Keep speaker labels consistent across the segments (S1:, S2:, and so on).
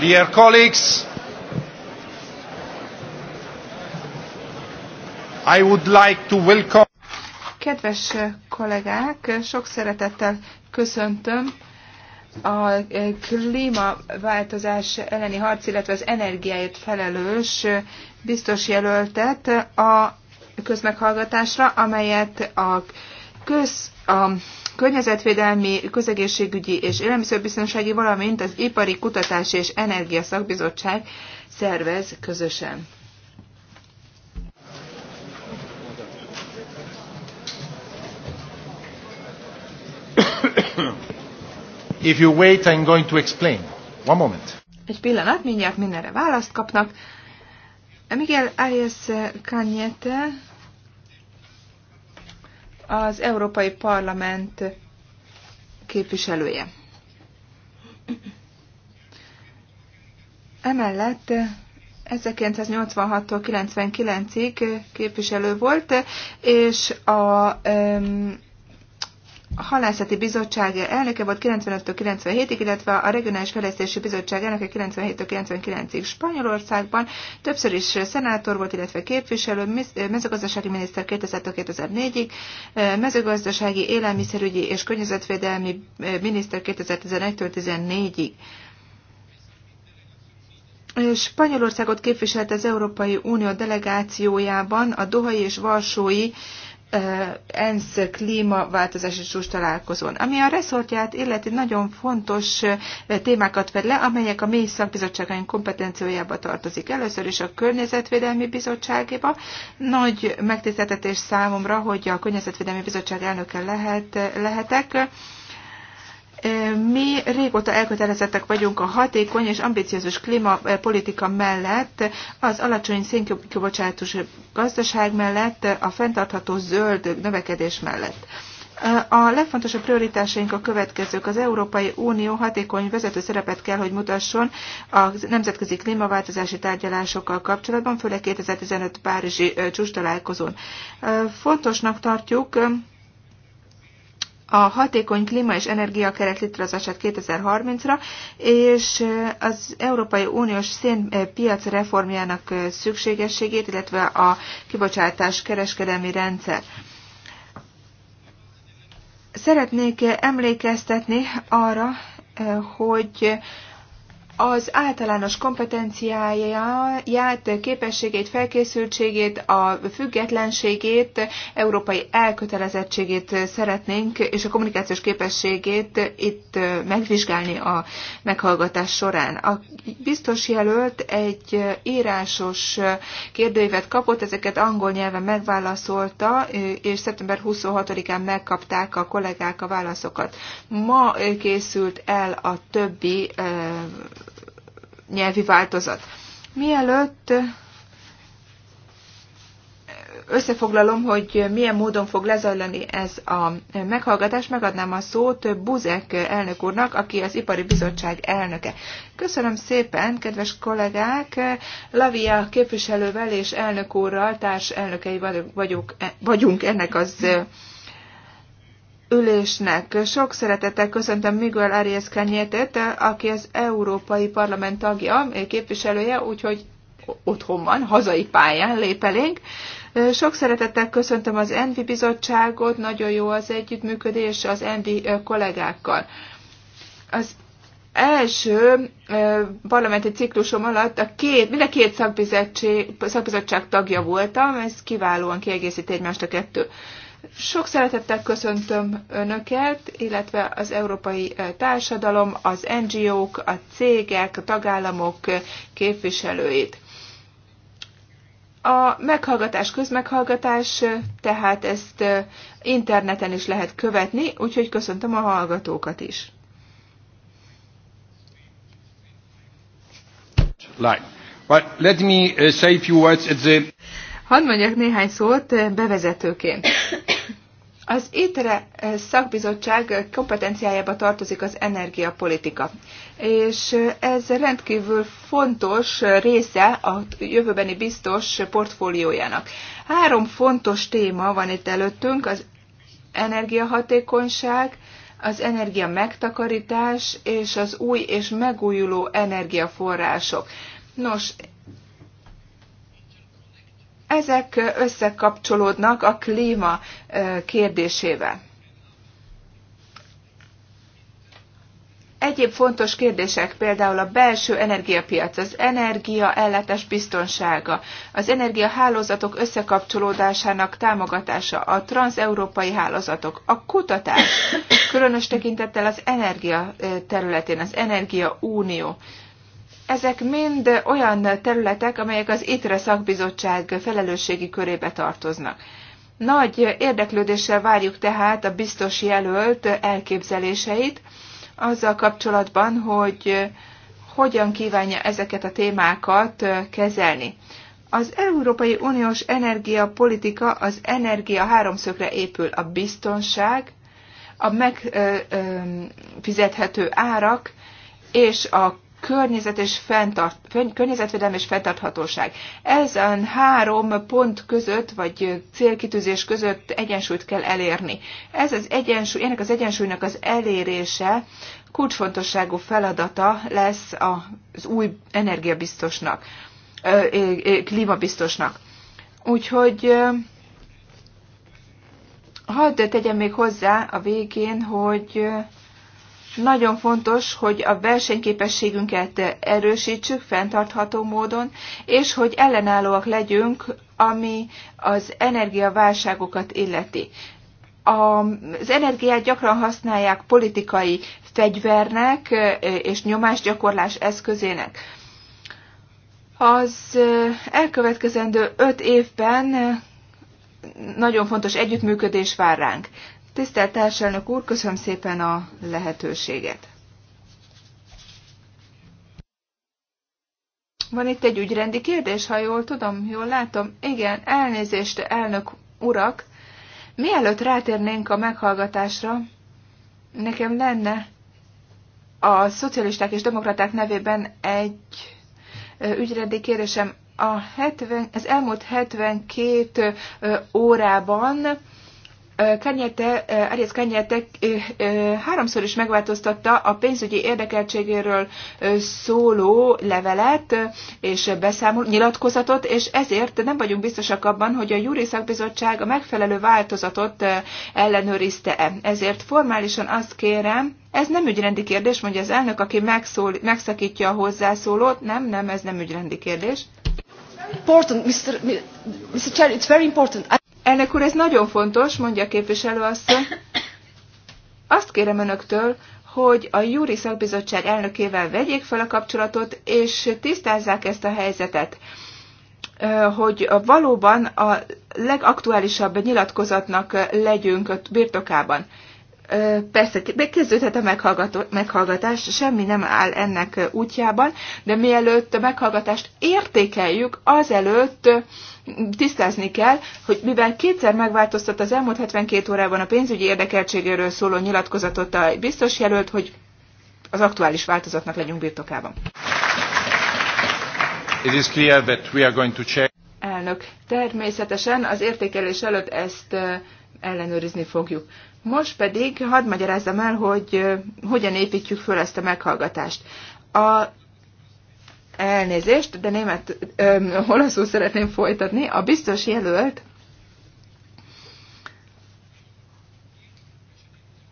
S1: Dear colleagues, I would like to welcome.
S2: Kedves kollégák, sok szeretettel köszöntöm a klímaváltozás elleni harc, illetve az energiáért felelős biztos jelöltet a közmeghallgatásra, amelyet a köz, a Környezetvédelmi, Közegészségügyi és Élelmiszerbiztonsági, valamint az Ipari Kutatási és Energia Szakbizottság szervez közösen.
S1: If you wait, I'm going to explain. One moment.
S2: Egy pillanat, mindjárt mindenre választ kapnak. Miguel Arias Cañete az Európai Parlament képviselője. Emellett 1986-tól 99-ig képviselő volt, és a a Halászati Bizottság elnöke volt 95-től 97-ig, illetve a Regionális Fejlesztési Bizottság elnöke 97-től 99-ig Spanyolországban. Többször is szenátor volt, illetve képviselő, mezőgazdasági miniszter 2004-ig, mezőgazdasági, élelmiszerügyi és környezetvédelmi miniszter 2011-től 14-ig. Spanyolországot képviselt az Európai Unió delegációjában a Dohai és Varsói ENSZ és csúcs találkozón, ami a reszortját illeti nagyon fontos témákat fed le, amelyek a mély szakbizottságaink kompetenciójába tartozik. Először is a Környezetvédelmi Bizottságéba. Nagy megtiszteltetés számomra, hogy a Környezetvédelmi Bizottság elnöke lehet, lehetek mi régóta elkötelezettek vagyunk a hatékony és ambiciózus klímapolitika mellett, az alacsony szénkibocsátós gazdaság mellett, a fenntartható zöld növekedés mellett. A legfontosabb prioritásaink a következők. Az Európai Unió hatékony vezető szerepet kell, hogy mutasson a nemzetközi klímaváltozási tárgyalásokkal kapcsolatban, főleg 2015 Párizsi csúcs találkozón. Fontosnak tartjuk, a hatékony klíma és energiakeret létrehozását 2030-ra, és az Európai Uniós szénpiac reformjának szükségességét, illetve a kibocsátás kereskedelmi rendszer. Szeretnék emlékeztetni arra, hogy az általános kompetenciáját, képességét, felkészültségét, a függetlenségét, európai elkötelezettségét szeretnénk, és a kommunikációs képességét itt megvizsgálni a meghallgatás során. A biztos jelölt egy írásos kérdőívet kapott, ezeket angol nyelven megválaszolta, és szeptember 26-án megkapták a kollégák a válaszokat. Ma készült el a többi nyelvi változat. Mielőtt összefoglalom, hogy milyen módon fog lezajlani ez a meghallgatás, megadnám a szót Buzek elnök úrnak, aki az Ipari Bizottság elnöke. Köszönöm szépen, kedves kollégák! Lavia képviselővel és elnök úrral társ elnökei vagyunk ennek az ülésnek. Sok szeretettel köszöntöm Miguel Arias Kanyétet, aki az Európai Parlament tagja, eh, képviselője, úgyhogy otthon van, hazai pályán lép elénk. Eh, sok szeretettel köszöntöm az Envi Bizottságot, nagyon jó az együttműködés az Envi eh, kollégákkal. Az első parlamenti ciklusom alatt a két, mind a két szakbizottság, szakbizottság tagja voltam, ez kiválóan kiegészít egymást a kettő. Sok szeretettel köszöntöm Önöket, illetve az európai eh, társadalom, az NGO-k, a cégek, a tagállamok eh, képviselőit. A meghallgatás közmeghallgatás, eh, tehát ezt interneten is lehet követni, úgyhogy köszöntöm a hallgatókat is.
S1: Like. But let me say a few words at the...
S2: Hadd mondjak néhány szót bevezetőként. Az étre eh, szakbizottság kompetenciájába tartozik az energiapolitika, és eh, ez rendkívül fontos része a jövőbeni biztos portfóliójának. Három fontos téma van itt előttünk, az energiahatékonyság, az energia megtakarítás és az új és megújuló energiaforrások. Nos, ezek összekapcsolódnak a klíma kérdésével. Egyéb fontos kérdések például a belső energiapiac, az energia ellátás biztonsága, az energiahálózatok összekapcsolódásának támogatása, a transeurópai hálózatok, a kutatás, különös tekintettel az energia területén, az energia unió, ezek mind olyan területek, amelyek az ITRE szakbizottság felelősségi körébe tartoznak. Nagy érdeklődéssel várjuk tehát a biztos jelölt elképzeléseit azzal kapcsolatban, hogy hogyan kívánja ezeket a témákat kezelni. Az Európai Uniós energiapolitika az energia háromszögre épül a biztonság, a megfizethető árak és a környezet és fenntart, környezetvédelem és fenntarthatóság. Ezen három pont között, vagy célkitűzés között egyensúlyt kell elérni. Ez az egyensúly, ennek az egyensúlynak az elérése kulcsfontosságú feladata lesz az új energiabiztosnak, klímabiztosnak. Úgyhogy hadd tegyem még hozzá a végén, hogy nagyon fontos, hogy a versenyképességünket erősítsük fenntartható módon, és hogy ellenállóak legyünk, ami az energiaválságokat illeti. Az energiát gyakran használják politikai fegyvernek és nyomásgyakorlás eszközének. Az elkövetkezendő öt évben nagyon fontos együttműködés vár ránk. Tisztelt társelnök úr, köszönöm szépen a lehetőséget. Van itt egy ügyrendi kérdés, ha jól tudom, jól látom. Igen, elnézést, elnök urak. Mielőtt rátérnénk a meghallgatásra, nekem lenne a szocialisták és demokraták nevében egy ügyrendi kérdésem. A 70, az elmúlt 72 órában Kanyete, Arias Kanyete háromszor is megváltoztatta a pénzügyi érdekeltségéről szóló levelet és beszámol, nyilatkozatot, és ezért nem vagyunk biztosak abban, hogy a Júri Szakbizottság a megfelelő változatot ellenőrizte-e. Ezért formálisan azt kérem, ez nem ügyrendi kérdés, mondja az elnök, aki megszól, megszakítja a hozzászólót. Nem, nem, ez nem ügyrendi kérdés. Important, Mr. Mr. Chair, it's very important. Elnök úr, ez nagyon fontos, mondja a asszony. Azt kérem önöktől, hogy a Júri Szakbizottság elnökével vegyék fel a kapcsolatot, és tisztázzák ezt a helyzetet, hogy valóban a legaktuálisabb nyilatkozatnak legyünk a birtokában. Persze, megkezdődhet a meghallgatás, semmi nem áll ennek útjában, de mielőtt a meghallgatást értékeljük, azelőtt tisztázni kell, hogy mivel kétszer megváltoztat az elmúlt 72 órában a pénzügyi érdekeltségéről szóló nyilatkozatot a biztos jelölt, hogy az aktuális változatnak legyünk birtokában.
S1: It is clear that we are going to check.
S2: Elnök, természetesen az értékelés előtt ezt ellenőrizni fogjuk. Most pedig hadd magyarázzam el, hogy hogyan építjük föl ezt a meghallgatást. A elnézést, de német, ö, olaszul szeretném folytatni. A biztos jelölt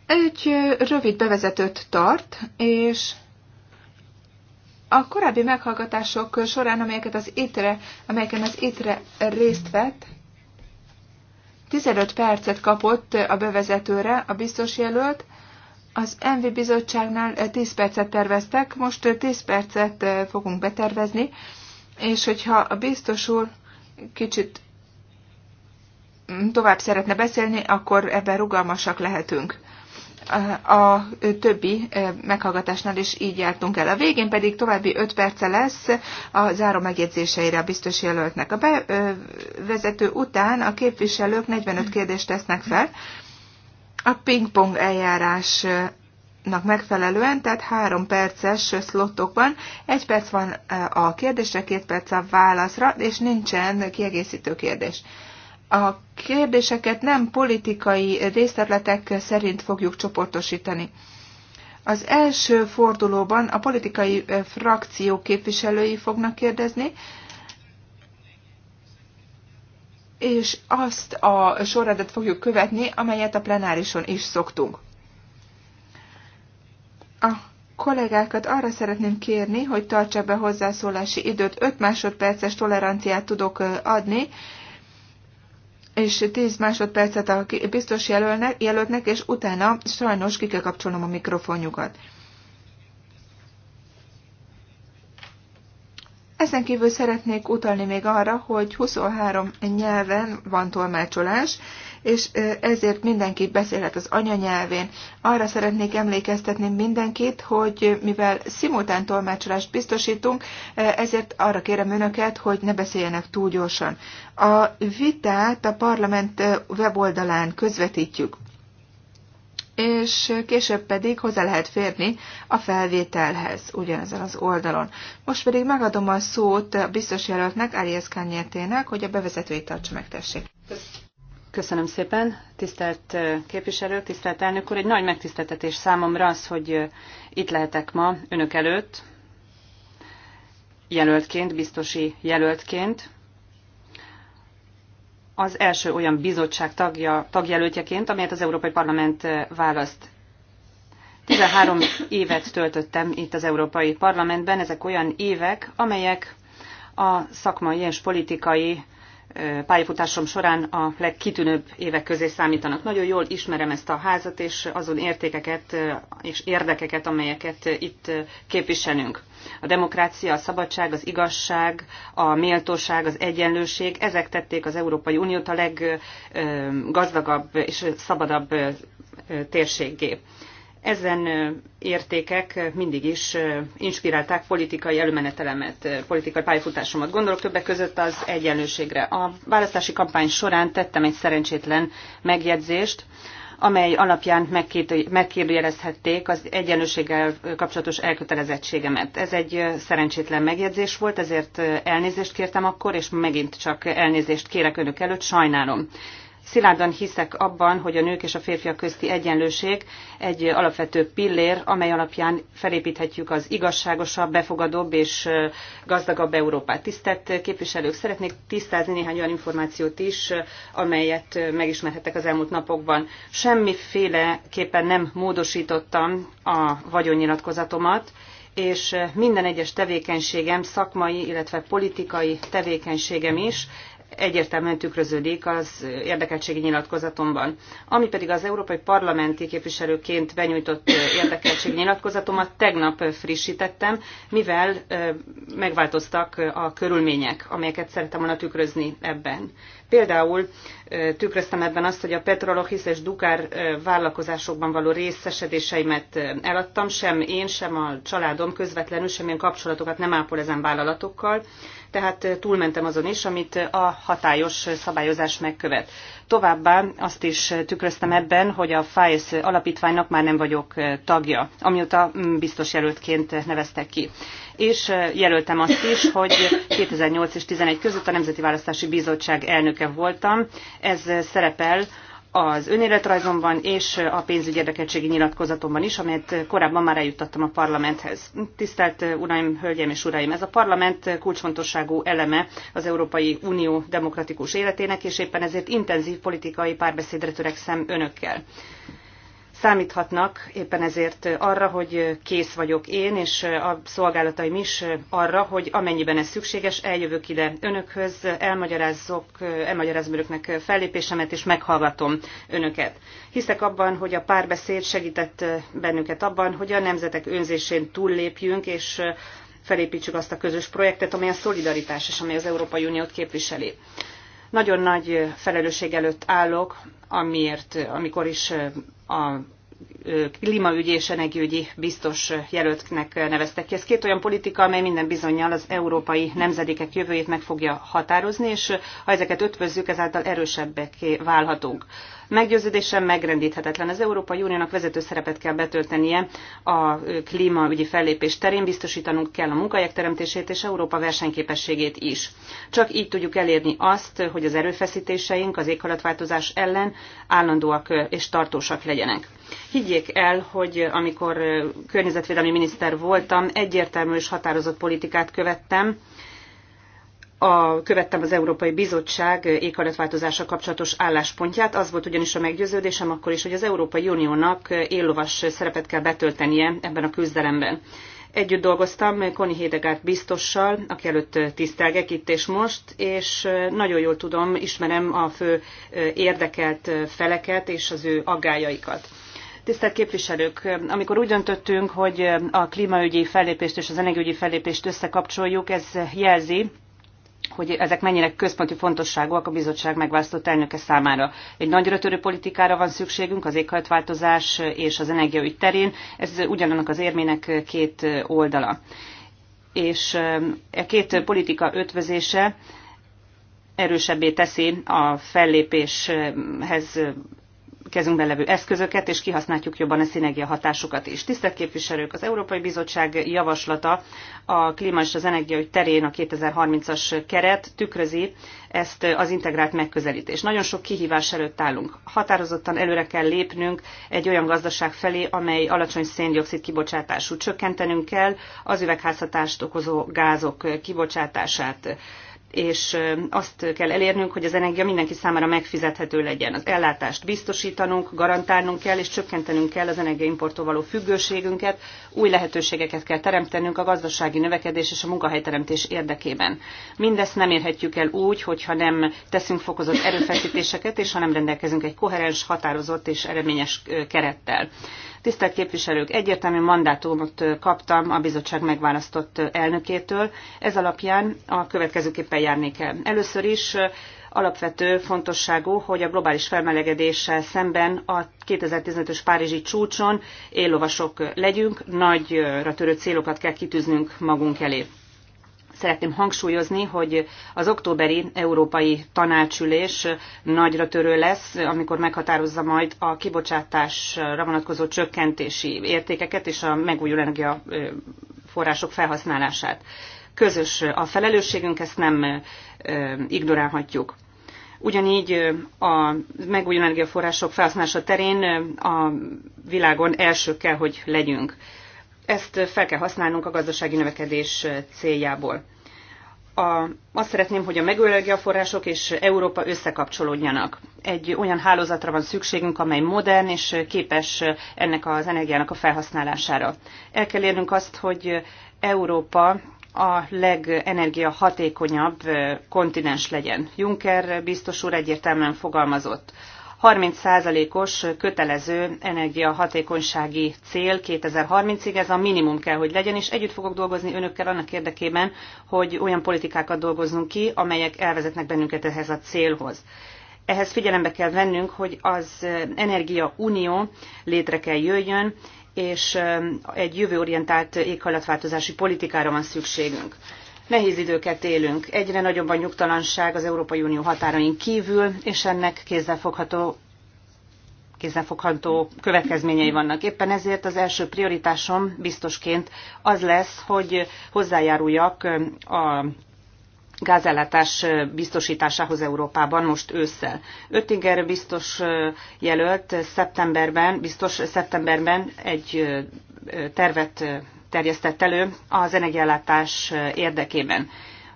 S2: egy rövid bevezetőt tart, és a korábbi meghallgatások során, amelyeket az étre, amelyeken az étre részt vett, 15 percet kapott a bevezetőre a biztos jelölt, az MV bizottságnál 10 eh, percet terveztek, most 10 eh, percet eh, fogunk betervezni, és hogyha a biztos úr kicsit mm, tovább szeretne beszélni, akkor ebben rugalmasak lehetünk a többi meghallgatásnál is így jártunk el. A végén pedig további 5 perce lesz a záró megjegyzéseire a biztos jelöltnek. A bevezető után a képviselők 45 kérdést tesznek fel a pingpong eljárásnak megfelelően, tehát három perces szlottokban. Egy perc van a kérdésre, két perc a válaszra, és nincsen kiegészítő kérdés a kérdéseket nem politikai részletletek szerint fogjuk csoportosítani. Az első fordulóban a politikai frakció képviselői fognak kérdezni, és azt a sorrendet fogjuk követni, amelyet a plenárison is szoktunk. A kollégákat arra szeretném kérni, hogy tartsák be hozzászólási időt, 5 másodperces toleranciát tudok adni, és 10 másodpercet a biztos jelölnek, jelöltnek, és utána sajnos ki kell kapcsolnom a mikrofonjukat. Ezen kívül szeretnék utalni még arra, hogy 23 nyelven van tolmácsolás, és ezért mindenki beszélhet az anyanyelvén. Arra szeretnék emlékeztetni mindenkit, hogy mivel szimultán tolmácsolást biztosítunk, ezért arra kérem önöket, hogy ne beszéljenek túl gyorsan. A vitát a parlament weboldalán közvetítjük és később pedig hozzá lehet férni a felvételhez ugyanezen az oldalon. Most pedig megadom a szót a biztos jelöltnek, Arias Kanyertének, hogy a bevezetőit tartsa meg, tessék. Köszönöm szépen, tisztelt képviselő, tisztelt elnök úr. Egy nagy megtiszteltetés
S3: számomra az, hogy itt lehetek ma önök előtt, jelöltként, biztosi jelöltként. Az első olyan bizottság tagja, tagjelöltjeként, amelyet az Európai Parlament választ. 13 évet töltöttem itt az Európai Parlamentben, ezek olyan évek, amelyek a szakmai és politikai pályafutásom során a legkitűnőbb évek közé számítanak. Nagyon jól ismerem ezt a házat és azon értékeket és érdekeket, amelyeket itt képviselünk. A demokrácia, a szabadság, az igazság, a méltóság, az egyenlőség, ezek tették az Európai Uniót a leggazdagabb és szabadabb térséggé. Ezen értékek mindig is inspirálták politikai előmenetelemet, politikai pályafutásomat. Gondolok többek között az egyenlőségre. A választási kampány során tettem egy szerencsétlen megjegyzést, amely alapján megkérdőjelezhették az egyenlőséggel kapcsolatos elkötelezettségemet. Ez egy szerencsétlen megjegyzés volt, ezért elnézést kértem akkor, és megint csak elnézést kérek önök előtt, sajnálom. Szilárdan hiszek abban, hogy a nők és a férfiak közti egyenlőség egy alapvető pillér, amely alapján felépíthetjük az igazságosabb, befogadóbb és gazdagabb Európát. Tisztelt képviselők, szeretnék tisztázni néhány olyan információt is, amelyet megismerhettek az elmúlt napokban. Semmiféleképpen nem módosítottam a vagyonnyilatkozatomat, és minden egyes tevékenységem, szakmai, illetve politikai tevékenységem is egyértelműen tükröződik az érdekeltségi nyilatkozatomban. Ami pedig az Európai Parlamenti képviselőként benyújtott érdekeltségi nyilatkozatomat tegnap frissítettem, mivel megváltoztak a körülmények, amelyeket szerettem volna tükrözni ebben. Például tükröztem ebben azt, hogy a Petrolochis és Dukár vállalkozásokban való részesedéseimet eladtam, sem én, sem a családom közvetlenül semmilyen kapcsolatokat nem ápol ezen vállalatokkal, tehát túlmentem azon is, amit a hatályos szabályozás megkövet. Továbbá azt is tükröztem ebben, hogy a FAESZ alapítványnak már nem vagyok tagja, amióta mm, biztos jelöltként neveztek ki és eh, jelöltem azt is, hogy 2008 és 2011 között a Nemzeti Választási Bizottság elnöke voltam. Ez eh, szerepel az önéletrajzomban és eh, a pénzügyi érdekeltségi nyilatkozatomban is, amelyet korábban már eljuttattam a parlamenthez. Tisztelt Uraim, Hölgyeim és Uraim! Ez a parlament kulcsfontosságú eleme az Európai Unió demokratikus életének, és éppen ezért intenzív politikai párbeszédre törekszem önökkel számíthatnak éppen ezért arra, hogy kész vagyok én, és a szolgálataim is arra, hogy amennyiben ez szükséges, eljövök ide önökhöz, elmagyarázzok, elmagyarázom önöknek fellépésemet, és meghallgatom önöket. Hiszek abban, hogy a párbeszéd segített bennünket abban, hogy a nemzetek önzésén túllépjünk, és felépítsük azt a közös projektet, amely a szolidaritás és amely az Európai Uniót képviseli. Nagyon nagy felelősség előtt állok, amiért, amikor is a klímaügyi és energiügyi biztos jelöltnek neveztek ki. Ez két olyan politika, amely minden bizonyal az európai nemzedékek jövőjét meg fogja határozni, és ha ezeket ötvözzük, ezáltal erősebbek válhatunk. Meggyőződésem megrendíthetetlen. Az Európai Uniónak vezető szerepet kell betöltenie a klímaügyi fellépés terén, biztosítanunk kell a munkahelyek teremtését és Európa versenyképességét is. Csak így tudjuk elérni azt, hogy az erőfeszítéseink az éghajlatváltozás ellen állandóak és tartósak legyenek. Higgyék el, hogy amikor környezetvédelmi miniszter voltam, egyértelmű és határozott politikát követtem, a, követtem az Európai Bizottság éghajlatváltozással kapcsolatos álláspontját. Az volt ugyanis a meggyőződésem akkor is, hogy az Európai Uniónak éllovas szerepet kell betöltenie ebben a küzdelemben. Együtt dolgoztam Koni Hédegárt biztossal, aki előtt tisztelgek itt és most, és nagyon jól tudom, ismerem a fő érdekelt feleket és az ő aggájaikat. Tisztelt képviselők, amikor úgy döntöttünk, hogy a klímaügyi fellépést és az energiaügyi fellépést összekapcsoljuk, ez jelzi, hogy ezek mennyire központi fontosságúak a bizottság megválasztott elnöke számára. Egy nagyra törő politikára van szükségünk az éghajlatváltozás és az energiaügy terén, ez ugyanannak az érmének két oldala. És a e két politika ötvözése erősebbé teszi a fellépéshez kezünkben levő eszközöket, és kihasználjuk jobban a szinergia hatásukat is. Tisztelt képviselők, az Európai Bizottság javaslata a klíma és az energiaügy terén a 2030-as keret tükrözi ezt az integrált megközelítést. Nagyon sok kihívás előtt állunk. Határozottan előre kell lépnünk egy olyan gazdaság felé, amely alacsony széndiokszid kibocsátású. Csökkentenünk kell az üvegházhatást okozó gázok kibocsátását és azt kell elérnünk, hogy az energia mindenki számára megfizethető legyen. Az ellátást biztosítanunk, garantálnunk kell, és csökkentenünk kell az energiaimporttól való függőségünket, új lehetőségeket kell teremtenünk a gazdasági növekedés és a munkahelyteremtés érdekében. Mindezt nem érhetjük el úgy, hogyha nem teszünk fokozott erőfeszítéseket, és ha nem rendelkezünk egy koherens, határozott és eredményes kerettel. Tisztelt képviselők, egyértelmű mandátumot kaptam a bizottság megválasztott elnökétől. Ez alapján a következőképpen mindenképpen járni kell. Először is alapvető fontosságú, hogy a globális felmelegedéssel szemben a 2015-ös Párizsi csúcson éllovasok legyünk, nagyra törő célokat kell kitűznünk magunk elé. Szeretném hangsúlyozni, hogy az októberi európai tanácsülés nagyra törő lesz, amikor meghatározza majd a kibocsátásra vonatkozó csökkentési értékeket és a megújuló energiaforrások felhasználását közös a felelősségünk, ezt nem ignorálhatjuk. Ugyanígy a megújuló energiaforrások felhasználása terén a világon elsők kell, hogy legyünk. Ezt fel kell használnunk a gazdasági növekedés céljából. A, azt szeretném, hogy a megújuló energiaforrások és Európa összekapcsolódjanak. Egy olyan hálózatra van szükségünk, amely modern és képes ennek az energiának a felhasználására. El kell érnünk azt, hogy Európa a legenergiahatékonyabb kontinens legyen. Juncker biztos úr egyértelműen fogalmazott. 30%-os kötelező energiahatékonysági cél 2030-ig, ez a minimum kell, hogy legyen, és együtt fogok dolgozni önökkel annak érdekében, hogy olyan politikákat dolgozzunk ki, amelyek elvezetnek bennünket ehhez a célhoz. Ehhez figyelembe kell vennünk, hogy az Energia Unió létre kell jöjjön, és egy jövőorientált éghajlatváltozási politikára van szükségünk. Nehéz időket élünk, egyre nagyobb a nyugtalanság az Európai Unió határain kívül, és ennek kézzelfogható kézzelfogható következményei vannak. Éppen ezért az első prioritásom biztosként az lesz, hogy hozzájáruljak a gázellátás biztosításához Európában most ősszel. Öttinger biztos jelölt szeptemberben, biztos szeptemberben egy tervet terjesztett elő az energiállátás érdekében.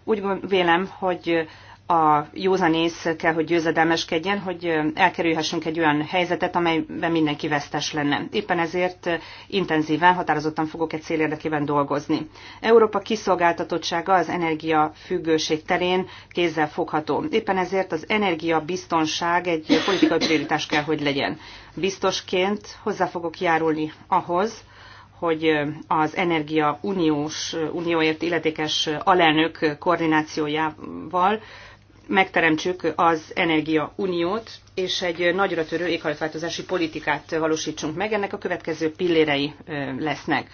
S3: Úgy vélem, hogy a józanész kell, hogy győzedelmeskedjen, hogy elkerülhessünk egy olyan helyzetet, amelyben mindenki vesztes lenne. Éppen ezért intenzíven, határozottan fogok egy cél érdekében dolgozni. Európa kiszolgáltatottsága az energiafüggőség terén kézzel fogható. Éppen ezért az energiabiztonság egy politikai prioritás kell, hogy legyen. Biztosként hozzá fogok járulni ahhoz, hogy az Energia Uniós, Unióért illetékes alelnök koordinációjával megteremtsük az Energia Uniót, és egy nagyra törő éghajlatváltozási politikát valósítsunk meg. Ennek a következő pillérei lesznek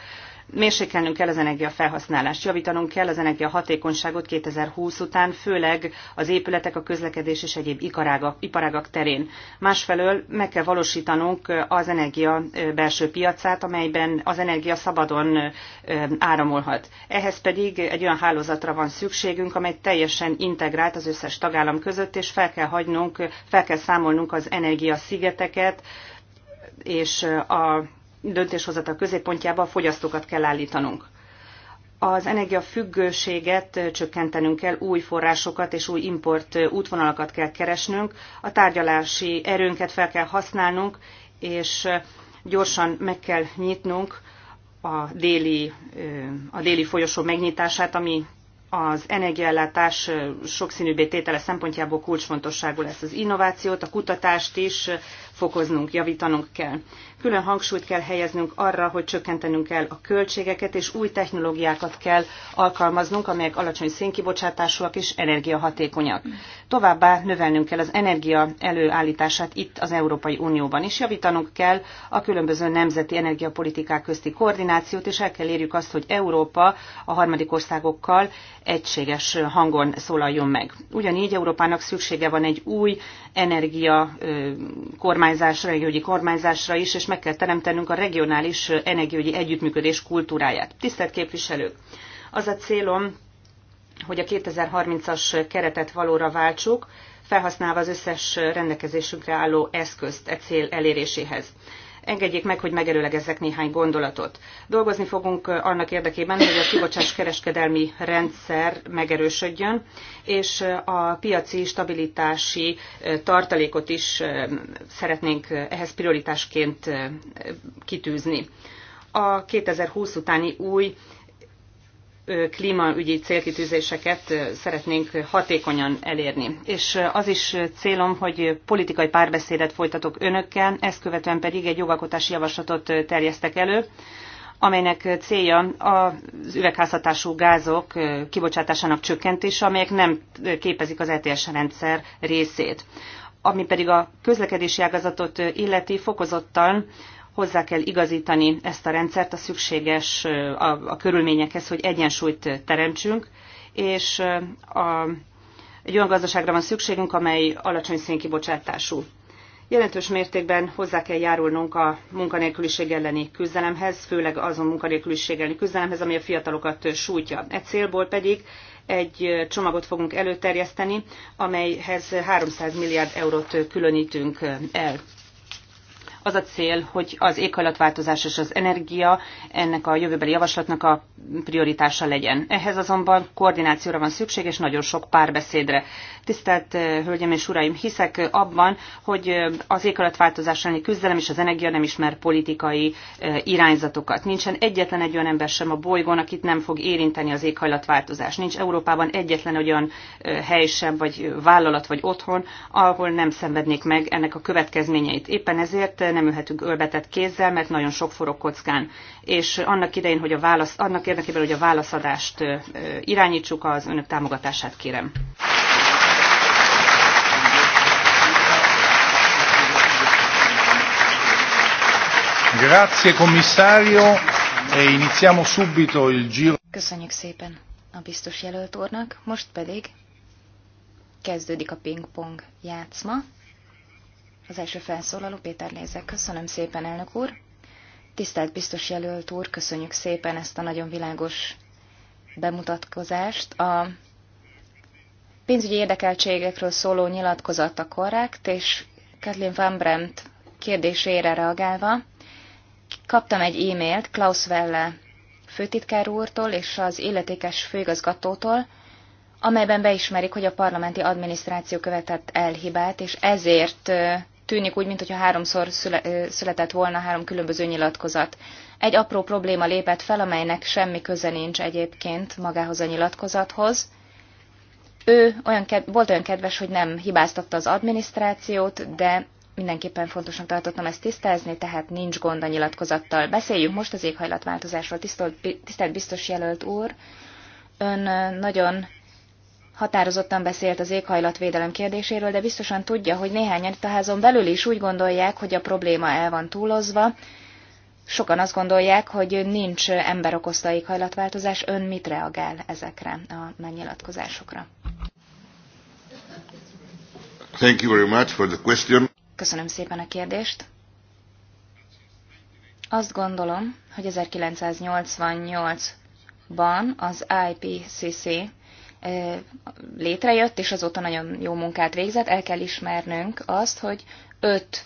S3: Mérsékelnünk kell az energiafelhasználást, javítanunk kell az energiahatékonyságot 2020 után, főleg az épületek, a közlekedés és egyéb iparágak, iparágak terén. Másfelől meg kell valósítanunk az energia belső piacát, amelyben az energia szabadon áramolhat. Ehhez pedig egy olyan hálózatra van szükségünk, amely teljesen integrált az összes tagállam között, és fel kell hagynunk, fel kell számolnunk az energiaszigeteket, és a döntéshozatal középpontjába a fogyasztókat kell állítanunk. Az energiafüggőséget csökkentenünk kell, új forrásokat és új import útvonalakat kell keresnünk, a tárgyalási erőnket fel kell használnunk, és gyorsan meg kell nyitnunk a déli, a déli folyosó megnyitását, ami az energiaellátás sokszínűbbé tétele szempontjából kulcsfontosságú lesz az innovációt, a kutatást is, fokoznunk, javítanunk kell. Külön hangsúlyt kell helyeznünk arra, hogy csökkentenünk kell a költségeket, és új technológiákat kell alkalmaznunk, amelyek alacsony szénkibocsátásúak és energiahatékonyak. Továbbá növelnünk kell az energia előállítását itt az Európai Unióban is, javítanunk kell a különböző nemzeti energiapolitikák közti koordinációt, és el kell érjük azt, hogy Európa a harmadik országokkal egységes hangon szólaljon meg. Ugyanígy Európának szüksége van egy új energia kormány kormányzásra, régiógyi kormányzásra is, és meg kell teremtenünk a regionális energiaügyi együttműködés kultúráját. Tisztelt képviselők! Az a célom, hogy a 2030-as keretet valóra váltsuk, felhasználva az összes rendelkezésünkre álló eszközt e cél eléréséhez. Engedjék meg, hogy megerőlegezzek néhány gondolatot. Dolgozni fogunk annak érdekében, hogy a kibocsás kereskedelmi rendszer megerősödjön, és a piaci stabilitási tartalékot is szeretnénk ehhez prioritásként kitűzni. A 2020 utáni új klímaügyi célkitűzéseket szeretnénk hatékonyan elérni. És az is célom, hogy politikai párbeszédet folytatok önökkel, ezt követően pedig egy jogalkotási javaslatot terjesztek elő, amelynek célja az üvegházhatású gázok kibocsátásának csökkentése, amelyek nem képezik az ETS rendszer részét. Ami pedig a közlekedési ágazatot illeti, fokozottan hozzá kell igazítani ezt a rendszert a szükséges a, a körülményekhez, hogy egyensúlyt teremtsünk, és a, egy olyan gazdaságra van szükségünk, amely alacsony szénkibocsátású. Jelentős mértékben hozzá kell járulnunk a munkanélküliség elleni küzdelemhez, főleg azon munkanélküliség elleni küzdelemhez, ami a fiatalokat sújtja. E célból pedig egy csomagot fogunk előterjeszteni, amelyhez 300 milliárd eurót különítünk el. Az a cél, hogy az éghajlatváltozás és az energia ennek a jövőbeli javaslatnak a prioritása legyen. Ehhez azonban koordinációra van szükség, és nagyon sok párbeszédre. Tisztelt eh, Hölgyeim és Uraim, hiszek eh, abban, hogy eh, az éghajlatváltozás elleni küzdelem és az energia nem ismer politikai irányzatokat. Nincsen egyetlen egy olyan ember sem a bolygón, akit nem fog érinteni az éghajlatváltozás. Nincs Európában egyetlen olyan hely sem, vagy vállalat, vagy otthon, ahol nem szenvednék meg ennek a következményeit. Éppen ezért nem ülhetünk ölbetett kézzel, mert nagyon sok forog kockán. És annak idején, hogy a válasz, annak érdekében, hogy a válaszadást irányítsuk, az önök támogatását kérem. Grazie commissario
S4: e
S1: iniziamo subito il giro.
S4: Köszönjük szépen a biztos jelölt úrnak, most pedig kezdődik a pingpong játszma. Az első felszólaló Péter Lézek. Köszönöm szépen, elnök úr. Tisztelt biztos jelölt úr, köszönjük szépen ezt a nagyon világos bemutatkozást. A pénzügyi érdekeltségekről szóló nyilatkozata korrekt, és Kathleen Van Brandt kérdésére reagálva, kaptam egy e-mailt Klaus Welle főtitkár úrtól és az illetékes főigazgatótól, amelyben beismerik, hogy a parlamenti adminisztráció követett el hibát, és ezért tűnik úgy, mintha háromszor szüle, született volna három különböző nyilatkozat. Egy apró probléma lépett fel, amelynek semmi köze nincs egyébként magához a nyilatkozathoz. Ő olyan volt olyan kedves, hogy nem hibáztatta az adminisztrációt, de mindenképpen fontosnak tartottam ezt tisztázni, tehát nincs gond a nyilatkozattal. Beszéljünk most az éghajlatváltozásról, tisztelt, tisztelt biztos jelölt úr. Ön nagyon határozottan beszélt az éghajlatvédelem kérdéséről, de biztosan tudja, hogy néhány a házon belül is úgy gondolják, hogy a probléma el van túlozva. Sokan azt gondolják, hogy nincs ember okozta éghajlatváltozás. Ön mit reagál ezekre a megnyilatkozásokra?
S1: Thank you very much for the question.
S4: Köszönöm szépen a kérdést. Azt gondolom, hogy 1988-ban az IPCC létrejött, és azóta nagyon jó munkát végzett. El kell ismernünk azt, hogy öt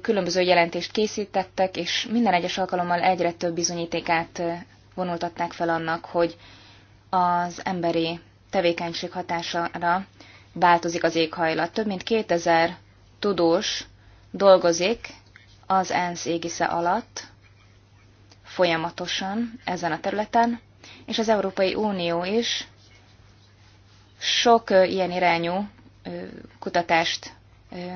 S4: különböző jelentést készítettek, és minden egyes alkalommal egyre több bizonyítékát vonultatták fel annak, hogy az emberi tevékenység hatására változik az éghajlat. Több mint 2000 tudós dolgozik az ENSZ égisze alatt folyamatosan ezen a területen, és az Európai Unió is sok ilyen irányú kutatást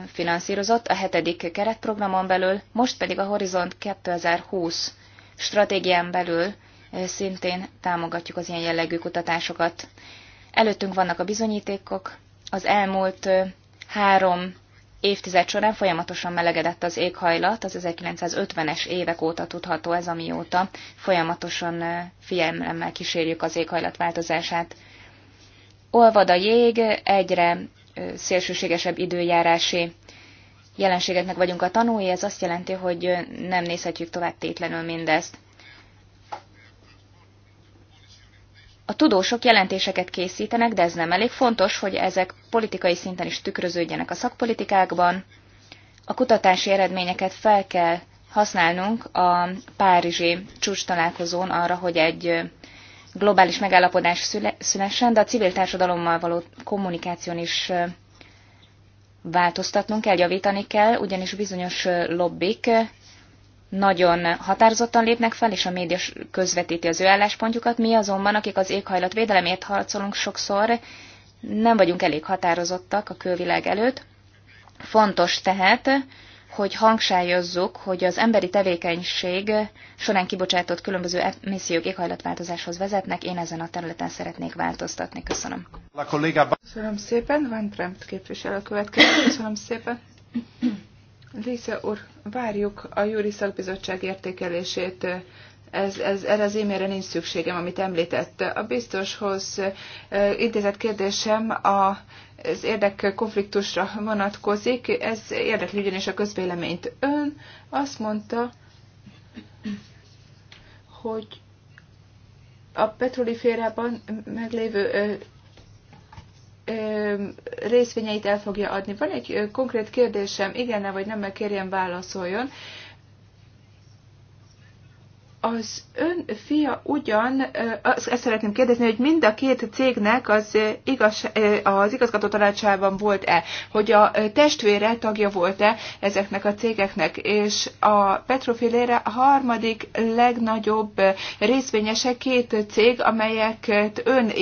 S4: finanszírozott a hetedik keretprogramon belül, most pedig a Horizont 2020 stratégián belül szintén támogatjuk az ilyen jellegű kutatásokat. Előttünk vannak a bizonyítékok. Az elmúlt három évtized során folyamatosan melegedett az éghajlat, az 1950-es évek óta tudható ez, amióta folyamatosan figyelemmel kísérjük az éghajlatváltozását olvad a jég, egyre szélsőségesebb időjárási jelenségeknek vagyunk a tanúi, ez azt jelenti, hogy nem nézhetjük tovább tétlenül mindezt. A tudósok jelentéseket készítenek, de ez nem elég fontos, hogy ezek politikai szinten is tükröződjenek a szakpolitikákban. A kutatási eredményeket fel kell használnunk a Párizsi csúcs találkozón arra, hogy egy globális megállapodás szülessen, de a civil társadalommal való kommunikáción is változtatnunk kell, javítani kell, ugyanis bizonyos lobbik nagyon határozottan lépnek fel, és a média közvetíti az ő álláspontjukat. Mi azonban, akik az éghajlatvédelemért harcolunk sokszor, nem vagyunk elég határozottak a külvilág előtt. Fontos tehát, hogy hangsúlyozzuk, hogy az emberi tevékenység során kibocsátott különböző emissziók éghajlatváltozáshoz vezetnek. Én ezen a területen szeretnék változtatni. Köszönöm. Köszönöm szépen.
S2: Van Bremt képviselő következő. Köszönöm szépen. Lisa úr, várjuk a Júri Szakbizottság értékelését ez, ez, erre az e-mailre nincs szükségem, amit említett. A biztoshoz intézett kérdésem a érdek érdekkonfliktusra vonatkozik, ez érdekli ugyanis a közvéleményt. Ön azt mondta, hogy a petroliférában meglévő részvényeit el fogja adni. Van egy konkrét kérdésem, igen -e, vagy nem, mert kérjem válaszoljon. Az ön fia ugyan, ezt szeretném kérdezni, hogy mind a két cégnek az, igaz, az igazgató tanácsában volt-e, hogy a testvére tagja volt-e ezeknek a cégeknek, és a Petrofilére a harmadik legnagyobb részvényese két cég, amelyeket ön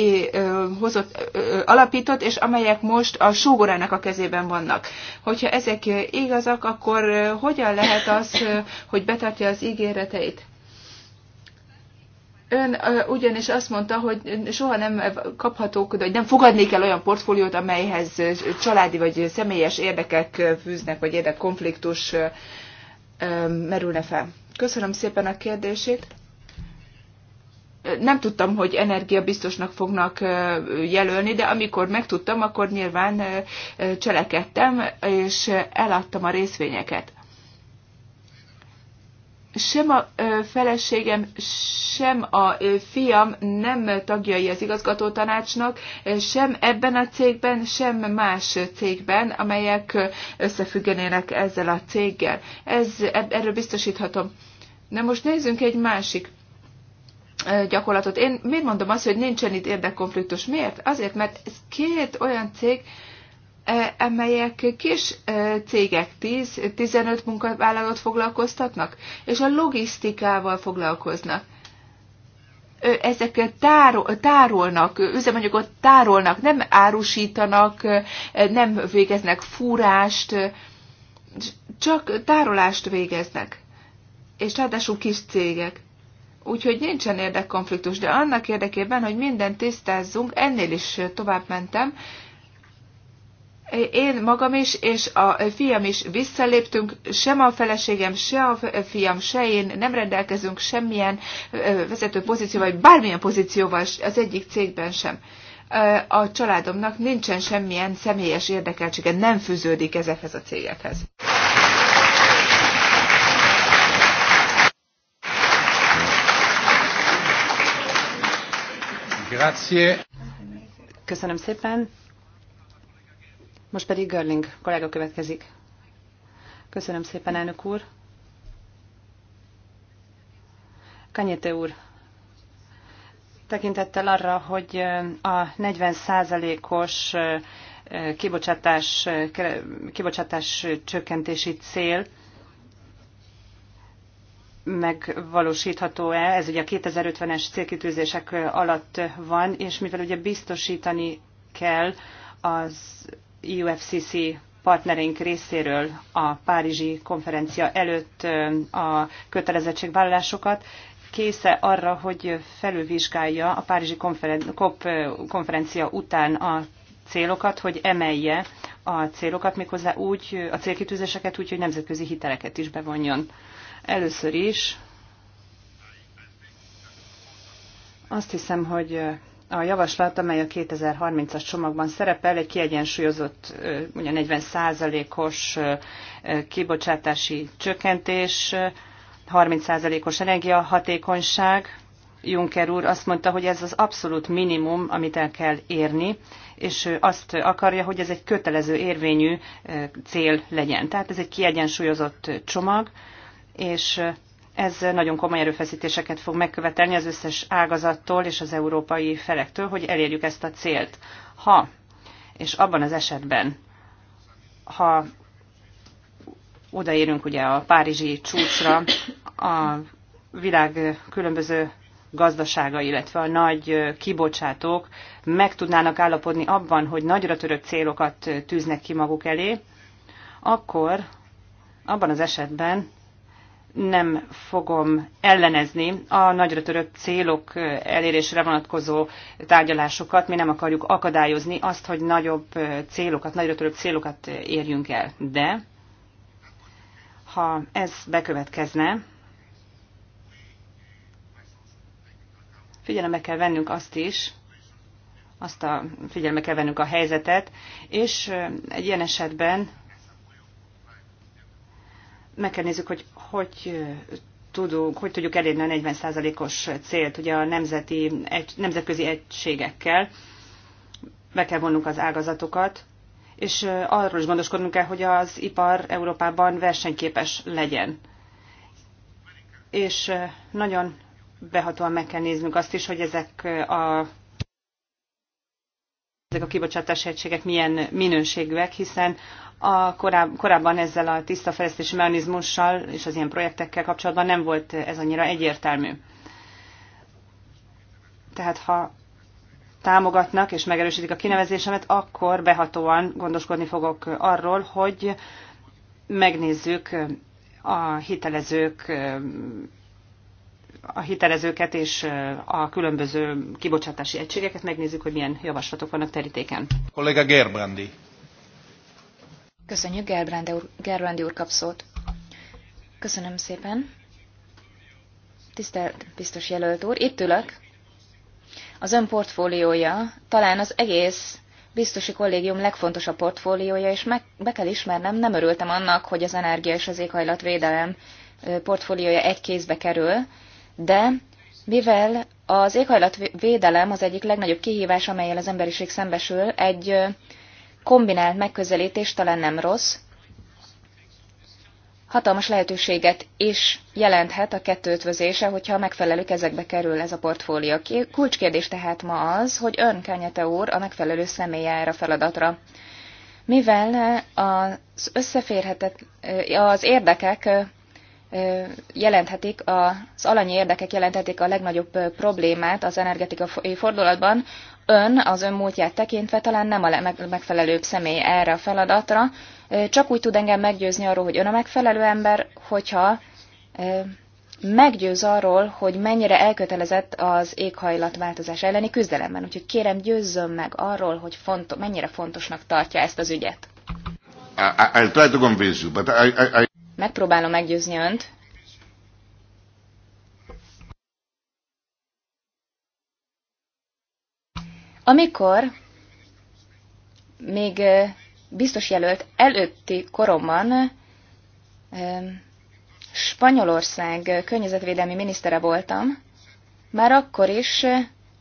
S2: hozott, alapított, és amelyek most a súgorának a kezében vannak. Hogyha ezek igazak, akkor hogyan lehet az, hogy betartja az ígéreteit? Ön ugyanis azt mondta, hogy soha nem kaphatók, vagy nem fogadnék el olyan portfóliót, amelyhez családi vagy személyes érdekek fűznek, vagy érdekkonfliktus merülne fel. Köszönöm szépen a kérdését. Nem tudtam, hogy energiabiztosnak fognak jelölni, de amikor megtudtam, akkor nyilván cselekedtem, és eladtam a részvényeket sem a feleségem, sem a fiam nem tagjai az tanácsnak, sem ebben a cégben, sem más cégben, amelyek összefüggenének ezzel a céggel. Ez, erről biztosíthatom. Na most nézzünk egy másik gyakorlatot. Én miért mondom azt, hogy nincsen itt érdekkonfliktus? Miért? Azért, mert ez két olyan cég, E, amelyek kis e, cégek 10-15 munkavállalót foglalkoztatnak, és a logisztikával foglalkoznak. Ezek tárol, tárolnak, üzemanyagot tárolnak, nem árusítanak, e, nem végeznek fúrást, csak tárolást végeznek. És ráadásul kis cégek. Úgyhogy nincsen érdekkonfliktus, de annak érdekében, hogy mindent tisztázzunk, ennél is tovább mentem, én magam is, és a fiam is visszaléptünk, sem a feleségem, se a fiam, se én nem rendelkezünk semmilyen vezető pozícióval, vagy bármilyen pozícióval az egyik cégben sem. A családomnak nincsen semmilyen személyes érdekeltsége, nem fűződik ezekhez a cégekhez.
S3: Grazie. Köszönöm szépen. Most pedig Görling kollega következik. Köszönöm szépen, elnök úr. Kanyete úr, tekintettel arra, hogy a 40%-os kibocsátás, kibocsátás csökkentési cél megvalósítható-e, ez ugye a 2050-es célkitűzések alatt van, és mivel ugye biztosítani kell az UFCC partnereink részéről a Párizsi konferencia előtt a kötelezettségvállalásokat, késze arra, hogy felülvizsgálja a Párizsi COP konferencia után a célokat, hogy emelje a célokat, méghozzá úgy, a célkitűzéseket úgy, hogy nemzetközi hiteleket is bevonjon. Először is azt hiszem, hogy a javaslat, amely a 2030-as csomagban szerepel, egy kiegyensúlyozott, ugye 40%-os kibocsátási csökkentés, 30%-os energiahatékonyság. Juncker úr azt mondta, hogy ez az abszolút minimum, amit el kell érni, és ő azt akarja, hogy ez egy kötelező érvényű cél legyen. Tehát ez egy kiegyensúlyozott csomag, és ez nagyon komoly erőfeszítéseket fog megkövetelni az összes ágazattól és az európai felektől, hogy elérjük ezt a célt. Ha, és abban az esetben, ha odaérünk ugye a párizsi csúcsra, a világ különböző gazdasága, illetve a nagy kibocsátók meg tudnának állapodni abban, hogy nagyra törött célokat tűznek ki maguk elé, akkor abban az esetben nem fogom ellenezni a nagyra törött célok elérésre vonatkozó tárgyalásokat. Mi nem akarjuk akadályozni azt, hogy nagyobb célokat, nagyra törött célokat érjünk el. De ha ez bekövetkezne, figyelembe kell vennünk azt is, azt a figyelme kell vennünk a helyzetet, és egy ilyen esetben meg kell nézzük, hogy hogy tudunk, hogy tudjuk elérni a 40%-os célt ugye a nemzeti, egy, nemzetközi egységekkel. Be kell vonnunk az ágazatokat, és arról is gondoskodnunk kell, hogy az ipar Európában versenyképes legyen. És nagyon behatóan meg kell néznünk azt is, hogy ezek a ezek a kibocsátási egységek milyen minőségűek, hiszen a koráb, korábban ezzel a tiszta fejlesztési mechanizmussal és az ilyen projektekkel kapcsolatban nem volt ez annyira egyértelmű. Tehát ha támogatnak és megerősítik a kinevezésemet, akkor behatóan gondoskodni fogok arról, hogy megnézzük a hitelezők a hitelezőket és a különböző kibocsátási egységeket, megnézzük, hogy milyen javaslatok vannak
S4: terítéken.
S1: Kollega Gerbrandi.
S4: Köszönjük, Gerbrandi úr, Gerbrandi úr kap szót. Köszönöm szépen. Tisztelt biztos jelölt úr, itt ülök. Az ön portfóliója talán az egész biztosi kollégium legfontosabb portfóliója, és meg, be kell ismernem, nem örültem annak, hogy az energia és az éghajlatvédelem portfóliója egy kézbe kerül, de mivel az éghajlatvédelem az egyik legnagyobb kihívás, amelyel az emberiség szembesül, egy kombinált megközelítés talán nem rossz, hatalmas lehetőséget is jelenthet a kettő ötvözése, hogyha megfelelő kezekbe kerül ez a portfólió. Kulcskérdés tehát ma az, hogy ön, Kányete úr, a megfelelő személy erre a feladatra. Mivel az az érdekek jelenthetik, az alanyi érdekek jelenthetik a legnagyobb problémát az energetikai fordulatban. Ön az ön múltját tekintve talán nem a megfelelőbb személy erre a feladatra. Csak úgy tud engem meggyőzni arról, hogy ön a megfelelő ember, hogyha meggyőz arról, hogy mennyire elkötelezett az éghajlatváltozás elleni küzdelemben. Úgyhogy kérem, győzzön meg arról, hogy fonto- mennyire fontosnak tartja ezt az ügyet.
S1: I, I, I I, I, I...
S4: Megpróbálom meggyőzni önt. Amikor még biztos jelölt előtti koromban Spanyolország környezetvédelmi minisztere voltam, már akkor is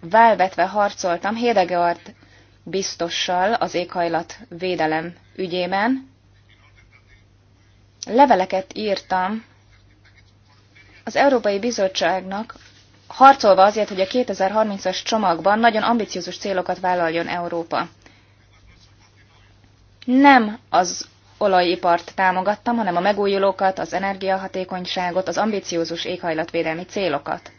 S4: válvetve harcoltam Hédegaard biztossal az éghajlat védelem ügyében, leveleket írtam az Európai Bizottságnak, harcolva azért, hogy a 2030-as csomagban nagyon ambiciózus célokat vállaljon Európa. Nem az olajipart támogattam, hanem a megújulókat, az energiahatékonyságot, az ambiciózus éghajlatvédelmi célokat.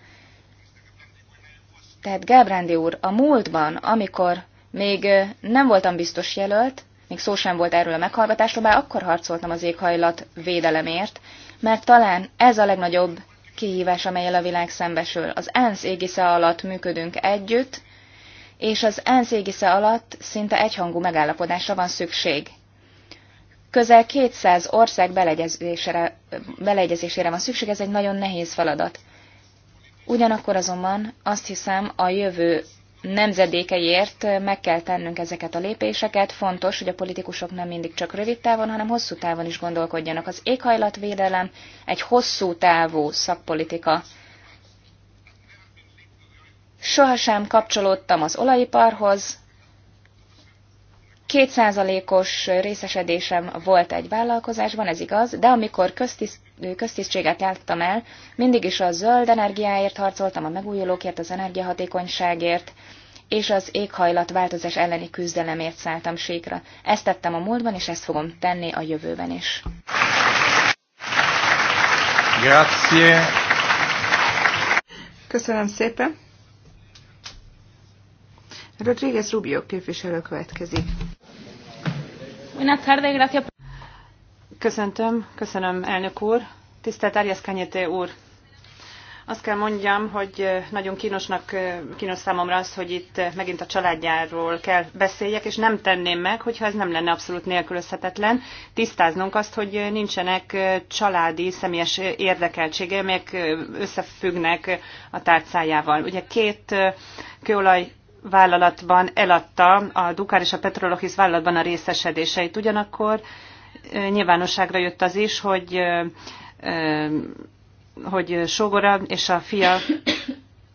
S4: Tehát Gábrándi úr, a múltban, amikor még nem voltam biztos jelölt, még szó sem volt erről a meghallgatásról, bár akkor harcoltam az éghajlat védelemért, mert talán ez a legnagyobb kihívás, amelyel a világ szembesül. Az ENSZ égisze alatt működünk együtt, és az ENSZ égisze alatt szinte egyhangú megállapodásra van szükség. Közel 200 ország beleegyezésére, van szükség, ez egy nagyon nehéz feladat. Ugyanakkor azonban azt hiszem a jövő nemzedékeiért meg kell tennünk ezeket a lépéseket. Fontos, hogy a politikusok nem mindig csak rövid távon, hanem hosszú távon is gondolkodjanak. Az éghajlatvédelem egy hosszú távú szakpolitika. Sohasem kapcsolódtam az olajiparhoz, Kétszázalékos részesedésem volt egy vállalkozásban, ez igaz, de amikor köztiszt, köztisztséget láttam el, mindig is a zöld energiáért harcoltam, a megújulókért, az energiahatékonyságért, és az éghajlatváltozás elleni küzdelemért szálltam síkra. Ezt tettem a múltban, és ezt fogom tenni a jövőben is.
S1: Grazie.
S2: Köszönöm szépen. Rodriguez Rubio képviselő következik.
S3: Buenas tardes, gracias. Köszöntöm, köszönöm elnök úr. Tisztelt Arias Kanyete úr, azt kell mondjam, hogy nagyon kínosnak, kínos számomra az, hogy itt megint a családjáról kell beszéljek, és nem tenném meg, hogyha ez nem lenne abszolút nélkülözhetetlen. Tisztáznunk azt, hogy nincsenek családi személyes érdekeltsége, amelyek összefüggnek a tárcájával. Ugye két kőolaj vállalatban eladta, a Dukár és a Petrologis vállalatban a részesedéseit. Ugyanakkor nyilvánosságra jött az is, hogy hogy Sogora és a fia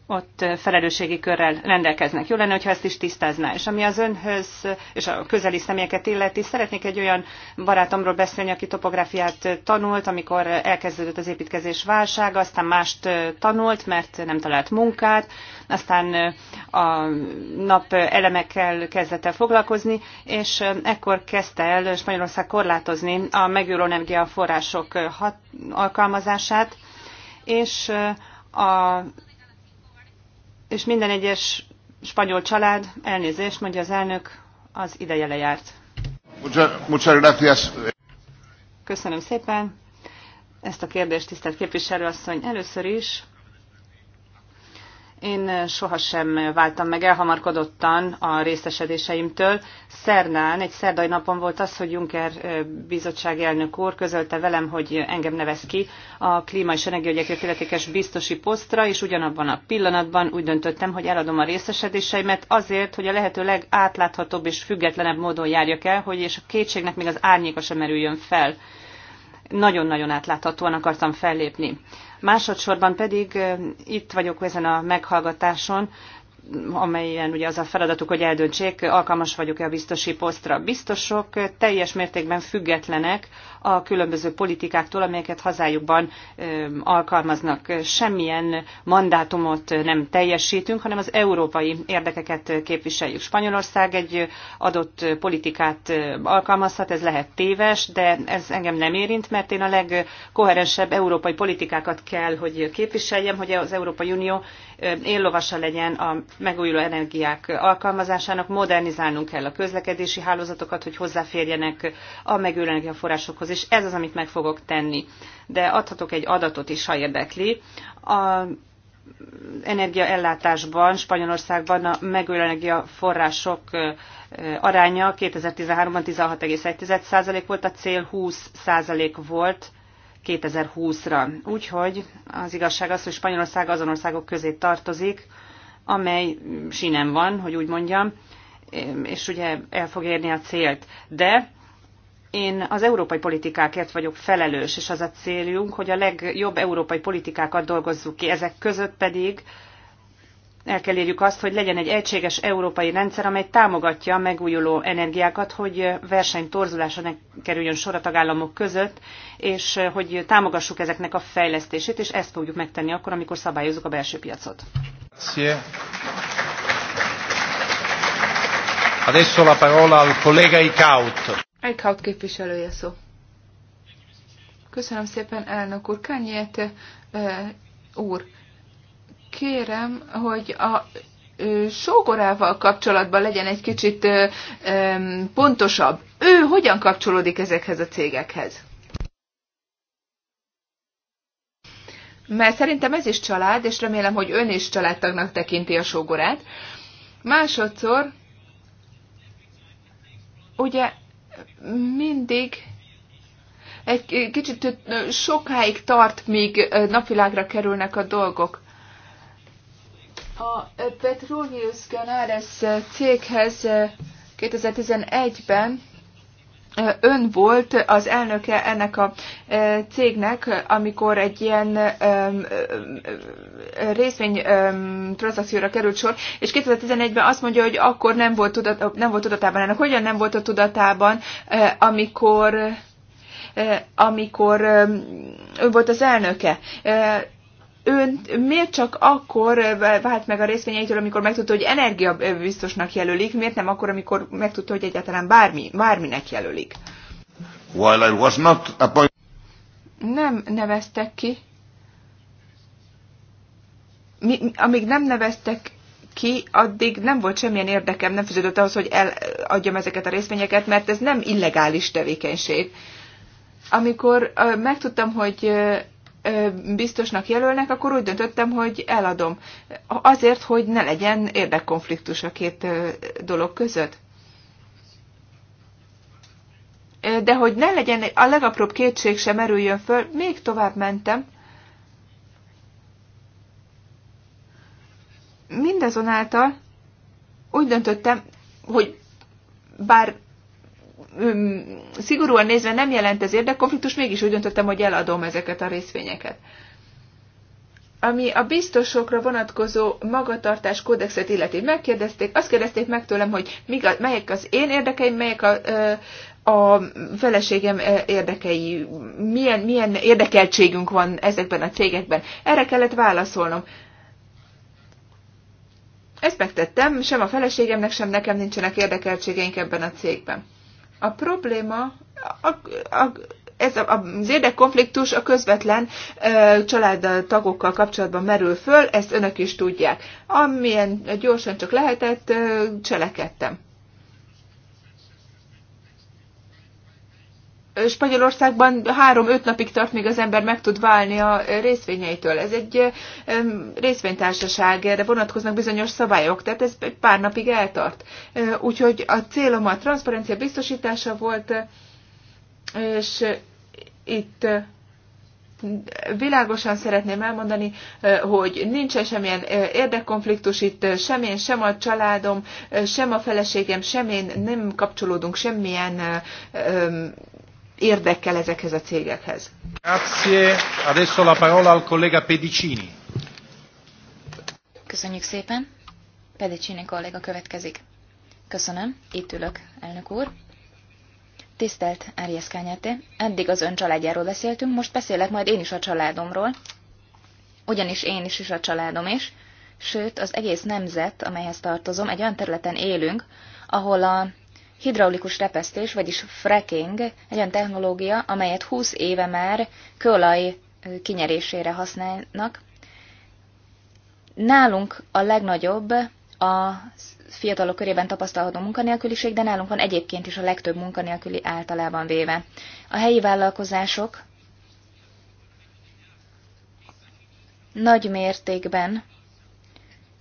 S3: ott felelősségi körrel rendelkeznek. Jó lenne, hogyha ezt is tisztázná. És ami az önhöz és a közeli személyeket illeti, szeretnék egy olyan barátomról beszélni, aki topográfiát tanult, amikor elkezdődött az építkezés válság, aztán mást tanult, mert nem talált munkát, aztán a nap elemekkel kezdett el foglalkozni, és ekkor kezdte el Spanyolország korlátozni a megújuló energiaforrások alkalmazását, és a és minden egyes spanyol család, elnézést, mondja az elnök, az ideje lejárt. Köszönöm szépen. Ezt a kérdést, tisztelt képviselőasszony, először is én sohasem váltam meg elhamarkodottan a részesedéseimtől. Szerdán, egy szerdai napon volt az, hogy Juncker bizottsági elnök úr közölte velem, hogy engem nevez ki a klíma és energiaügyekért illetékes biztosi posztra, és ugyanabban a pillanatban úgy döntöttem, hogy eladom a részesedéseimet azért, hogy a lehető legátláthatóbb és függetlenebb módon járjak el, hogy és a kétségnek még az árnyéka sem merüljön fel. Nagyon-nagyon átláthatóan akartam fellépni. Másodszorban pedig itt vagyok ezen a meghallgatáson, amelyen ugye az a feladatuk, hogy eldöntsék, alkalmas vagyok-e a biztosi posztra. Biztosok teljes mértékben függetlenek a különböző politikáktól, amelyeket hazájukban alkalmaznak. Semmilyen mandátumot nem teljesítünk, hanem az európai érdekeket képviseljük. Spanyolország egy adott politikát alkalmazhat, ez lehet téves, de ez engem nem érint, mert én a legkoherensebb európai politikákat kell, hogy képviseljem, hogy az Európai Unió éllovasa legyen a megújuló energiák alkalmazásának, modernizálnunk kell a közlekedési hálózatokat, hogy hozzáférjenek a megújuló energiaforrásokhoz vállalkozásokhoz, és ez az, amit meg fogok tenni. De adhatok egy adatot is, ha érdekli. A energiaellátásban, Spanyolországban a megújuló energiaforrások aránya 2013-ban 16,1% volt, a cél 20% volt 2020-ra. Úgyhogy az igazság az, hogy Spanyolország azon országok közé tartozik, amely sinem van, hogy úgy mondjam, és ugye el fog érni a célt. De én az európai politikákért vagyok felelős, és az a céljunk, hogy a legjobb európai politikákat dolgozzuk ki. Ezek között pedig el kell érjük azt, hogy legyen egy egységes európai rendszer, amely támogatja a megújuló energiákat, hogy torzulása ne kerüljön sor a tagállamok között, és hogy támogassuk ezeknek a fejlesztését, és ezt fogjuk megtenni akkor, amikor szabályozzuk a belső piacot.
S1: Szia. Adesso la parola al collega Icaut.
S2: Eichhout képviselője szó. Köszönöm szépen, elnök úr. Kányiet e, úr, kérem, hogy a sógorával kapcsolatban legyen egy kicsit pontosabb. Ő hogyan kapcsolódik ezekhez a cégekhez? Mert szerintem ez is család, és remélem, hogy ön is családtagnak tekinti a sógorát. Másodszor, ugye mindig egy kicsit sokáig tart, míg napvilágra kerülnek a dolgok. A Petrovius Ganares céghez 2011-ben ön volt az elnöke ennek a e, cégnek, amikor egy ilyen e, e, részvény tranzakcióra került sor, és 2011-ben azt mondja, hogy akkor nem volt, tudat, nem volt tudatában ennek. Hogyan nem volt a tudatában, amikor amikor ő volt az elnöke ő miért csak akkor vált meg a részvényeitől, amikor megtudta, hogy biztosnak jelölik, miért nem akkor, amikor megtudta, hogy egyáltalán bármi, bárminek jelölik?
S1: While I was not appointed...
S2: Nem neveztek ki. Mi, amíg nem neveztek ki, addig nem volt semmilyen érdekem, nem fizetett ahhoz, hogy eladjam ezeket a részvényeket, mert ez nem illegális tevékenység. Amikor megtudtam, hogy biztosnak jelölnek, akkor úgy döntöttem, hogy eladom. Azért, hogy ne legyen érdekkonfliktus a két dolog között. De hogy ne legyen a legapróbb kétség sem merüljön föl, még tovább mentem. Mindazonáltal úgy döntöttem, hogy bár szigorúan nézve nem jelent ez érdekkonfliktus, mégis úgy döntöttem, hogy eladom ezeket a részvényeket. Ami a biztosokra vonatkozó magatartás kódexet illeti, megkérdezték, azt kérdezték meg tőlem, hogy mik melyek az én érdekeim, melyek a, a feleségem érdekei, milyen, milyen érdekeltségünk van ezekben a cégekben. Erre kellett válaszolnom. Ezt megtettem, sem a feleségemnek, sem nekem nincsenek érdekeltségeink ebben a cégben. A probléma, a, a, ez a, az érdekkonfliktus a közvetlen e, családtagokkal kapcsolatban merül föl, ezt önök is tudják. Amilyen gyorsan csak lehetett, e, cselekedtem. Spanyolországban három-öt napig tart, még az ember meg tud válni a részvényeitől. Ez egy részvénytársaság, erre vonatkoznak bizonyos szabályok, tehát ez pár napig eltart. Úgyhogy a célom a transzparencia biztosítása volt, és itt világosan szeretném elmondani, hogy nincsen semmilyen érdekkonfliktus itt, sem én, sem a családom, sem a feleségem, sem én nem kapcsolódunk semmilyen érdekkel ezekhez a cégekhez.
S1: Grazie. Adesso la parola al collega Pedicini.
S4: Köszönjük szépen. Pedicini kolléga következik. Köszönöm, itt ülök, elnök úr. Tisztelt Arias Kányáté, eddig az ön családjáról beszéltünk, most beszélek majd én is a családomról. Ugyanis én is is a családom is, sőt az egész nemzet, amelyhez tartozom, egy olyan területen élünk, ahol a hidraulikus repesztés, vagyis fracking egy olyan technológia, amelyet 20 éve már kőolaj kinyerésére használnak. Nálunk a legnagyobb a fiatalok körében tapasztalható munkanélküliség, de nálunk van egyébként is a legtöbb munkanélküli általában véve. A helyi vállalkozások nagy mértékben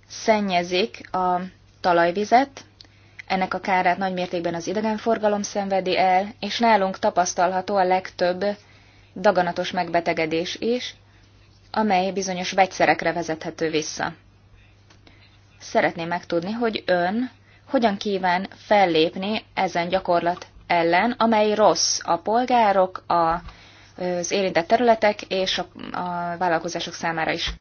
S4: szennyezik a talajvizet, ennek a kárát nagymértékben az idegenforgalom szenvedi el, és nálunk tapasztalható a legtöbb daganatos megbetegedés is, amely bizonyos vegyszerekre vezethető vissza. Szeretném megtudni, hogy ön hogyan kíván fellépni ezen gyakorlat ellen, amely rossz a polgárok, a az érintett területek és a, a vállalkozások számára is.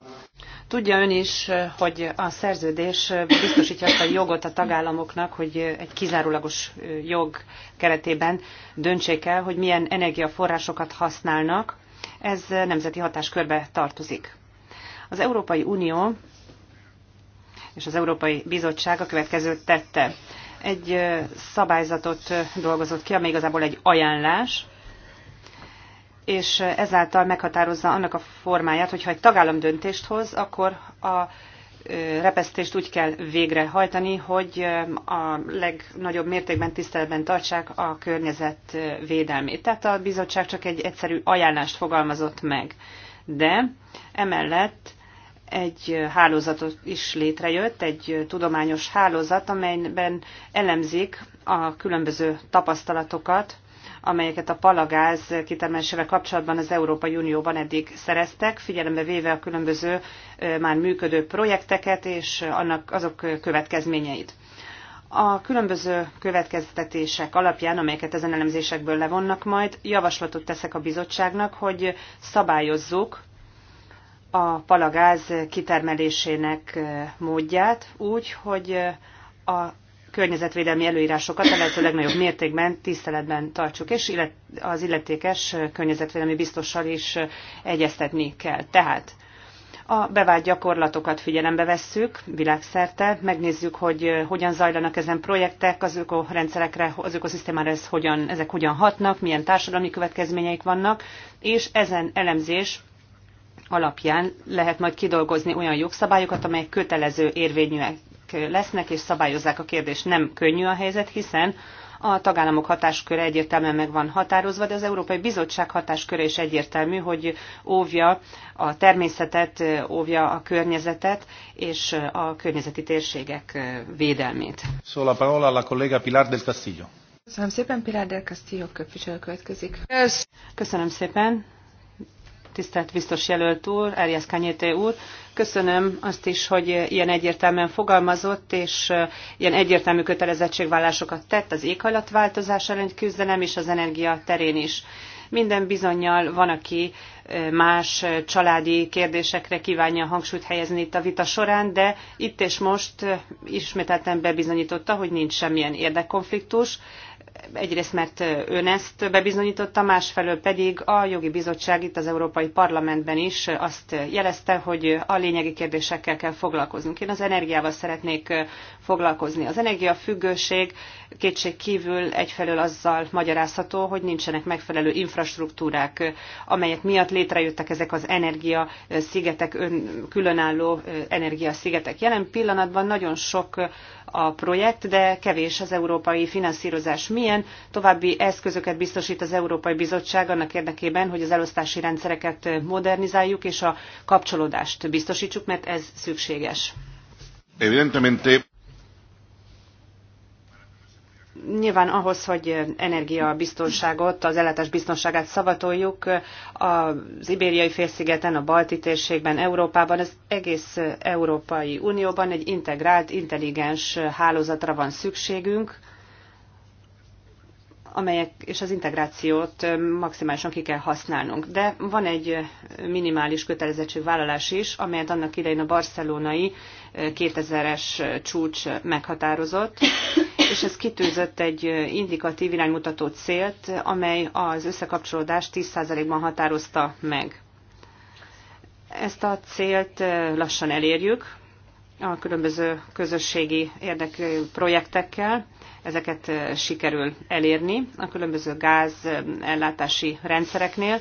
S4: Tudja ön is,
S3: hogy a szerződés biztosítja azt a jogot a tagállamoknak, hogy egy kizárólagos jog keretében döntsék el, hogy milyen energiaforrásokat használnak. Ez nemzeti hatáskörbe tartozik. Az Európai Unió és az Európai Bizottság a következőt tette. Egy szabályzatot dolgozott ki, ami igazából egy ajánlás, és ezáltal meghatározza annak a formáját, hogyha egy tagállam döntést hoz, akkor a repesztést úgy kell végrehajtani, hogy a legnagyobb mértékben tiszteletben tartsák a környezet védelmét. Tehát a bizottság csak egy egyszerű ajánlást fogalmazott meg. De emellett egy hálózatot is létrejött, egy tudományos hálózat, amelyben elemzik a különböző tapasztalatokat, amelyeket a palagáz kitermelésével kapcsolatban az Európai Unióban eddig szereztek, figyelembe véve a különböző már működő projekteket és annak, azok következményeit. A különböző következtetések alapján, amelyeket ezen elemzésekből levonnak majd, javaslatot teszek a bizottságnak, hogy szabályozzuk a palagáz kitermelésének módját úgy, hogy a környezetvédelmi előírásokat a lehető legnagyobb mértékben tiszteletben tartsuk, és az illetékes környezetvédelmi biztossal is egyeztetni kell. Tehát a bevált gyakorlatokat figyelembe vesszük világszerte, megnézzük, hogy hogyan zajlanak ezen projektek, az ökorendszerekre, az ökoszisztémára ez hogyan, ezek hogyan hatnak, milyen társadalmi következményeik vannak, és ezen elemzés alapján lehet majd kidolgozni olyan jogszabályokat, amelyek kötelező érvényűek lesznek és szabályozzák a kérdést. Nem könnyű a helyzet, hiszen a tagállamok hatásköre egyértelműen meg van határozva, de az Európai Bizottság hatásköre is egyértelmű, hogy óvja a természetet, óvja a környezetet és a környezeti térségek védelmét.
S1: Szól a parola alla collega Pilar del Castillo.
S3: Köszönöm
S2: szépen, Pilar del Castillo következik. Köszönöm szépen,
S3: tisztelt biztos jelölt úr, Elias Kanyete úr. Köszönöm azt is, hogy ilyen egyértelműen fogalmazott, és ilyen egyértelmű kötelezettségvállásokat tett az éghajlatváltozás ellen küzdelem és az energia terén is. Minden bizonyal van, aki más családi kérdésekre kívánja hangsúlyt helyezni itt a vita során, de itt és most ismételten bebizonyította, hogy nincs semmilyen érdekkonfliktus, egyrészt mert ön ezt bebizonyította, másfelől pedig a jogi bizottság itt az Európai Parlamentben is azt jelezte, hogy a lényegi kérdésekkel kell foglalkoznunk. Én az energiával szeretnék foglalkozni. Az energiafüggőség kétség kívül egyfelől azzal magyarázható, hogy nincsenek megfelelő infrastruktúrák, amelyek miatt létrejöttek ezek az energia szigetek, különálló energiaszigetek. Jelen pillanatban nagyon sok a projekt, de kevés az európai finanszírozás. Mi milyen további eszközöket biztosít az Európai Bizottság annak érdekében, hogy az elosztási rendszereket modernizáljuk és a kapcsolódást biztosítsuk, mert ez szükséges.
S1: Evidentemente
S3: nyilván ahhoz, hogy energiabiztonságot, az ellátás biztonságát szavatoljuk, az ibériai félszigeten, a balti térségben, Európában, az egész Európai Unióban egy integrált, intelligens hálózatra van szükségünk, amelyek és az integrációt maximálisan ki kell használnunk. De van egy minimális kötelezettségvállalás is, amelyet annak idején a barcelonai 2000-es csúcs meghatározott, és ez kitűzött egy indikatív iránymutató célt, amely az összekapcsolódást 10%-ban határozta meg. Ezt a célt lassan elérjük a különböző közösségi érdekprojektekkel, ezeket sikerül elérni a különböző gáz ellátási rendszereknél,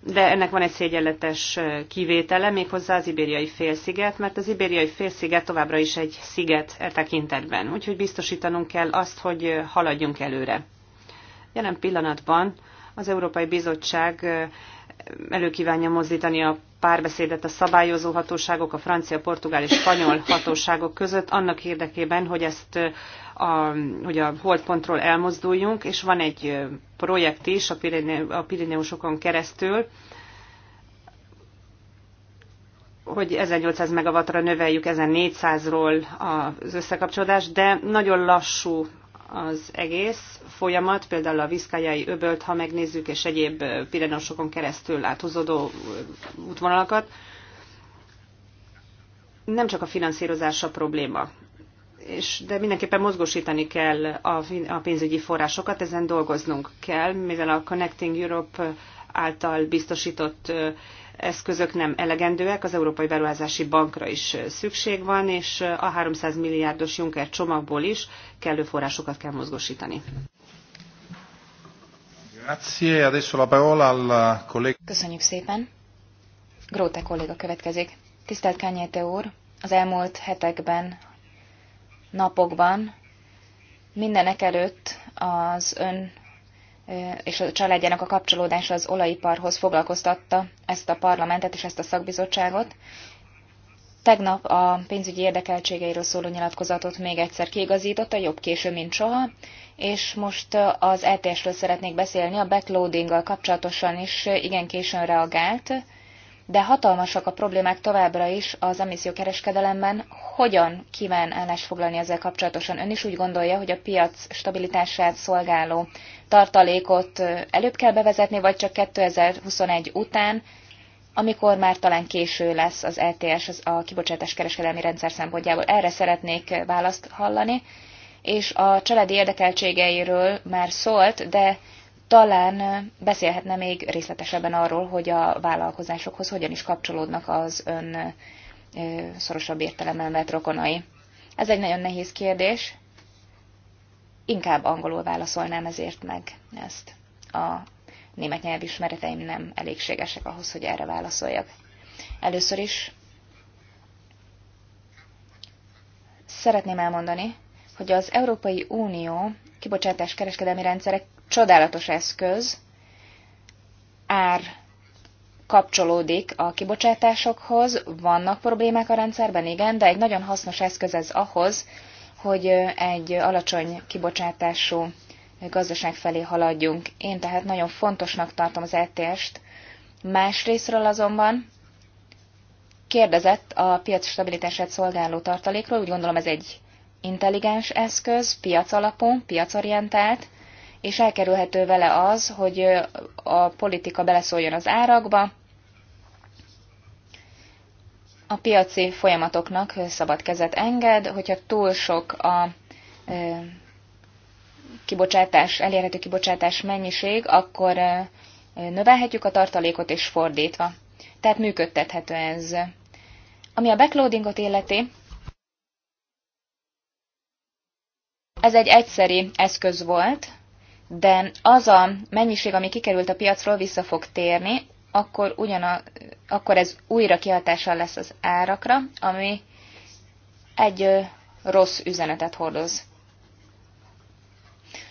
S3: de ennek van egy szégyenletes kivétele, méghozzá az ibériai félsziget, mert az ibériai félsziget továbbra is egy sziget e tekintetben, úgyhogy biztosítanunk kell azt, hogy haladjunk előre. Jelen pillanatban az Európai Bizottság előkívánja mozdítani a párbeszédet a szabályozó hatóságok, a francia, portugál és spanyol hatóságok között annak érdekében, hogy ezt a, hogy a holdpontról elmozduljunk, és van egy projekt is a, Pirine, a Pirineusokon keresztül, hogy 1800 megawattra növeljük 1400-ról az összekapcsolódást, de nagyon lassú az egész folyamat, például a viszkájai öbölt, ha megnézzük, és egyéb pirenosokon keresztül áthozódó útvonalakat, nem csak a finanszírozás a probléma és, de mindenképpen mozgósítani kell a, a pénzügyi forrásokat, ezen dolgoznunk kell, mivel a Connecting Europe által biztosított eszközök nem elegendőek, az Európai Beruházási Bankra is szükség van, és a 300 milliárdos Juncker csomagból is kellő forrásokat kell mozgósítani.
S4: Köszönjük szépen. Gróte kolléga következik. Tisztelt Kányéte úr, az elmúlt hetekben napokban mindenek előtt az ön és a családjának a kapcsolódása az olajiparhoz foglalkoztatta ezt a parlamentet és ezt a szakbizottságot. Tegnap a pénzügyi érdekeltségeiről szóló nyilatkozatot még egyszer kiigazította, jobb késő, mint soha, és most az ETS-ről szeretnék beszélni, a backloadinggal kapcsolatosan is igen későn reagált de hatalmasak a problémák továbbra is az emissziókereskedelemben. Hogyan kíván állást foglalni ezzel kapcsolatosan? Ön is úgy gondolja, hogy a piac stabilitását szolgáló tartalékot előbb kell bevezetni, vagy csak 2021 után, amikor már talán késő lesz az LTS az a kibocsátás kereskedelmi rendszer szempontjából. Erre szeretnék választ hallani, és a családi érdekeltségeiről már szólt, de talán beszélhetne még részletesebben arról, hogy a vállalkozásokhoz hogyan is kapcsolódnak az ön szorosabb értelemben vett rokonai. Ez egy nagyon nehéz kérdés. Inkább angolul válaszolnám ezért meg ezt. A német nyelvismereteim nem elégségesek ahhoz, hogy erre válaszoljak. Először is szeretném elmondani, hogy az Európai Unió kibocsátás kereskedelmi rendszerek csodálatos eszköz, ár kapcsolódik a kibocsátásokhoz, vannak problémák a rendszerben, igen, de egy nagyon hasznos eszköz ez ahhoz, hogy egy alacsony kibocsátású gazdaság felé haladjunk. Én tehát nagyon fontosnak tartom az ETS-t. Másrésztről azonban kérdezett a piac stabilitását szolgáló tartalékról, úgy gondolom ez egy intelligens eszköz, piacalapú, piacorientált, és elkerülhető vele az, hogy a politika beleszóljon az árakba, a piaci folyamatoknak szabad kezet enged, hogyha túl sok a kibocsátás, elérhető kibocsátás mennyiség, akkor növelhetjük a tartalékot és fordítva. Tehát működtethető ez. Ami a backloadingot illeti, Ez egy egyszeri eszköz volt, de az a mennyiség, ami kikerült a piacról, vissza fog térni, akkor, a, akkor ez újra kihatással lesz az árakra, ami egy rossz üzenetet hordoz.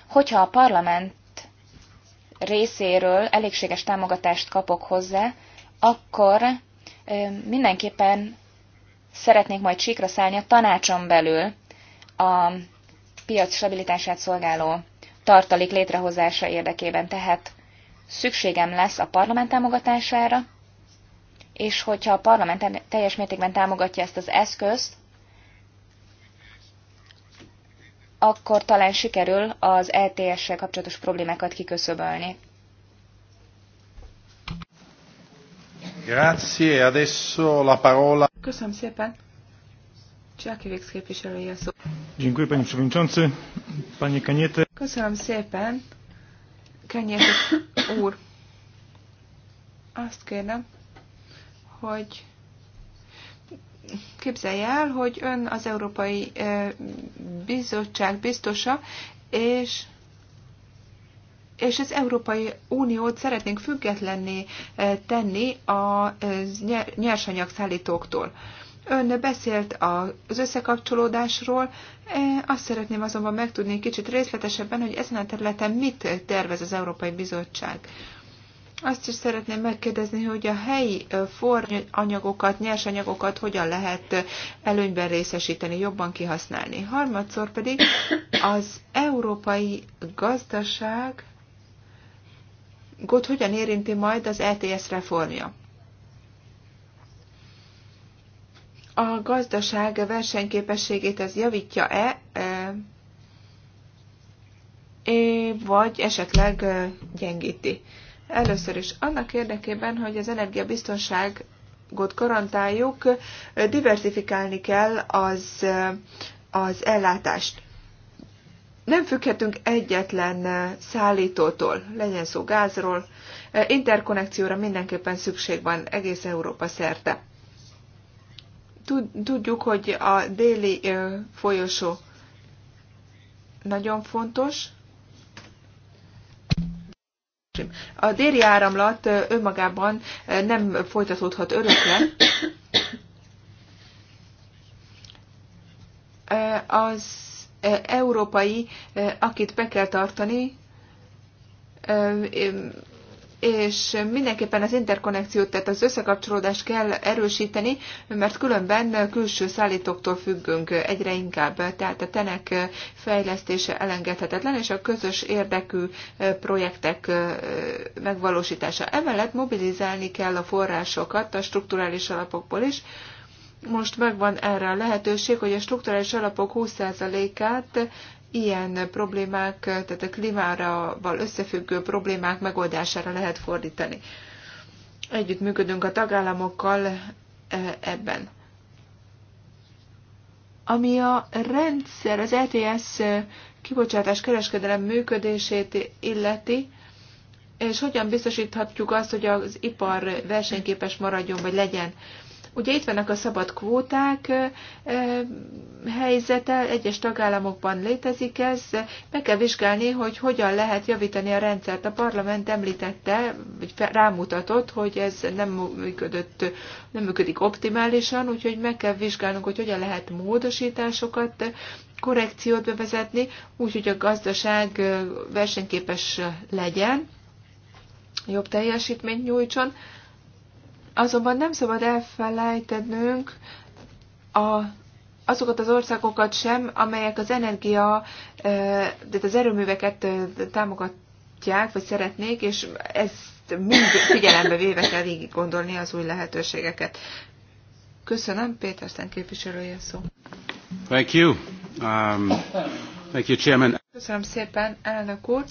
S4: Hogyha a parlament részéről elégséges támogatást kapok hozzá, akkor mindenképpen szeretnék majd csíkra szállni a tanácson belül a piac stabilitását szolgáló tartalék létrehozása érdekében. Tehát szükségem lesz a parlament támogatására, és hogyha a parlament teljes mértékben támogatja ezt az eszközt, akkor talán sikerül az LTS-sel e kapcsolatos problémákat kiköszöbölni.
S1: Grazie, adesso la parola.
S4: Köszönöm szépen.
S1: Dziękuję, panie przewodniczący, panie Kaniete.
S2: Köszönöm szépen, Kaniete úr. Azt kérem, hogy képzelje el, hogy ön az Európai Bizottság biztosa, és és az Európai Uniót szeretnénk függetlenné tenni a nyersanyagszállítóktól. szállítóktól Ön beszélt az összekapcsolódásról, e, azt szeretném azonban megtudni kicsit részletesebben, hogy ezen a területen mit tervez az Európai Bizottság. Azt is szeretném megkérdezni, hogy a helyi e, forranyagokat, nyersanyagokat hogyan lehet e, előnyben részesíteni, jobban kihasználni. Harmadszor pedig az európai gazdaság gond hogyan érinti majd az ETS reformja. a gazdaság versenyképességét ez javítja-e, vagy esetleg gyengíti. Először is annak érdekében, hogy az energiabiztonságot garantáljuk, diversifikálni kell az, az ellátást. Nem függhetünk egyetlen szállítótól, legyen szó gázról, interkonnekcióra mindenképpen szükség van egész Európa szerte. Tudjuk, hogy a déli folyosó nagyon fontos. A déli áramlat önmagában nem folytatódhat örökre. Az európai, akit be kell tartani, és mindenképpen az interkonnekciót, tehát az összekapcsolódást kell erősíteni, mert különben külső szállítóktól függünk egyre inkább. Tehát a tenek fejlesztése elengedhetetlen, és a közös érdekű projektek megvalósítása. Emellett mobilizálni kell a forrásokat a strukturális alapokból is, most megvan erre a lehetőség, hogy a strukturális alapok 20%-át ilyen problémák, tehát a klímával összefüggő problémák megoldására lehet fordítani. Együtt működünk a tagállamokkal eh, ebben. Ami a rendszer, az ETS eh, kibocsátás kereskedelem működését illeti, és hogyan biztosíthatjuk azt, hogy az ipar versenyképes maradjon, vagy legyen. Ugye itt vannak a szabad kvóták helyzete, egyes tagállamokban létezik ez, meg kell vizsgálni, hogy hogyan lehet javítani a rendszert. A parlament említette, vagy rámutatott, hogy ez nem, működött, nem működik optimálisan, úgyhogy meg kell vizsgálnunk, hogy hogyan lehet módosításokat korrekciót bevezetni, úgy, hogy a gazdaság versenyképes legyen, jobb teljesítményt nyújtson. Azonban nem szabad elfelejtenünk a, azokat az országokat sem, amelyek az energia, tehát az erőműveket támogatják, vagy szeretnék, és ezt mind figyelembe véve kell végig gondolni az új lehetőségeket. Köszönöm, Péter, Szent képviselője szó.
S1: Thank you. Um, thank you, Chairman.
S2: Köszönöm szépen, elnök úr.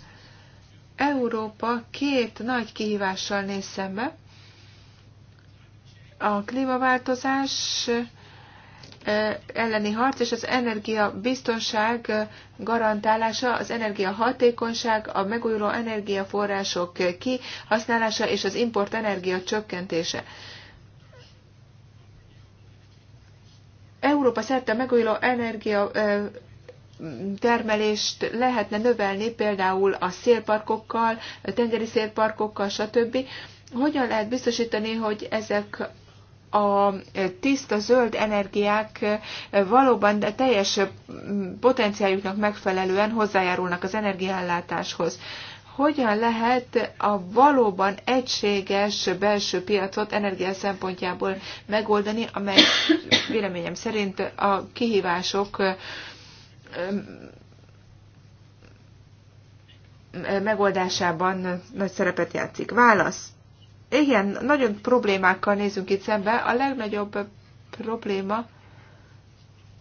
S2: Európa két nagy kihívással néz szembe a klímaváltozás elleni harc és az energiabiztonság garantálása, az energiahatékonyság, a megújuló energiaforrások kihasználása és az import energia csökkentése. Európa szerte megújuló energia termelést lehetne növelni, például a szélparkokkal, a tengeri szélparkokkal, stb. Hogyan lehet biztosítani, hogy ezek a tiszta zöld energiák valóban a teljes potenciáljuknak megfelelően hozzájárulnak az energiállátáshoz. Hogyan lehet a valóban egységes belső piacot energia szempontjából megoldani, amely véleményem szerint a kihívások megoldásában nagy szerepet játszik. Válasz igen, nagyon problémákkal nézünk itt szembe. A legnagyobb probléma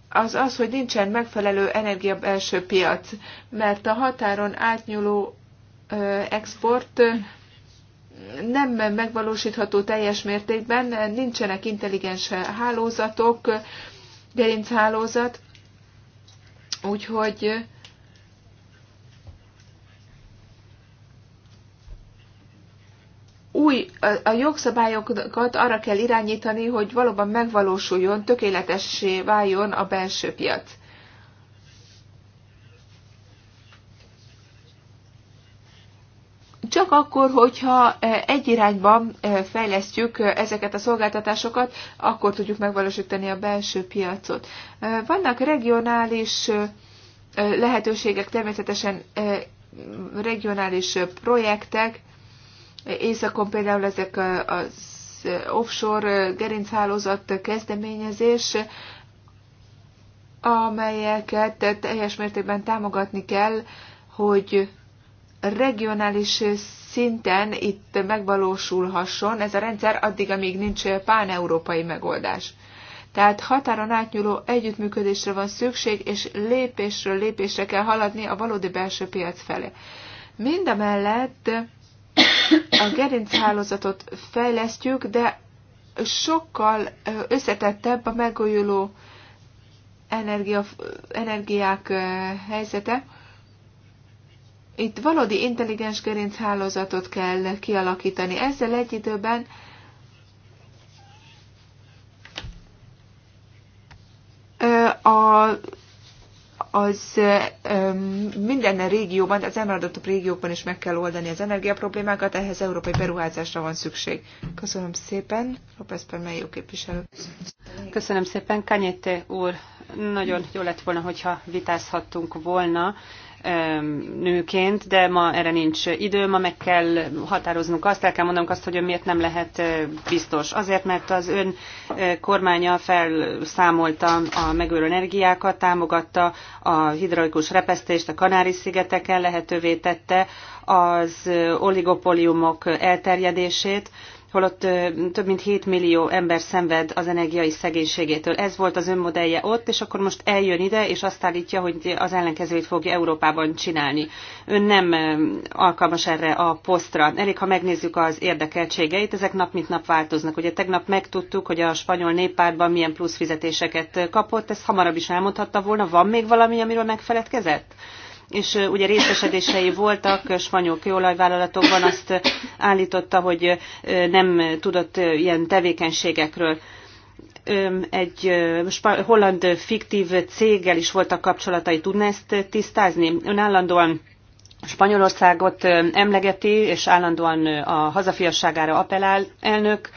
S2: az az, hogy nincsen megfelelő energia belső piac, mert a határon átnyúló export nem megvalósítható teljes mértékben, nincsenek intelligens hálózatok, gerinchálózat, úgyhogy új, a jogszabályokat arra kell irányítani, hogy valóban megvalósuljon, tökéletessé váljon a belső piac. Csak akkor, hogyha e, egy irányban e, fejlesztjük e, ezeket a szolgáltatásokat, akkor tudjuk megvalósítani a belső piacot. Vannak regionális lehetőségek, természetesen regionális projektek, Északon például ezek az offshore gerinchálózat kezdeményezés, amelyeket teljes mértékben támogatni kell, hogy regionális szinten itt megvalósulhasson ez a rendszer addig, amíg nincs páneurópai megoldás. Tehát határon átnyúló együttműködésre van szükség, és lépésről lépésre kell haladni a valódi belső piac felé. Mindemellett a gerinchálózatot fejlesztjük, de sokkal összetettebb a megújuló energia, energiák helyzete. Itt valódi intelligens gerinchálózatot kell kialakítani. Ezzel egy időben a az minden régióban, az elmaradott régiókban is meg kell oldani az energiaproblémákat, ehhez európai beruházásra van szükség. Köszönöm szépen, López jó képviselő. Köszönöm szépen, Kanyete úr.
S3: Nagyon jó lett volna, hogyha vitázhattunk volna nőként, de ma erre nincs idő, ma meg kell határoznunk azt, el kell mondanunk azt, hogy miért nem lehet biztos. Azért, mert az ön kormánya felszámolta a megőrő energiákat, támogatta a hidraulikus repesztést a Kanári-szigeteken, lehetővé tette az oligopóliumok elterjedését, holott több mint 7 millió ember szenved az energiai szegénységétől. Ez volt az önmodellje ott, és akkor most eljön ide, és azt állítja, hogy az ellenkezőjét fogja Európában csinálni. Ön nem alkalmas erre a posztra. Elég, ha megnézzük az érdekeltségeit, ezek nap mint nap változnak. Ugye tegnap megtudtuk, hogy a spanyol néppártban milyen plusz fizetéseket kapott, ezt hamarabb is elmondhatta volna. Van még valami, amiről megfeledkezett? és ugye részesedései voltak spanyol kőolajvállalatokban, azt állította, hogy nem tudott ilyen tevékenységekről egy holland fiktív céggel is voltak kapcsolatai. Tudna ezt tisztázni? Ön állandóan Spanyolországot emlegeti, és állandóan a hazafiasságára appellál elnök.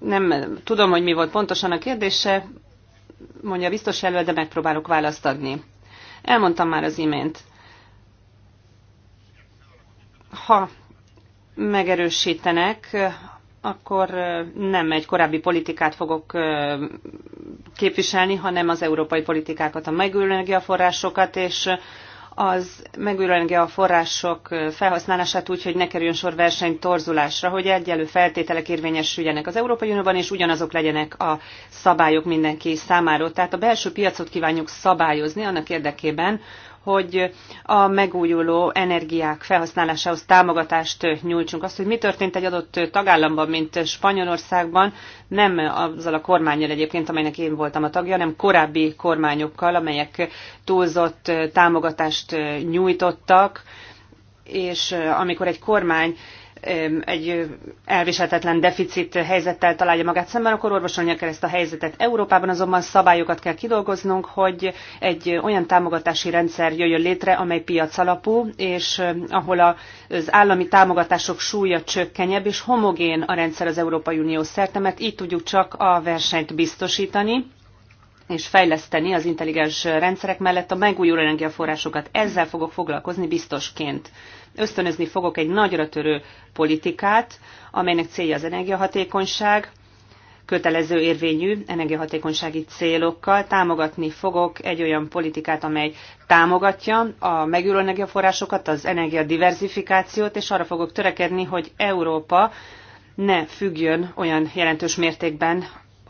S3: Nem tudom, hogy mi volt pontosan a kérdése, mondja biztos elő, de megpróbálok választ adni. Elmondtam már az imént. Ha megerősítenek, akkor nem egy korábbi politikát fogok képviselni, hanem az európai politikákat, a megújuló energiaforrásokat és az megőrölni a források felhasználását úgy, hogy ne kerüljön sor verseny torzulásra, hogy egyelő feltételek érvényesüljenek az Európai Unióban, és ugyanazok legyenek a szabályok mindenki számára. Tehát a belső piacot kívánjuk szabályozni annak érdekében, hogy a megújuló energiák felhasználásához támogatást nyújtsunk. Azt, hogy mi történt egy adott tagállamban, mint Spanyolországban, nem azzal a kormányjal egyébként, amelynek én voltam a tagja, hanem korábbi kormányokkal, amelyek túlzott támogatást nyújtottak, és amikor egy kormány egy elviselhetetlen deficit helyzettel találja magát szemben, akkor orvosolnia kell ezt a helyzetet. Európában azonban szabályokat kell kidolgoznunk, hogy egy olyan támogatási rendszer jöjjön létre, amely piac alapú, és ahol az állami támogatások súlya csökkenyebb, és homogén a rendszer az Európai Unió szerte, mert így tudjuk csak a versenyt biztosítani és fejleszteni az intelligens rendszerek mellett a megújuló energiaforrásokat. Ezzel fogok foglalkozni biztosként. Ösztönözni fogok egy nagyra törő politikát, amelynek célja az energiahatékonyság, kötelező érvényű energiahatékonysági célokkal támogatni fogok egy olyan politikát, amely támogatja a megújuló energiaforrásokat, az energiadiverzifikációt, és arra fogok törekedni, hogy Európa ne függjön olyan jelentős mértékben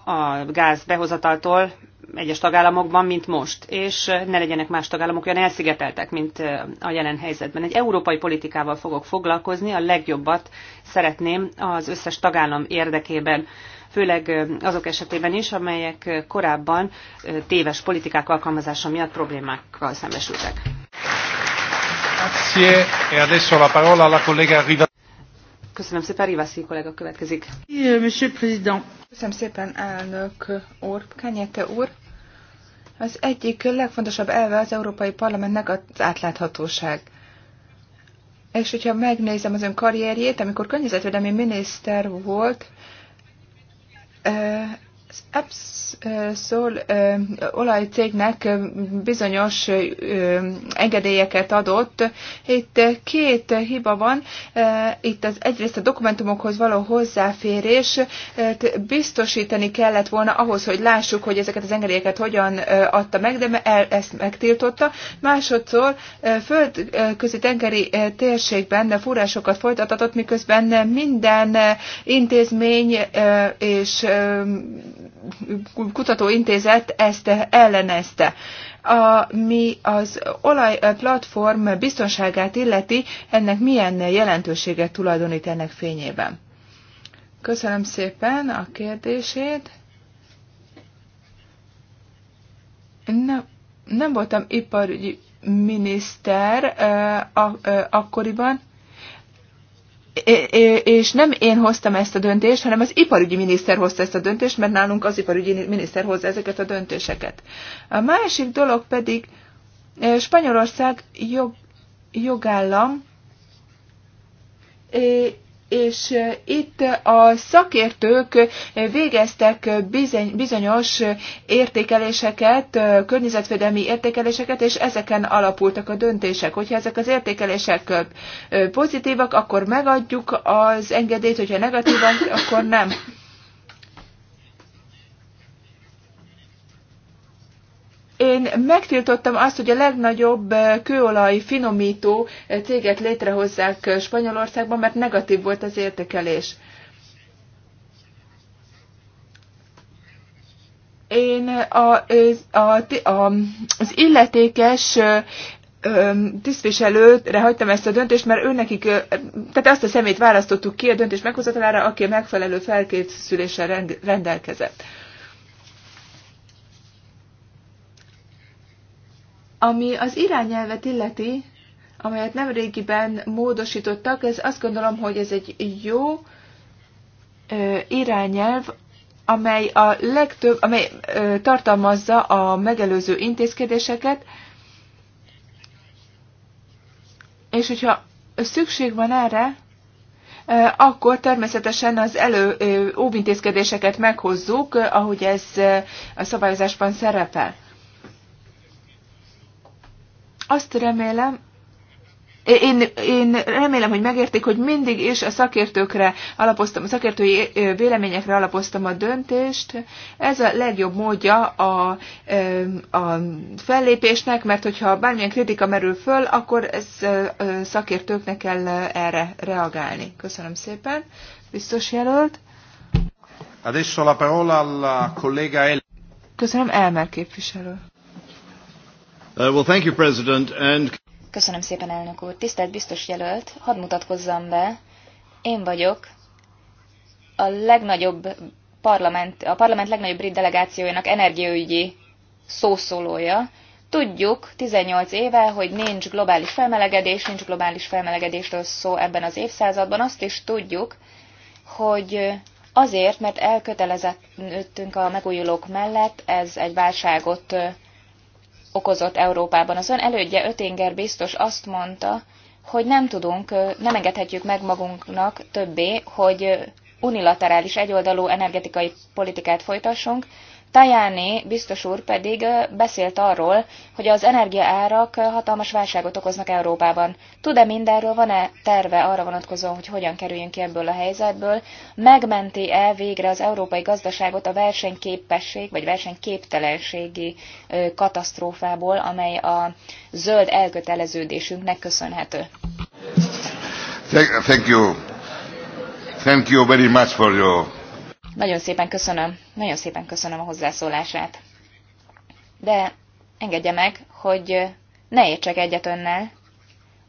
S3: a gáz behozataltól, egyes tagállamokban, mint most, és ne legyenek más tagállamok olyan elszigeteltek, mint a jelen helyzetben. Egy európai politikával fogok foglalkozni, a legjobbat szeretném az összes tagállam érdekében főleg azok esetében is, amelyek korábban téves politikák alkalmazása miatt problémákkal szembesültek. E Köszönöm szépen, Rivasi kollega
S2: következik. Köszönöm szépen, elnök úr, Kenyete úr. Az egyik legfontosabb elve az Európai Parlamentnek az átláthatóság. És hogyha megnézem az ön karrierjét, amikor környezetvédelmi miniszter volt, az Epsol olajcégnek bizonyos engedélyeket adott. Itt két hiba van. Itt az egyrészt a dokumentumokhoz való hozzáférés biztosítani kellett volna ahhoz, hogy lássuk, hogy ezeket az engedélyeket hogyan adta meg, de ezt megtiltotta. Másodszor földközi tengeri térségben fúrásokat folytatott, miközben minden intézmény és kutatóintézet ezt ellenezte. A, mi az olajplatform biztonságát illeti, ennek milyen jelentőséget tulajdonít ennek fényében? Köszönöm szépen a kérdését. Nem, nem voltam iparügyi miniszter uh, uh, akkoriban, és nem én hoztam ezt a döntést, hanem az iparügyi miniszter hozta ezt a döntést, mert nálunk az iparügyi miniszter hozza ezeket a döntéseket. A másik dolog pedig e, Spanyolország jog, jogállam, e, és itt a szakértők végeztek bizonyos értékeléseket, környezetvédelmi értékeléseket, és ezeken alapultak a döntések. Hogyha ezek az értékelések pozitívak, akkor megadjuk az engedélyt, hogyha negatívak, akkor nem. én megtiltottam azt, hogy a legnagyobb eh, kőolaj finomító eh, céget létrehozzák eh, Spanyolországban, mert negatív volt az értékelés. Én a, a, a, az illetékes tisztviselőre hagytam ezt a döntést, mert ő nekik, tehát azt a szemét választottuk ki a döntés meghozatalára, aki a megfelelő felkészüléssel rendelkezett. Ami az irányelvet illeti, amelyet nem régiben módosítottak, ez azt gondolom, hogy ez egy jó irányelv, amely a legtöbb, amely tartalmazza a megelőző intézkedéseket, és hogyha szükség van erre, akkor természetesen az elő óvintézkedéseket meghozzuk, ahogy ez a szabályozásban szerepel. Azt remélem, én, én remélem, hogy megértik, hogy mindig is a szakértőkre alapoztam, a szakértői véleményekre alapoztam a döntést. Ez a legjobb módja a, a fellépésnek, mert hogyha bármilyen kritika merül föl, akkor ez szakértőknek kell erre reagálni. Köszönöm szépen. Biztos jelölt.
S1: Adesso la parola alla collega El.
S2: Köszönöm, Elmer képviselő.
S1: Uh,
S4: Köszönöm szépen, elnök úr. Tisztelt biztos jelölt, hadd mutatkozzam be. Én vagyok a legnagyobb parlament, a parlament legnagyobb brit delegációjának energiaügyi szószólója. Tudjuk 18 éve, hogy nincs globális felmelegedés, nincs globális felmelegedésről szó ebben az évszázadban. Azt is tudjuk, hogy azért, mert elkötelezettünk a megújulók mellett, ez egy válságot okozott Európában. Az ön elődje Ötinger biztos azt mondta, hogy nem tudunk, nem engedhetjük meg magunknak többé, hogy unilaterális egyoldalú energetikai politikát folytassunk, Tajáné biztos úr pedig beszélt arról, hogy az energiaárak hatalmas válságot okoznak Európában. Tud-e mindenről, van-e terve arra vonatkozóan, hogy hogyan kerüljünk ki ebből a helyzetből? Megmenti-e végre az európai gazdaságot a versenyképesség vagy versenyképtelenségi katasztrófából, amely a zöld elköteleződésünknek köszönhető?
S1: Thank you. Thank you very much for your
S4: nagyon szépen köszönöm, nagyon szépen köszönöm a hozzászólását. De engedje meg, hogy ne értsek egyet önnel.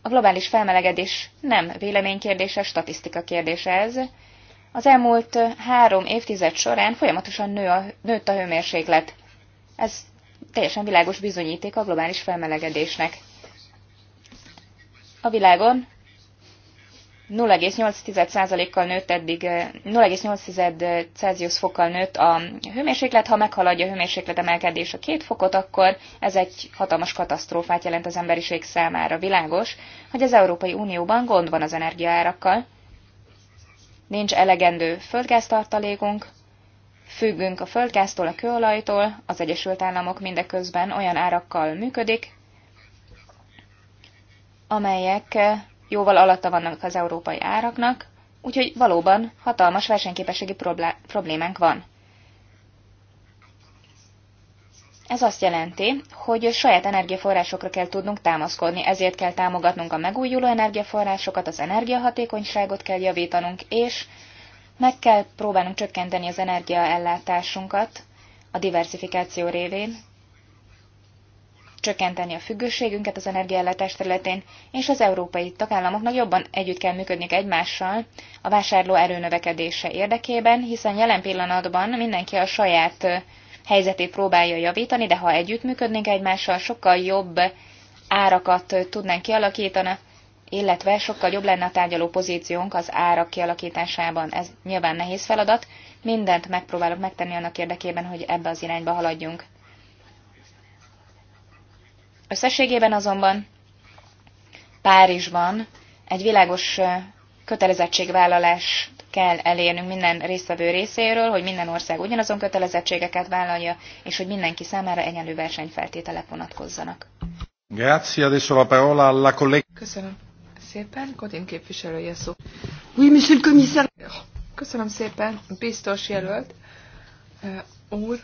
S4: A globális felmelegedés nem véleménykérdése, statisztika kérdése ez. Az elmúlt három évtized során folyamatosan nő a, nőtt a hőmérséklet. Ez teljesen világos bizonyíték a globális felmelegedésnek. A világon 0,8%-kal nőtt eddig, 0,8 eh, eh, Celsius fokkal nőtt a hőmérséklet, ha meghaladja a hőmérséklet emelkedés a két fokot, akkor ez egy hatalmas katasztrófát jelent az emberiség számára. Világos, hogy az Európai Unióban gond van az energiaárakkal, nincs elegendő földgáztartalékunk, függünk a földgáztól, a kőolajtól, az Egyesült Államok mindeközben olyan árakkal működik, amelyek eh, jóval alatta vannak az európai áraknak, úgyhogy valóban hatalmas versenyképességi problémánk van. Ez azt jelenti, hogy saját energiaforrásokra kell tudnunk támaszkodni, ezért kell támogatnunk a megújuló energiaforrásokat, az energiahatékonyságot kell javítanunk, és meg kell próbálnunk csökkenteni az energiaellátásunkat a diversifikáció révén, csökkenteni a függőségünket az energiaellátás területén, és az európai tagállamoknak jobban együtt kell működniük egymással a vásárló erőnövekedése érdekében, hiszen jelen pillanatban mindenki a saját helyzetét próbálja javítani, de ha együttműködnénk egymással, sokkal jobb árakat tudnánk kialakítani, illetve sokkal jobb lenne a tárgyaló pozíciónk az árak kialakításában. Ez nyilván nehéz feladat, mindent megpróbálok megtenni annak érdekében, hogy ebbe az irányba haladjunk. Összességében azonban Párizsban egy világos kötelezettségvállalás kell elérnünk minden résztvevő részéről, hogy minden ország ugyanazon kötelezettségeket vállalja, és hogy mindenki számára egyenlő versenyfeltételek vonatkozzanak.
S1: parola alla collega.
S4: Köszönöm szépen, Kodin képviselője szó. Köszönöm
S2: szépen, biztos jelölt úr.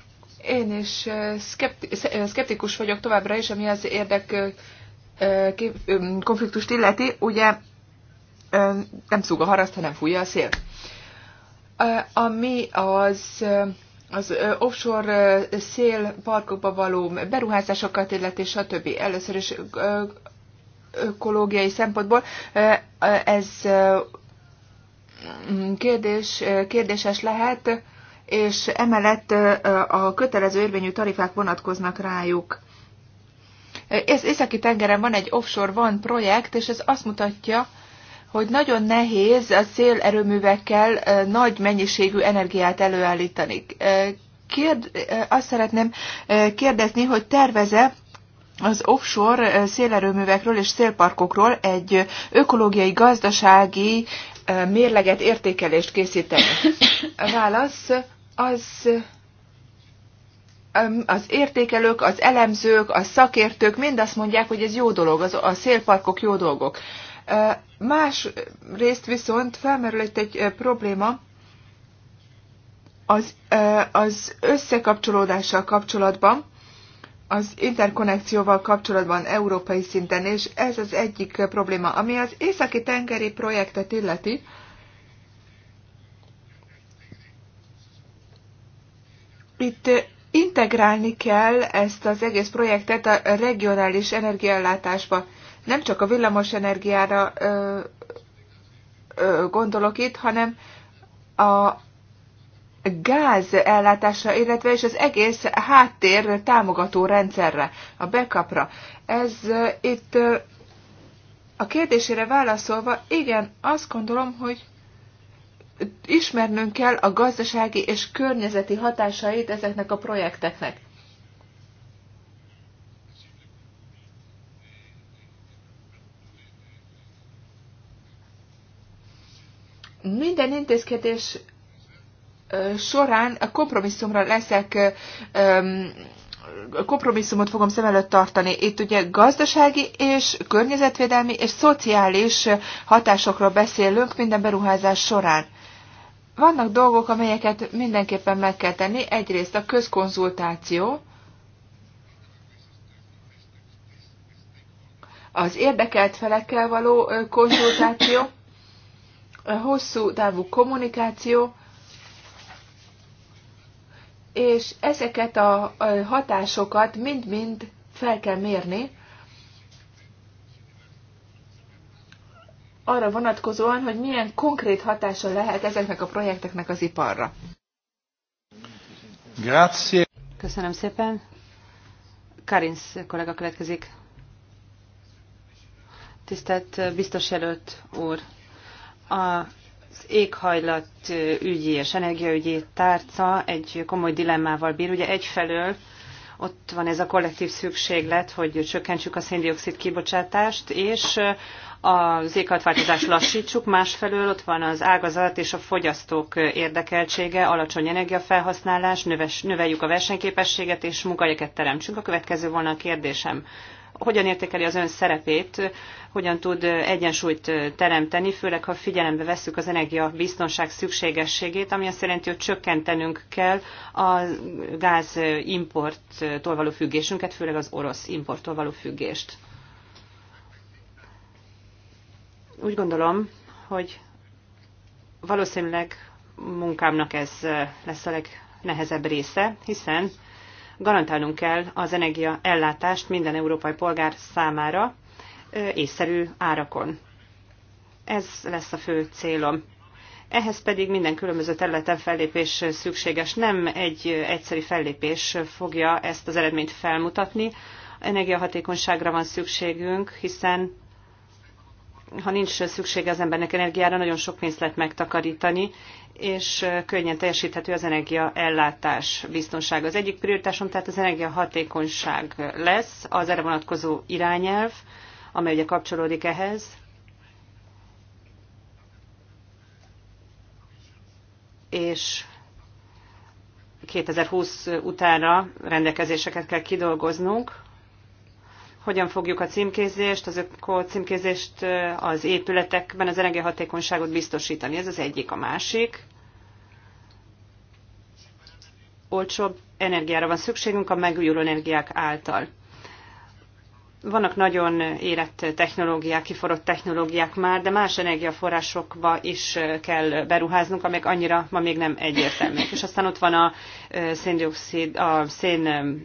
S2: Én is szkeptikus vagyok továbbra is, ami az érdek konfliktust illeti. Ugye nem szúg a haraszt, hanem fújja a szél. Ami az az offshore parkokba való beruházásokat illeti, stb. Először is ökológiai szempontból ez kérdés, kérdéses lehet és emellett a kötelező érvényű tarifák vonatkoznak rájuk. Északi tengeren van egy offshore van projekt, és ez azt mutatja, hogy nagyon nehéz a szélerőművekkel nagy mennyiségű energiát előállítani. Kérd, azt szeretném kérdezni, hogy terveze az offshore szélerőművekről és szélparkokról egy ökológiai, gazdasági mérleget, értékelést készíteni. Válasz, az az értékelők, az elemzők, a szakértők mind azt mondják, hogy ez jó dolog, az, a szélparkok jó dolgok. Más részt viszont felmerül itt egy probléma az, az összekapcsolódással kapcsolatban, az interkonnekcióval kapcsolatban európai szinten, és ez az egyik probléma, ami az északi tengeri projektet illeti, Itt integrálni kell ezt az egész projektet a regionális energiaellátásba. Nem csak a villamos energiára ö, ö, gondolok itt, hanem a gáz ellátásra, illetve és az egész háttér támogató rendszerre, a backupra. Ez itt a kérdésére válaszolva, igen, azt gondolom, hogy ismernünk kell a gazdasági és környezeti hatásait ezeknek a projekteknek. Minden intézkedés során a kompromisszumra leszek, kompromisszumot fogom szem előtt tartani. Itt ugye gazdasági és környezetvédelmi és szociális hatásokról beszélünk minden beruházás során. Vannak dolgok, amelyeket mindenképpen meg kell tenni. Egyrészt a közkonzultáció, az érdekelt felekkel való konzultáció, a hosszú távú kommunikáció, és ezeket a hatásokat mind-mind fel kell mérni, arra vonatkozóan, hogy milyen konkrét hatása lehet ezeknek a projekteknek az iparra.
S1: Grazie.
S2: Köszönöm szépen.
S3: Karinsz kollega következik. Tisztelt biztos jelölt úr, az éghajlat ügyi és energiaügyi tárca egy komoly dilemmával bír. Ugye egyfelől ott van ez a kollektív szükséglet, hogy csökkentsük a széndiokszid kibocsátást, és az éghajlatváltozást lassítsuk, másfelől ott van az ágazat és a fogyasztók érdekeltsége, alacsony energiafelhasználás, növes, növeljük a versenyképességet és munkahelyeket teremtsünk. A következő volna a kérdésem hogyan értékeli az ön szerepét, hogyan tud egyensúlyt teremteni, főleg ha figyelembe vesszük az biztonság szükségességét, ami azt jelenti, hogy csökkentenünk kell a gáz importtól való függésünket, főleg az orosz importtól való függést. Úgy gondolom, hogy valószínűleg munkámnak ez lesz a legnehezebb része, hiszen garantálnunk kell az energia ellátást minden európai polgár számára észszerű árakon. Ez lesz a fő célom. Ehhez pedig minden különböző területen fellépés szükséges. Nem egy egyszerű fellépés fogja ezt az eredményt felmutatni. Energiahatékonyságra van szükségünk, hiszen ha nincs szüksége az embernek energiára, nagyon sok pénzt lehet megtakarítani, és könnyen teljesíthető az energiaellátás biztonsága. Az egyik prioritásom tehát az energiahatékonyság lesz, az erre vonatkozó irányelv, amely ugye kapcsolódik ehhez. És 2020 utánra rendelkezéseket kell kidolgoznunk, hogyan fogjuk a címkézést, az öko címkézést az épületekben, az energiahatékonyságot biztosítani. Ez az egyik. A másik, olcsóbb energiára van szükségünk a megújuló energiák által vannak nagyon érett technológiák, kiforott technológiák már, de más energiaforrásokba is kell beruháznunk, amelyek annyira ma még nem egyértelműek. És aztán ott van a széndiokszid, a szén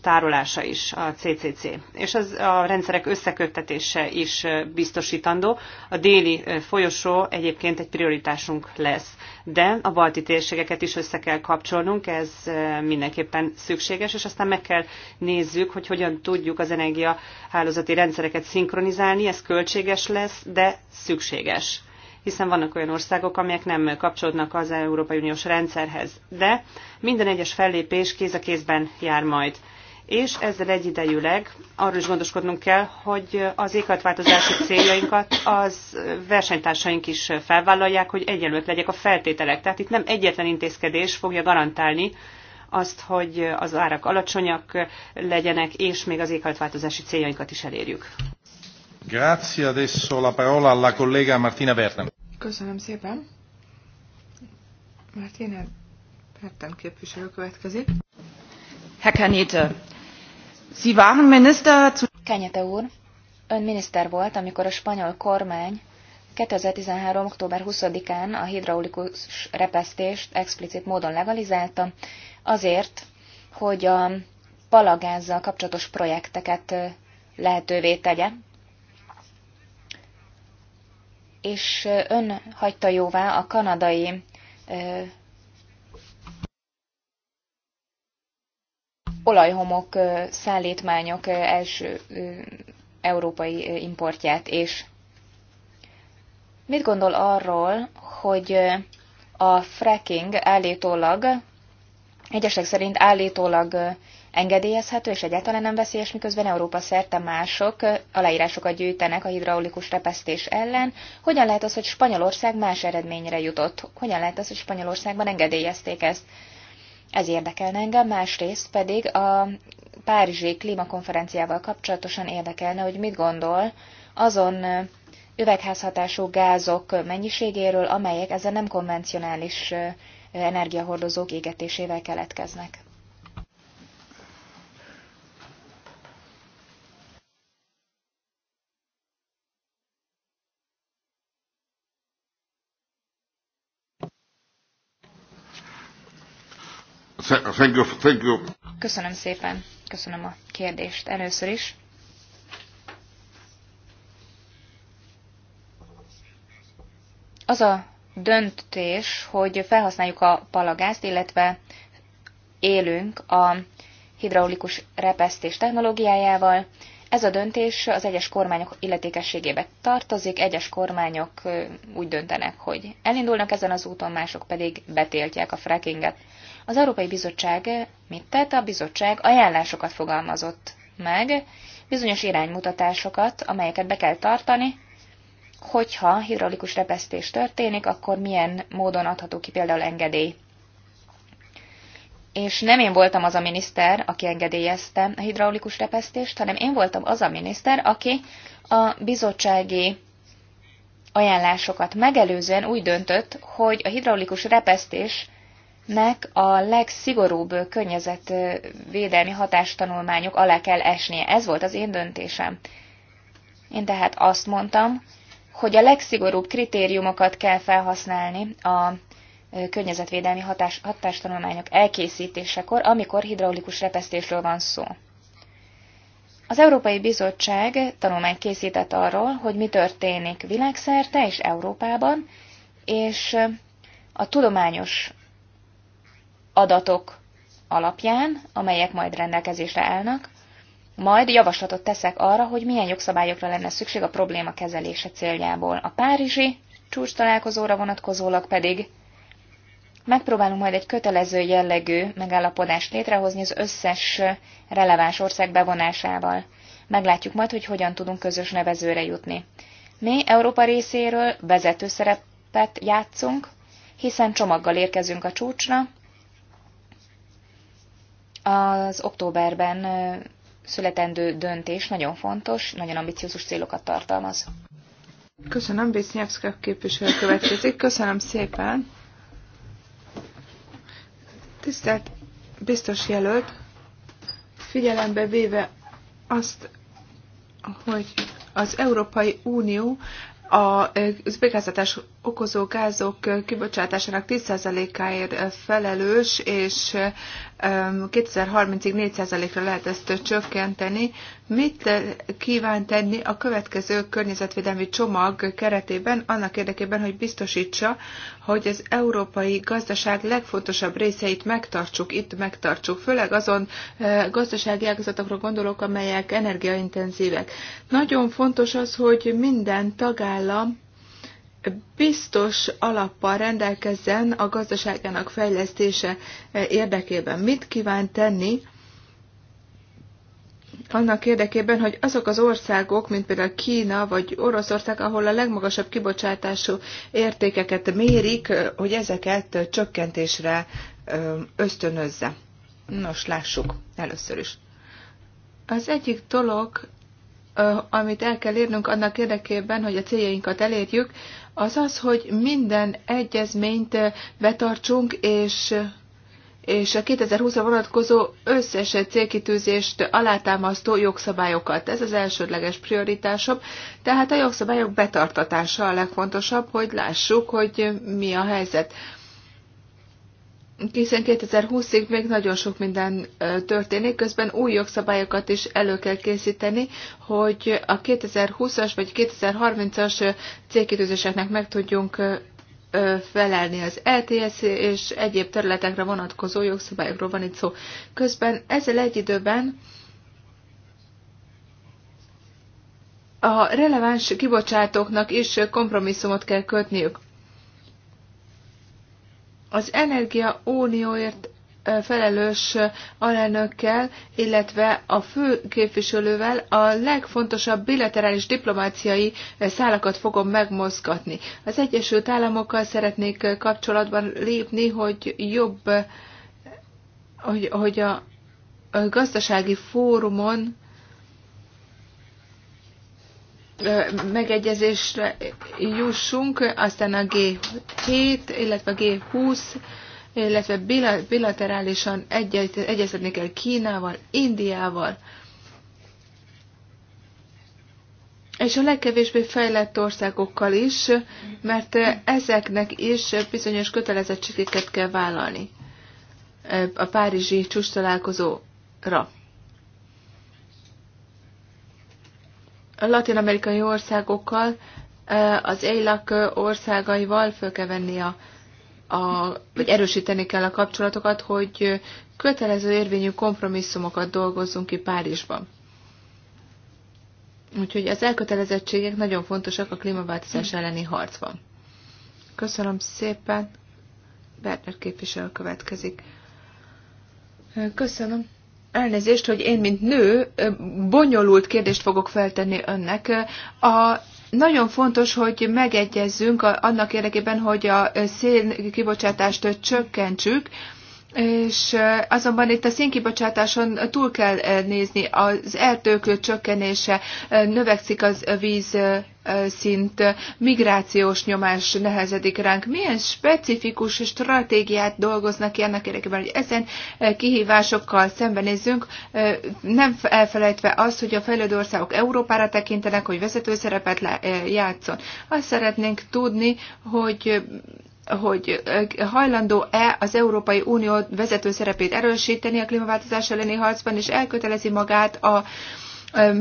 S3: tárolása is, a CCC. És az a rendszerek összeköttetése is biztosítandó. A déli folyosó egyébként egy prioritásunk lesz de a balti térségeket is össze kell kapcsolnunk, ez mindenképpen szükséges, és aztán meg kell nézzük, hogy hogyan tudjuk az energiahálózati rendszereket szinkronizálni, ez költséges lesz, de szükséges hiszen vannak olyan országok, amelyek nem kapcsolódnak az Európai Uniós rendszerhez. De minden egyes fellépés kéz a kézben jár majd és ezzel egyidejűleg arról is gondoskodnunk kell, hogy az éghajlatváltozási céljainkat az versenytársaink is felvállalják, hogy egyenlők legyek a feltételek. Tehát itt nem egyetlen intézkedés fogja garantálni azt, hogy az árak alacsonyak legyenek, és még az éghajlatváltozási céljainkat is elérjük.
S1: Grazie, adesso la parola alla collega Martina Bertem.
S2: Köszönöm szépen.
S4: Martina Bertem képviselő következik. Herr Kanete, Sie waren Minister zu... Kenyete úr, ön miniszter volt, amikor a spanyol kormány 2013. október 20-án a hidraulikus repesztést explicit módon legalizálta, azért, hogy a palagázzal kapcsolatos projekteket lehetővé tegye, és ön hagyta jóvá a kanadai olajhomok szállítmányok első európai importját és Mit gondol arról, hogy a fracking állítólag, egyesek szerint állítólag engedélyezhető és egyáltalán nem veszélyes, miközben Európa szerte mások aláírásokat gyűjtenek a hidraulikus repesztés ellen. Hogyan lehet az, hogy Spanyolország más eredményre jutott? Hogyan lehet az, hogy Spanyolországban engedélyezték ezt? Ez érdekelne engem, másrészt pedig a Párizsi klímakonferenciával kapcsolatosan érdekelne, hogy mit gondol azon üvegházhatású gázok mennyiségéről, amelyek ezen nem konvencionális energiahordozók égetésével keletkeznek.
S1: Thank you, thank you.
S4: Köszönöm szépen. Köszönöm a kérdést először is. Az a döntés, hogy felhasználjuk a palagázt, illetve élünk a hidraulikus repesztés technológiájával, ez a döntés az egyes kormányok illetékességébe tartozik, egyes kormányok úgy döntenek, hogy elindulnak ezen az úton, mások pedig betiltják a frackinget. Az Európai Bizottság mit tett? A bizottság ajánlásokat fogalmazott meg, bizonyos iránymutatásokat, amelyeket be kell tartani, hogyha hidraulikus repesztés történik, akkor milyen módon adható ki például engedély és nem én voltam az a miniszter, aki engedélyezte a hidraulikus repesztést, hanem én voltam az a miniszter, aki a bizottsági ajánlásokat megelőzően úgy döntött, hogy a hidraulikus repesztésnek a legszigorúbb környezetvédelmi hatástanulmányok alá kell esnie. Ez volt az én döntésem. Én tehát azt mondtam, hogy a legszigorúbb kritériumokat kell felhasználni a környezetvédelmi hatás, hatástanulmányok elkészítésekor, amikor hidraulikus repesztésről van szó. Az Európai Bizottság tanulmányt készített arról, hogy mi történik világszerte és Európában, és a tudományos adatok alapján, amelyek majd rendelkezésre állnak, majd javaslatot teszek arra, hogy milyen jogszabályokra lenne szükség a probléma kezelése céljából. A párizsi csúcs találkozóra vonatkozólag pedig Megpróbálunk majd egy kötelező jellegű megállapodást létrehozni az összes releváns ország bevonásával. Meglátjuk majd, hogy hogyan tudunk közös nevezőre jutni. Mi Európa részéről vezető szerepet játszunk, hiszen csomaggal érkezünk a csúcsra. Az októberben születendő döntés nagyon fontos, nagyon ambiciózus célokat tartalmaz. Köszönöm, Bésznyevszka képviselő következik. Köszönöm szépen.
S2: Tisztelt biztos jelölt, figyelembe véve azt, hogy az Európai Unió a üvegházatás okozó gázok kibocsátásának 10%-áért felelős, és 2030-ig 4%-ra lehet ezt csökkenteni. Mit eh, kíván tenni a következő környezetvédelmi csomag keretében, annak érdekében, hogy biztosítsa, hogy az európai gazdaság legfontosabb részeit megtartsuk, itt megtartsuk, főleg azon eh, gazdasági ágazatokra gondolok, amelyek energiaintenzívek. Nagyon fontos az, hogy minden tagállam biztos alappal rendelkezzen a gazdaságának fejlesztése eh, érdekében. Mit kíván tenni annak érdekében, hogy azok az országok, mint például Kína vagy Oroszország, ahol a legmagasabb kibocsátású értékeket mérik, eh, hogy ezeket csökkentésre eh, ösztönözze. Nos, lássuk először is. Az egyik dolog, amit el kell érnünk annak érdekében, hogy a céljainkat elérjük, az az, hogy minden egyezményt betartsunk, és és a 2020-ra vonatkozó összes célkitűzést alátámasztó jogszabályokat. Ez az elsődleges prioritásom, tehát a jogszabályok betartatása a legfontosabb, hogy lássuk, hogy mi a helyzet hiszen 2020-ig még nagyon sok minden történik, közben új jogszabályokat is elő kell készíteni, hogy a 2020-as vagy 2030-as célkitűzéseknek meg tudjunk felelni az LTS e és egyéb területekre vonatkozó jogszabályokról van itt szó. Közben ezzel egy időben a releváns kibocsátóknak is kompromisszumot kell kötniük. Az Energia Unióért felelős alelnökkel, illetve a fő képviselővel a legfontosabb bilaterális diplomáciai szálakat fogom megmozgatni. Az Egyesült Államokkal szeretnék kapcsolatban lépni, hogy jobb, hogy, hogy a, a gazdasági fórumon megegyezésre jussunk, aztán a G7, illetve a G20, illetve bilaterálisan egyeztetni kell Kínával, Indiával, és a legkevésbé fejlett országokkal is, mert ezeknek is bizonyos kötelezettségeket kell vállalni a Párizsi csúcs találkozóra. a latin-amerikai országokkal, az EILAK országaival föl kell venni a, a, vagy erősíteni kell a kapcsolatokat, hogy kötelező érvényű kompromisszumokat dolgozzunk ki Párizsban. Úgyhogy az elkötelezettségek nagyon fontosak a klímaváltozás elleni harcban. Köszönöm szépen. Berner képviselő következik. Köszönöm elnézést, hogy én, mint nő, bonyolult kérdést fogok feltenni önnek. A nagyon fontos, hogy megegyezzünk annak érdekében, hogy a szén kibocsátást csökkentsük, és azonban itt a szénkibocsátáson túl kell nézni, az erdők csökkenése, növekszik az víz szint, migrációs nyomás nehezedik ránk. Milyen specifikus stratégiát dolgoznak ki annak érdekében, hogy ezen kihívásokkal szembenézzünk, nem elfelejtve azt, hogy a fejlődő országok Európára tekintenek, hogy vezető szerepet játszon. Azt szeretnénk tudni, hogy hogy hajlandó-e az Európai Unió vezető szerepét erősíteni a klímaváltozás elleni harcban, és elkötelezi magát a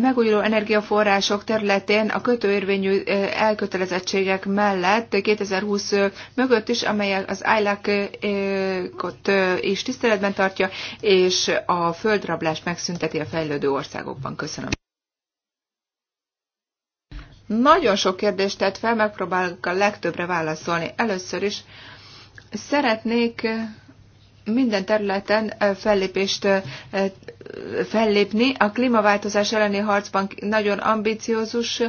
S2: megújuló energiaforrások területén a kötőérvényű elkötelezettségek mellett 2020 mögött is, amely az ILAC-ot is tiszteletben tartja, és a földrablást megszünteti a fejlődő országokban. Köszönöm. Nagyon sok kérdést tett fel, megpróbálok a legtöbbre válaszolni. Először is szeretnék eh, minden területen eh, fellépést eh, fellépni. A klímaváltozás elleni harcban nagyon ambiciózus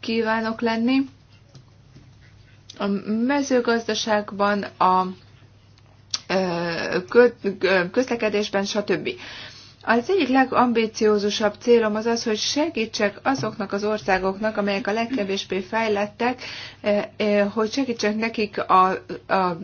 S2: kívánok lenni. A mezőgazdaságban, a közlekedésben, stb. Az egyik legambíciózusabb célom az az, hogy segítsek azoknak az országoknak, amelyek a legkevésbé fejlettek, eh, eh, hogy segítsek nekik a, a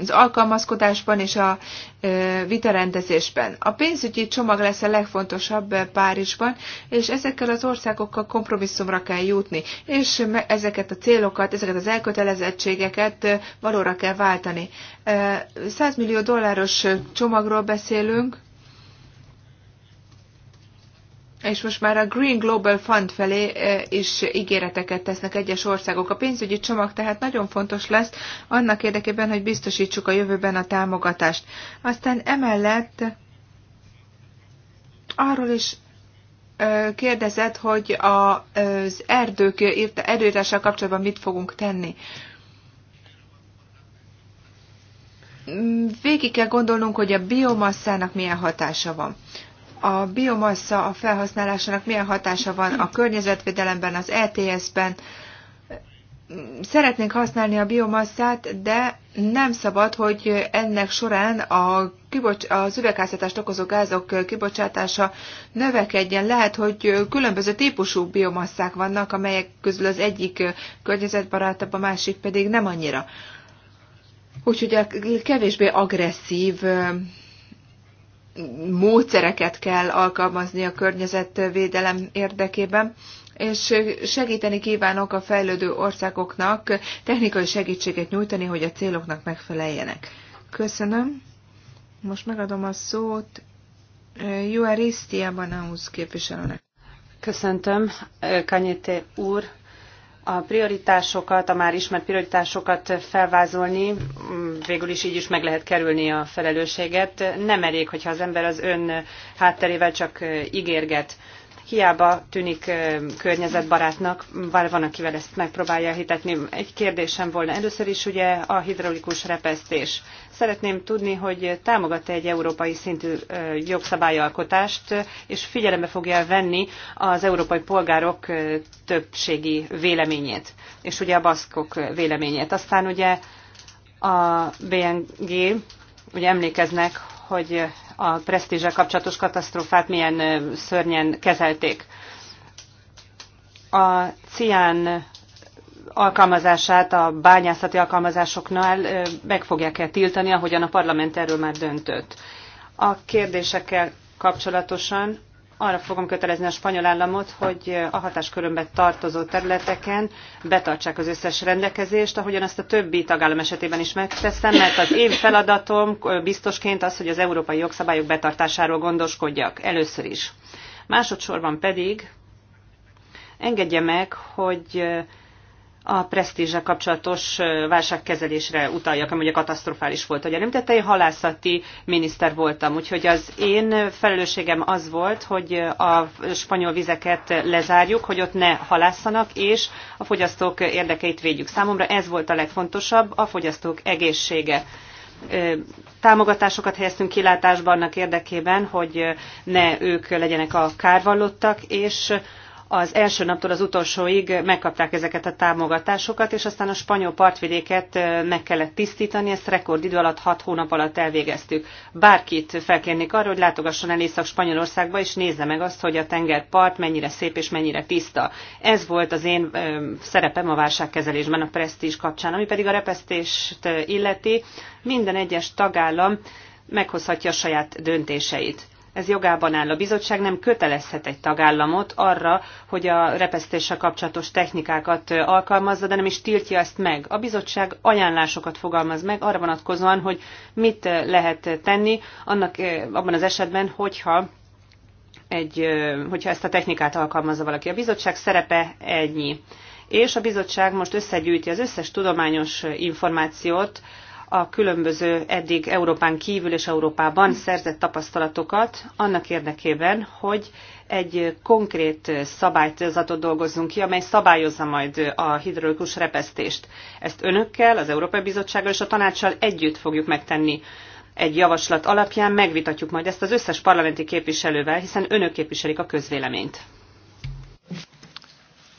S2: az alkalmazkodásban és a eh, vitarendezésben. A pénzügyi csomag lesz a legfontosabb Párizsban, és ezekkel az országokkal kompromisszumra kell jutni, és ezeket a célokat, ezeket az elkötelezettségeket valóra kell váltani. 100 millió dolláros csomagról beszélünk, és most már a Green Global Fund felé eh, is ígéreteket tesznek egyes országok. A pénzügyi csomag tehát nagyon fontos lesz annak érdekében, hogy biztosítsuk a jövőben a támogatást. Aztán emellett arról is eh, kérdezett, hogy az erdők erőírással kapcsolatban mit fogunk tenni. Mm, végig kell gondolnunk, hogy a biomasszának milyen hatása van a biomassa a felhasználásának milyen hatása van a környezetvédelemben, az ETS-ben. Szeretnénk használni a biomasszát, de nem szabad, hogy ennek során a kibocs- az üvegházhatást okozó gázok kibocsátása növekedjen. Lehet, hogy különböző típusú biomasszák vannak, amelyek közül az egyik környezetbarátabb, a másik pedig nem annyira. Úgyhogy a kevésbé agresszív módszereket kell alkalmazni a környezetvédelem érdekében, és segíteni kívánok a fejlődő országoknak technikai segítséget nyújtani, hogy a céloknak megfeleljenek. Köszönöm. Most megadom a szót eh, Juarisztia Banaus képviselőnek. Köszöntöm, eh, Kanyete úr
S3: a prioritásokat, a már ismert prioritásokat felvázolni, mm, végül is így is meg lehet kerülni a felelősséget. Nem elég, hogyha az ember az ön hátterével csak ígérget hiába tűnik környezetbarátnak, bár van, akivel ezt megpróbálja hitetni. Egy kérdésem volna először is, ugye a hidraulikus repesztés. Szeretném tudni, hogy támogat -e egy európai szintű jogszabályalkotást, és figyelembe fogja venni az európai polgárok többségi véleményét, és ugye a baszkok véleményét. Aztán ugye a BNG, ugye emlékeznek, hogy a presztízsel kapcsolatos katasztrófát milyen szörnyen kezelték. A cián alkalmazását a bányászati alkalmazásoknál meg fogják el tiltani, ahogyan a parlament erről már döntött. A kérdésekkel kapcsolatosan arra fogom kötelezni a spanyol államot, hogy a hatáskörömbe tartozó területeken betartsák az összes rendelkezést, ahogyan azt a többi tagállam esetében is megteszem, mert az én feladatom biztosként az, hogy az európai jogszabályok betartásáról gondoskodjak először is. Másodszorban pedig engedje meg, hogy a presztízsel kapcsolatos válságkezelésre utaljak, ami ugye katasztrofális volt. hogy nem tette, én halászati miniszter voltam, úgyhogy az én felelősségem az volt, hogy a spanyol vizeket lezárjuk, hogy ott ne halászanak, és a fogyasztók érdekeit védjük. Számomra ez volt a legfontosabb, a fogyasztók egészsége támogatásokat helyeztünk kilátásba annak érdekében, hogy ne ők legyenek a kárvallottak, és az első naptól az utolsóig megkapták ezeket a támogatásokat, és aztán a spanyol partvidéket meg kellett tisztítani, ezt rekordidő alatt, hat hónap alatt elvégeztük. Bárkit felkérnék arra, hogy látogasson el Észak-Spanyolországba, és nézze meg azt, hogy a tengerpart mennyire szép és mennyire tiszta. Ez volt az én szerepem a válságkezelésben a presztízs kapcsán, ami pedig a repesztést illeti. Minden egyes tagállam meghozhatja a saját döntéseit ez jogában áll. A bizottság nem kötelezhet egy tagállamot arra, hogy a repesztéssel kapcsolatos technikákat alkalmazza, de nem is tiltja ezt meg. A bizottság ajánlásokat fogalmaz meg arra vonatkozóan, hogy mit lehet tenni annak, abban az esetben, hogyha egy, hogyha ezt a technikát alkalmazza valaki. A bizottság szerepe ennyi. És a bizottság most összegyűjti az összes tudományos információt, a különböző eddig Európán kívül és Európában szerzett tapasztalatokat annak érdekében, hogy egy konkrét szabályzatot dolgozzunk ki, amely szabályozza majd a hidraulikus repesztést. Ezt önökkel, az Európai Bizottsággal és a tanácssal együtt fogjuk megtenni egy javaslat alapján megvitatjuk majd ezt az összes parlamenti képviselővel, hiszen önök képviselik a közvéleményt.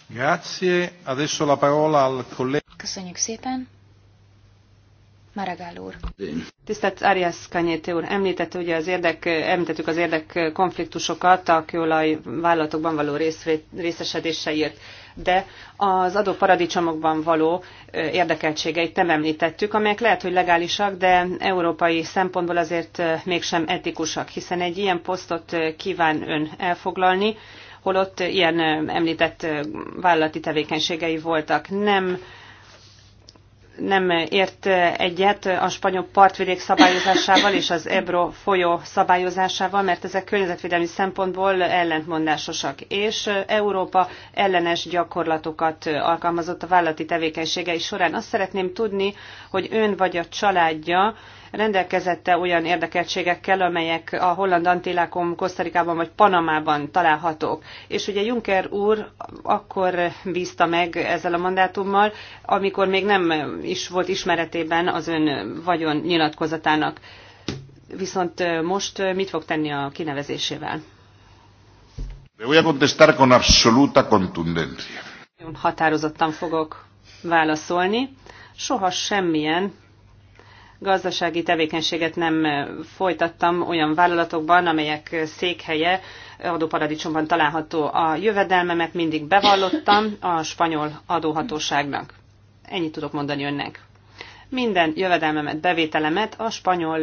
S1: Grazie. Adesso la
S4: parola al collega. Köszönjük szépen. Maragall úr.
S3: Tisztelt Arias Kanyéte úr, említett, ugye az érdek, említettük az érdek konfliktusokat a kőolaj vállalatokban való részesedéseért, de az adóparadicsomokban való érdekeltségeit nem említettük, amelyek lehet, hogy legálisak, de európai szempontból azért mégsem etikusak, hiszen egy ilyen posztot kíván ön elfoglalni, holott ilyen említett vállalati tevékenységei voltak. Nem nem ért egyet a spanyol partvidék szabályozásával és az Ebro folyó szabályozásával, mert ezek környezetvédelmi szempontból ellentmondásosak, és Európa ellenes gyakorlatokat alkalmazott a vállalati tevékenységei során. Azt szeretném tudni, hogy ön vagy a családja rendelkezette olyan érdekeltségekkel, amelyek a holland antillákon, Kosztarikában vagy Panamában találhatók. És ugye Juncker úr akkor bízta meg ezzel a mandátummal, amikor még nem is volt ismeretében az ön vagyon nyilatkozatának. Viszont most mit fog tenni a kinevezésével?
S1: Le voy a contestar con absoluta contundencia.
S3: Határozottan fogok válaszolni. Soha semmilyen gazdasági tevékenységet nem folytattam olyan vállalatokban, amelyek székhelye adóparadicsomban található. A jövedelmemet mindig bevallottam a spanyol adóhatóságnak. Ennyit tudok mondani önnek. Minden jövedelmemet, bevételemet a spanyol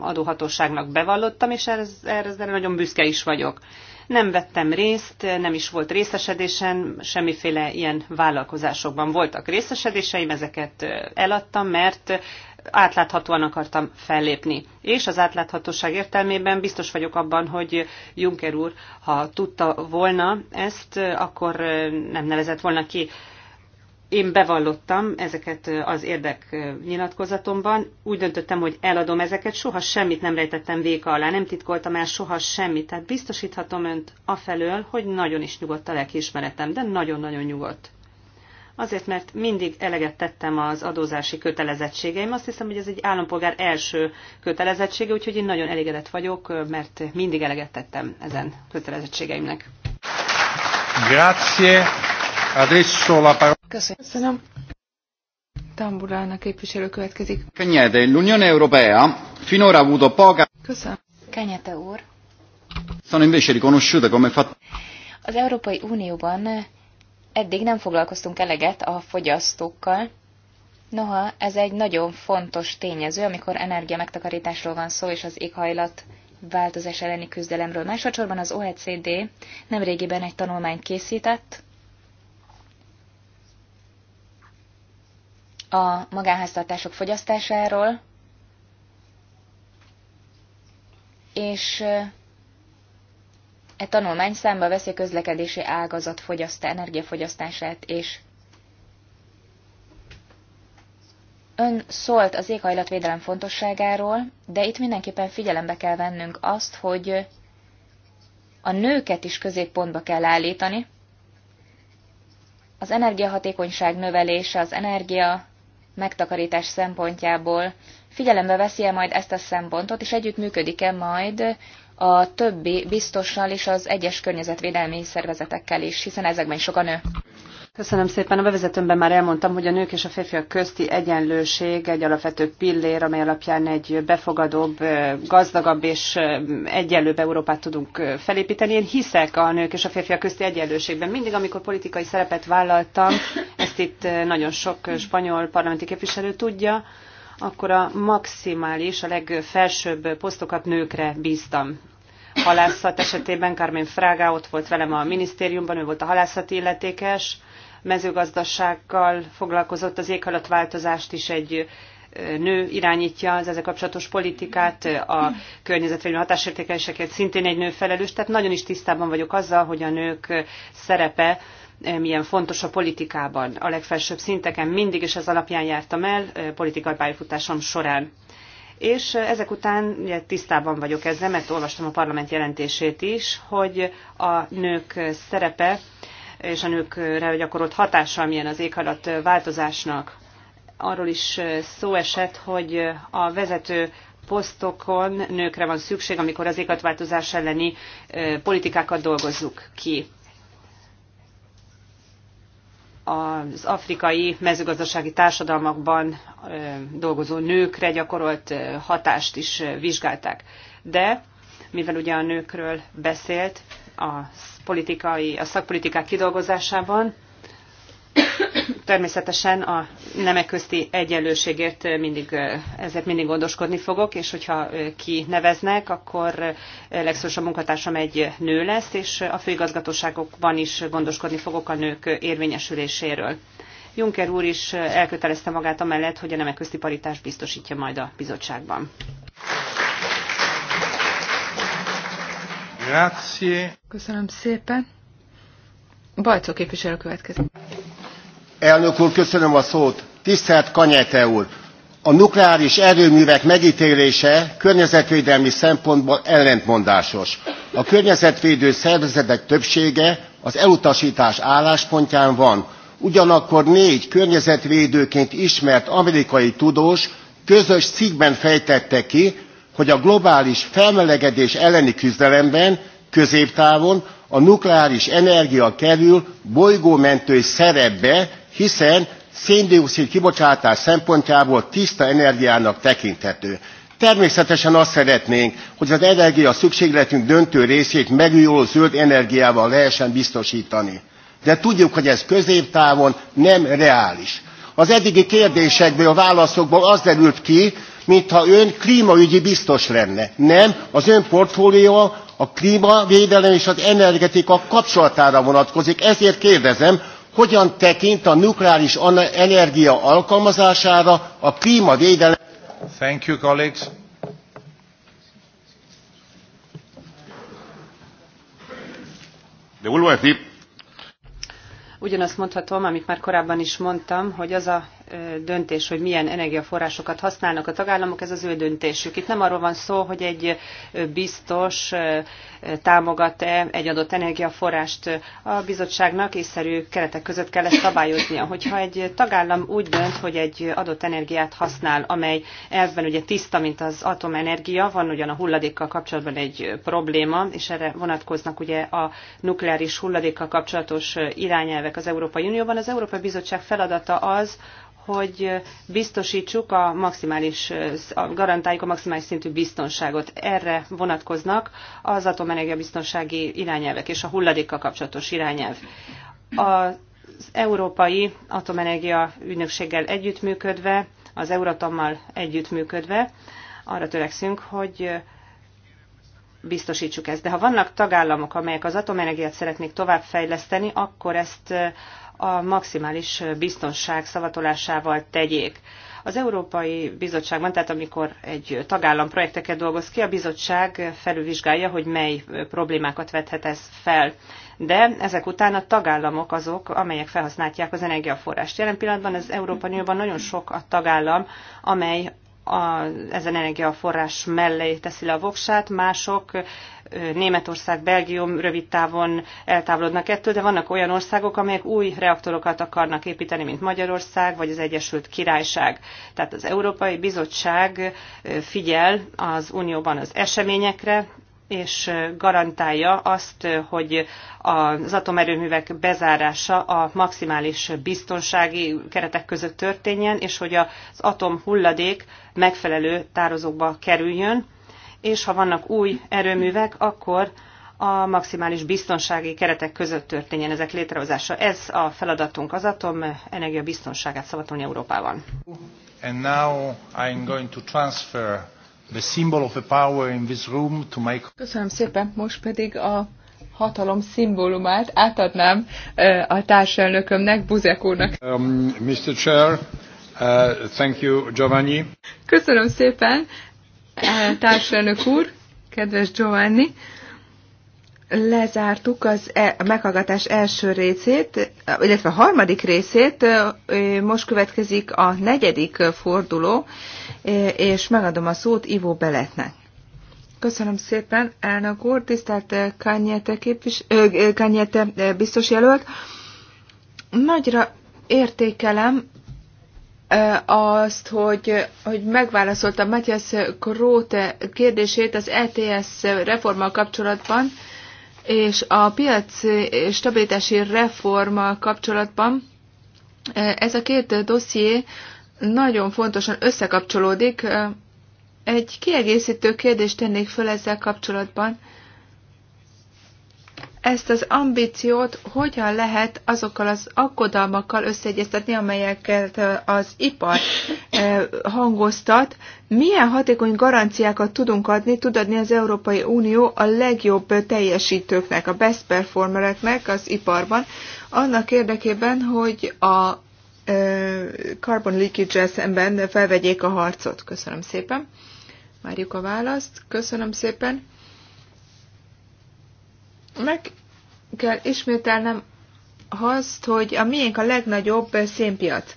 S3: adóhatóságnak bevallottam, és erre, erre nagyon büszke is vagyok. Nem vettem részt, nem is volt részesedésen, semmiféle ilyen vállalkozásokban voltak részesedéseim, ezeket eladtam, mert átláthatóan akartam fellépni. És az átláthatóság értelmében biztos vagyok abban, hogy Juncker úr, ha tudta volna ezt, akkor nem nevezett volna ki. Én bevallottam ezeket az érdek nyilatkozatomban. úgy döntöttem, hogy eladom ezeket, soha semmit nem rejtettem véka alá, nem titkoltam el soha semmit, tehát biztosíthatom önt afelől, hogy nagyon is nyugodt a lelkiismeretem, de nagyon-nagyon nyugodt. Azért, mert mindig eleget tettem az adózási kötelezettségeim. Azt hiszem, hogy ez egy állampolgár első kötelezettsége, úgyhogy én nagyon elégedett vagyok, mert mindig eleget tettem ezen
S2: kötelezettségeimnek.
S1: Grazie. Adesso la parola.
S2: Köszönöm. Tamburának képviselő következik.
S1: Kenyede, l'Unione Europea finora avuto poca...
S4: Köszönöm. Kenyete úr.
S1: Sono invece riconosciute
S4: come fatto... Az Európai Unióban eddig nem foglalkoztunk eleget a fogyasztókkal, noha ez egy nagyon fontos tényező, amikor energia megtakarításról van szó, és az éghajlat változás elleni küzdelemről. Másodszorban az OECD nemrégiben egy tanulmányt készített, a magánháztartások fogyasztásáról, és E tanulmány számba veszi a közlekedési ágazat fogyasztá, energiafogyasztását és Ön szólt az éghajlatvédelem fontosságáról, de itt mindenképpen figyelembe kell vennünk azt, hogy a nőket is középpontba kell állítani. Az energiahatékonyság növelése, az energia megtakarítás szempontjából figyelembe veszi-e majd ezt a szempontot, és együttműködik-e majd a többi biztossal és az egyes környezetvédelmi szervezetekkel is, hiszen ezekben is sok a nő.
S3: Köszönöm szépen. A bevezetőmben már elmondtam, hogy a nők és a férfiak közti egyenlőség egy alapvető pillér, amely alapján egy befogadóbb, gazdagabb és egyenlőbb Európát tudunk felépíteni. Én hiszek a nők és a férfiak közti egyenlőségben. Mindig, amikor politikai szerepet vállaltam, ezt itt nagyon sok spanyol parlamenti képviselő tudja, akkor a maximális, a legfelsőbb posztokat nőkre bíztam. Halászat esetében Carmen Fraga ott volt velem a minisztériumban, ő volt a halászati illetékes, mezőgazdasággal foglalkozott, az éghajlatváltozást is egy nő irányítja az ezzel kapcsolatos politikát, a környezetvédelmi hatásértékeléseket szintén egy nő felelős, tehát nagyon is tisztában vagyok azzal, hogy a nők szerepe Eh, milyen fontos a politikában, a legfelsőbb szinteken mindig is ez alapján jártam el eh, politikai pályafutásom során. És eh, ezek után ugye, tisztában vagyok ezzel, mert olvastam a parlament jelentését is, hogy a nők szerepe és a nőkre gyakorolt hatása milyen az éghajlat változásnak. Arról is szó esett, hogy a vezető posztokon nőkre van szükség, amikor az éghajlatváltozás elleni politikákat dolgozzuk ki az afrikai mezőgazdasági társadalmakban dolgozó nőkre gyakorolt hatást is vizsgálták. De mivel ugye a nőkről beszélt a, politikai, a szakpolitikák kidolgozásában, természetesen a nemek közti egyenlőségért mindig, ezért mindig gondoskodni fogok, és hogyha kineveznek, akkor legszorosabb munkatársam egy nő lesz, és a főigazgatóságokban is gondoskodni fogok a nők érvényesüléséről. Juncker úr is elkötelezte magát amellett, hogy a nemek közti paritás biztosítja majd a bizottságban.
S1: Grazie. Köszönöm szépen.
S2: Bajcó képviselő következik.
S1: Elnök úr, köszönöm a szót. Tisztelt Kanyete úr! A nukleáris erőművek megítélése környezetvédelmi szempontból ellentmondásos. A környezetvédő szervezetek többsége az elutasítás álláspontján van. Ugyanakkor négy környezetvédőként ismert amerikai tudós közös cikkben fejtette ki, hogy a globális felmelegedés elleni küzdelemben középtávon a nukleáris energia kerül bolygómentő szerepbe, hiszen széndiokszid kibocsátás szempontjából tiszta energiának tekinthető. Természetesen azt szeretnénk, hogy az energia szükségletünk döntő részét megújuló zöld energiával lehessen biztosítani. De tudjuk, hogy ez középtávon nem reális. Az eddigi kérdésekből, a válaszokból az derült ki, mintha ön klímaügyi biztos lenne. Nem, az ön portfólió a klímavédelem és az energetika kapcsolatára vonatkozik. Ezért kérdezem, hogyan tekint a nukleáris energia alkalmazására a klímavédelem. Thank you, colleagues. De vuelvo a
S3: Ugyanazt mondhatom, amit már korábban is mondtam, hogy az a döntés, hogy milyen energiaforrásokat használnak a tagállamok, ez az ő döntésük. Itt nem arról van szó, hogy egy biztos támogat-e egy adott energiaforrást. A bizottságnak észszerű keretek között kell ezt szabályoznia. Hogyha egy tagállam úgy dönt, hogy egy adott energiát használ, amely elvben ugye tiszta, mint az atomenergia, van ugyan a hulladékkal kapcsolatban egy probléma, és erre vonatkoznak ugye a nukleáris hulladékkal kapcsolatos irányelvek az Európai Unióban, az Európai Bizottság feladata az, hogy biztosítsuk a maximális, garantáljuk a maximális szintű biztonságot. Erre vonatkoznak az atomenergia biztonsági irányelvek és a hulladékkal kapcsolatos irányelv. Az Európai Atomenergia Ügynökséggel együttműködve, az Euratommal együttműködve arra törekszünk, hogy biztosítsuk ezt. De ha vannak tagállamok, amelyek az atomenergiát szeretnék továbbfejleszteni, akkor ezt a maximális biztonság szavatolásával tegyék. Az Európai Bizottságban, tehát amikor egy tagállam projekteket dolgoz ki, a bizottság felülvizsgálja, hogy mely problémákat vethet ez fel. De ezek után a tagállamok azok, amelyek felhasználják az energiaforrást. Jelen pillanatban az Európai Unióban nagyon sok a tagállam, amely a, ezen energiaforrás mellé teszi le a voksát, mások Németország, Belgium rövid távon eltávolodnak ettől, de vannak olyan országok, amelyek új reaktorokat akarnak építeni, mint Magyarország vagy az Egyesült Királyság. Tehát az Európai Bizottság figyel az Unióban az eseményekre, és garantálja azt, hogy az atomerőművek bezárása a maximális biztonsági keretek között történjen, és hogy az atomhulladék megfelelő tározókba kerüljön, és ha vannak új erőművek, akkor a maximális biztonsági keretek között történjen ezek létrehozása. Ez a feladatunk az atom energia biztonságát szavatolni Európában.
S1: And now I'm going to transfer the symbol of the power in this room to my...
S2: Köszönöm szépen, most pedig a hatalom szimbólumát átadnám a társelnökömnek, Buzek úrnak.
S1: Um, Mr. Chair, uh, thank you, Giovanni.
S2: Köszönöm szépen, társadalmi úr, kedves Giovanni. Lezártuk az e, a meghallgatás első részét, illetve a harmadik részét, most következik a negyedik forduló, és megadom a szót Ivó Beletnek. Köszönöm szépen, elnök úr, tisztelt Kanyete, képvis, Kanyete biztos jelölt. Nagyra értékelem azt, hogy, hogy megválaszolta Matthias Króte kérdését az ETS reformmal kapcsolatban, és a piac stabilitási reformmal kapcsolatban ez a két dosszié nagyon fontosan összekapcsolódik. Egy kiegészítő kérdést tennék föl ezzel kapcsolatban ezt az ambíciót hogyan lehet azokkal az akkodalmakkal összeegyeztetni, amelyeket az ipar hangoztat, milyen hatékony garanciákat tudunk adni, tud adni az Európai Unió a legjobb teljesítőknek, a best performereknek az iparban, annak érdekében, hogy a carbon leakage szemben felvegyék a harcot. Köszönöm szépen. Várjuk a választ. Köszönöm szépen. Meg kell ismételnem azt, hogy a miénk a legnagyobb szénpiac.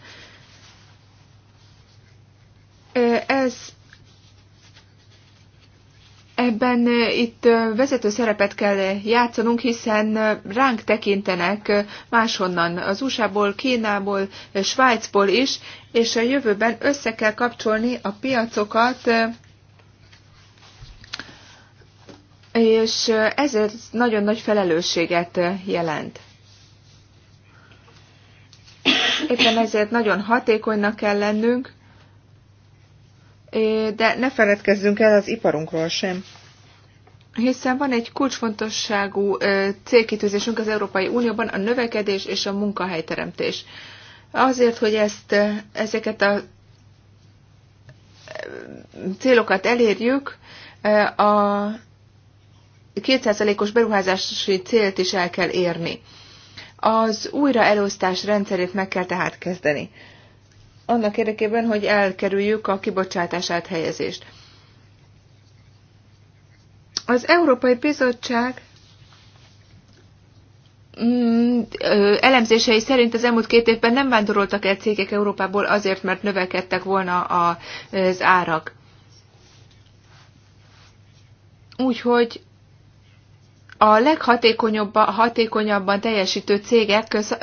S2: Ez Ebben itt vezető szerepet kell játszanunk, hiszen ránk tekintenek máshonnan, az USA-ból, Kínából, Svájcból is, és a jövőben össze kell kapcsolni a piacokat és ezért nagyon nagy felelősséget jelent. Éppen ezért nagyon hatékonynak kell lennünk, de ne feledkezzünk el az iparunkról sem. Hiszen van egy kulcsfontosságú célkitűzésünk az Európai Unióban, a növekedés és a munkahelyteremtés. Azért, hogy ezt, ezeket a célokat elérjük, a 2%-os beruházási célt is el kell érni. Az újraelosztás rendszerét meg kell tehát kezdeni. Annak érdekében, hogy elkerüljük a kibocsátás áthelyezést. Az Európai Bizottság mm, elemzései szerint az elmúlt két évben nem vándoroltak el cégek Európából azért, mert növekedtek volna az árak. Úgyhogy a leghatékonyabban teljesítő cégek köz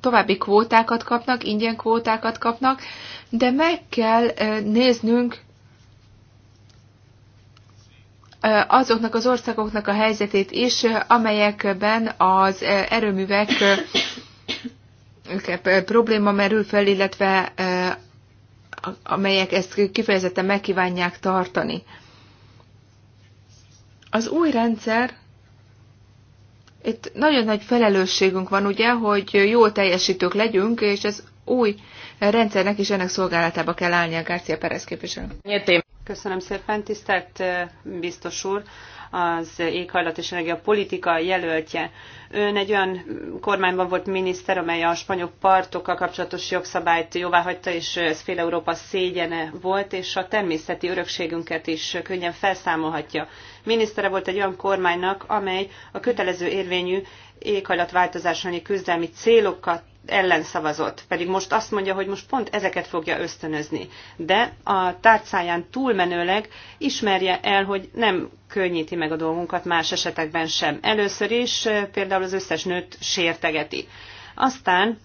S2: további kvótákat kapnak, ingyen kvótákat kapnak, de meg kell néznünk azoknak az országoknak a helyzetét is, amelyekben az erőművek probléma merül fel, illetve amelyek ezt kifejezetten megkívánják tartani. Az új rendszer itt nagyon nagy felelősségünk van, ugye, hogy jó teljesítők legyünk, és ez új rendszernek is ennek szolgálatába kell állni a Garcia Perez képviselő.
S3: Köszönöm szépen, tisztelt biztos úr az éghajlat és energia politika jelöltje. Ön egy olyan kormányban volt miniszter, amely a spanyol partokkal kapcsolatos jogszabályt jóváhagyta, és ez fél Európa szégyene volt, és a természeti örökségünket is könnyen felszámolhatja minisztere volt egy olyan kormánynak, amely a kötelező érvényű éghajlatváltozásani küzdelmi célokat ellen szavazott, pedig most azt mondja, hogy most pont ezeket fogja ösztönözni. De a tárcáján túlmenőleg ismerje el, hogy nem könnyíti meg a dolgunkat más esetekben sem. Először is eh, például az összes nőt sértegeti. Aztán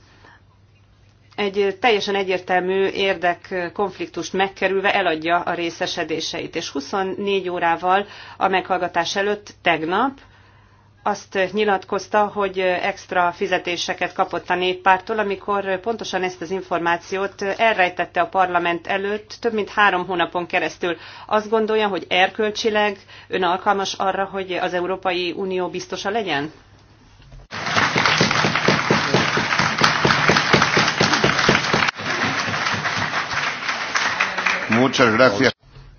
S3: egy teljesen egyértelmű érdekkonfliktust megkerülve eladja a részesedéseit. És 24 órával a meghallgatás előtt tegnap azt nyilatkozta, hogy extra fizetéseket kapott a néppártól, amikor pontosan ezt az információt elrejtette a parlament előtt több mint három hónapon keresztül. Azt gondolja, hogy erkölcsileg ön alkalmas arra, hogy az Európai Unió biztosa legyen?
S1: muchas gracias.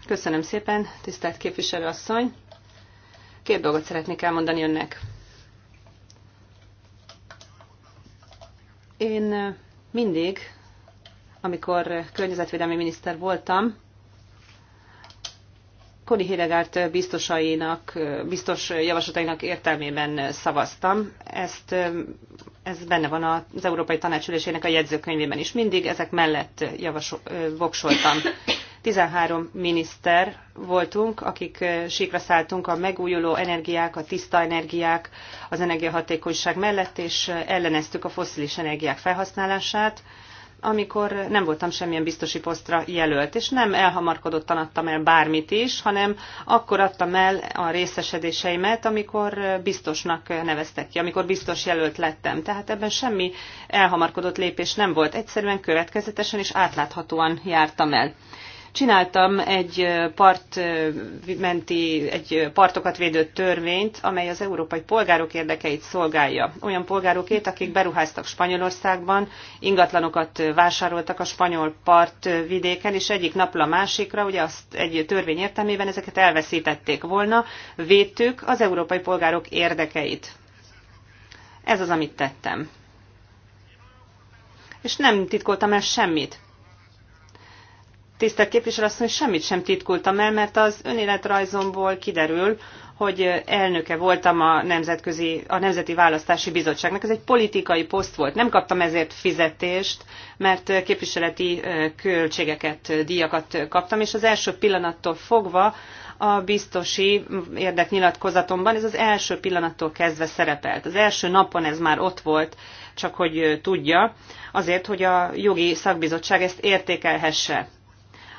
S1: Köszönöm
S3: szépen, tisztelt képviselőasszony. Két dolgot szeretnék elmondani önnek. Én eh, mindig, amikor környezetvédelmi miniszter voltam, Koni Hidegárt biztosainak, eh, biztos javaslatainak értelmében szavaztam. Ezt, eh, ez benne van az Európai Tanácsülésének a jegyzőkönyvében is. Mindig ezek mellett javasol, voksoltam. 13 miniszter voltunk, akik eh, síkra szálltunk a megújuló energiák, a tiszta energiák, az energiahatékonyság mellett, és eh, elleneztük a foszilis energiák felhasználását amikor nem voltam semmilyen biztosi posztra jelölt, és nem elhamarkodottan adtam el bármit is, hanem akkor adtam el a részesedéseimet, amikor eh, biztosnak neveztek ki, amikor biztos jelölt lettem. Tehát ebben semmi elhamarkodott lépés nem volt, egyszerűen következetesen és átláthatóan jártam el. Csináltam egy partmenti, egy partokat védő törvényt, amely az európai polgárok érdekeit szolgálja. Olyan polgárokét, akik beruháztak Spanyolországban, ingatlanokat vásároltak a spanyol part vidéken, és egyik napra a másikra, ugye azt egy törvény értelmében ezeket elveszítették volna, védtük az európai polgárok érdekeit. Ez az, amit tettem. És nem titkoltam el semmit tisztelt asszony, semmit sem titkoltam el, mert az önéletrajzomból kiderül, hogy elnöke voltam a, nemzetközi, a Nemzeti Választási Bizottságnak. Ez egy politikai poszt volt. Nem kaptam ezért fizetést, mert képviseleti költségeket, díjakat kaptam, és az első pillanattól fogva a biztosi érdeknyilatkozatomban ez az első pillanattól kezdve szerepelt. Az első napon ez már ott volt, csak hogy tudja, azért, hogy a jogi szakbizottság ezt értékelhesse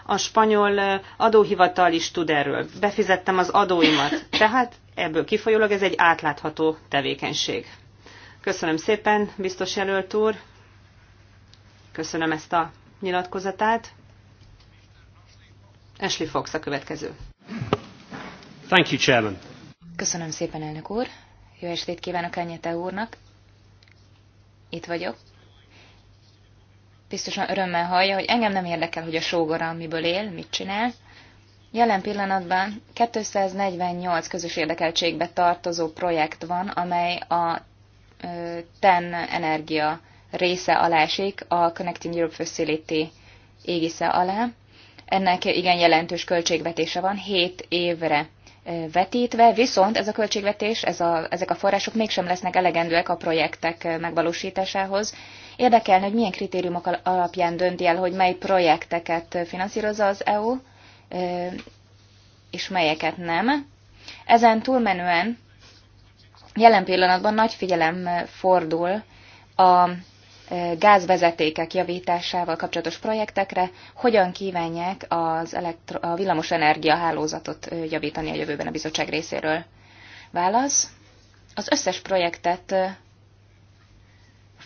S3: a spanyol adóhivatal is tud erről. Befizettem az adóimat. Tehát ebből kifolyólag ez egy átlátható tevékenység. Köszönöm szépen, biztos jelölt úr. Köszönöm ezt a nyilatkozatát. Ashley Fox a következő.
S1: Thank you, Chairman.
S4: Köszönöm szépen, elnök úr. Jó estét kívánok Ányete úrnak. Itt vagyok biztosan örömmel hallja, hogy engem nem érdekel, hogy a sógora miből él, mit csinál. Jelen pillanatban 248 közös érdekeltségbe tartozó projekt van, amely a TEN energia része alá esik, a Connecting Europe Facility égisze alá. Ennek igen jelentős költségvetése van, 7 évre vetítve, viszont ez a költségvetés, ez a, ezek a források mégsem lesznek elegendőek a projektek megvalósításához, Érdekelne, hogy milyen kritériumok alapján dönti el, hogy mely projekteket finanszírozza az EU, és melyeket nem. Ezen túlmenően jelen pillanatban nagy figyelem fordul a gázvezetékek javításával kapcsolatos projektekre, hogyan kívánják az elektro- a villamosenergia hálózatot javítani a jövőben a bizottság részéről. Válasz. Az összes projektet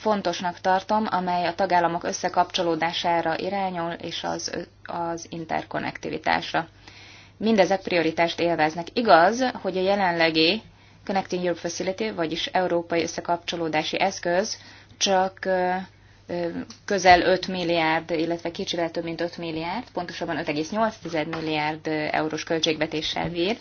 S4: fontosnak tartom, amely a tagállamok összekapcsolódására irányul és az, az interkonnektivitásra. Mindezek prioritást élveznek. Igaz, hogy a jelenlegi Connecting Europe Facility, vagyis Európai Összekapcsolódási Eszköz csak közel 5 milliárd, illetve kicsivel több mint 5 milliárd, pontosabban 5,8 milliárd eurós költségvetéssel bír.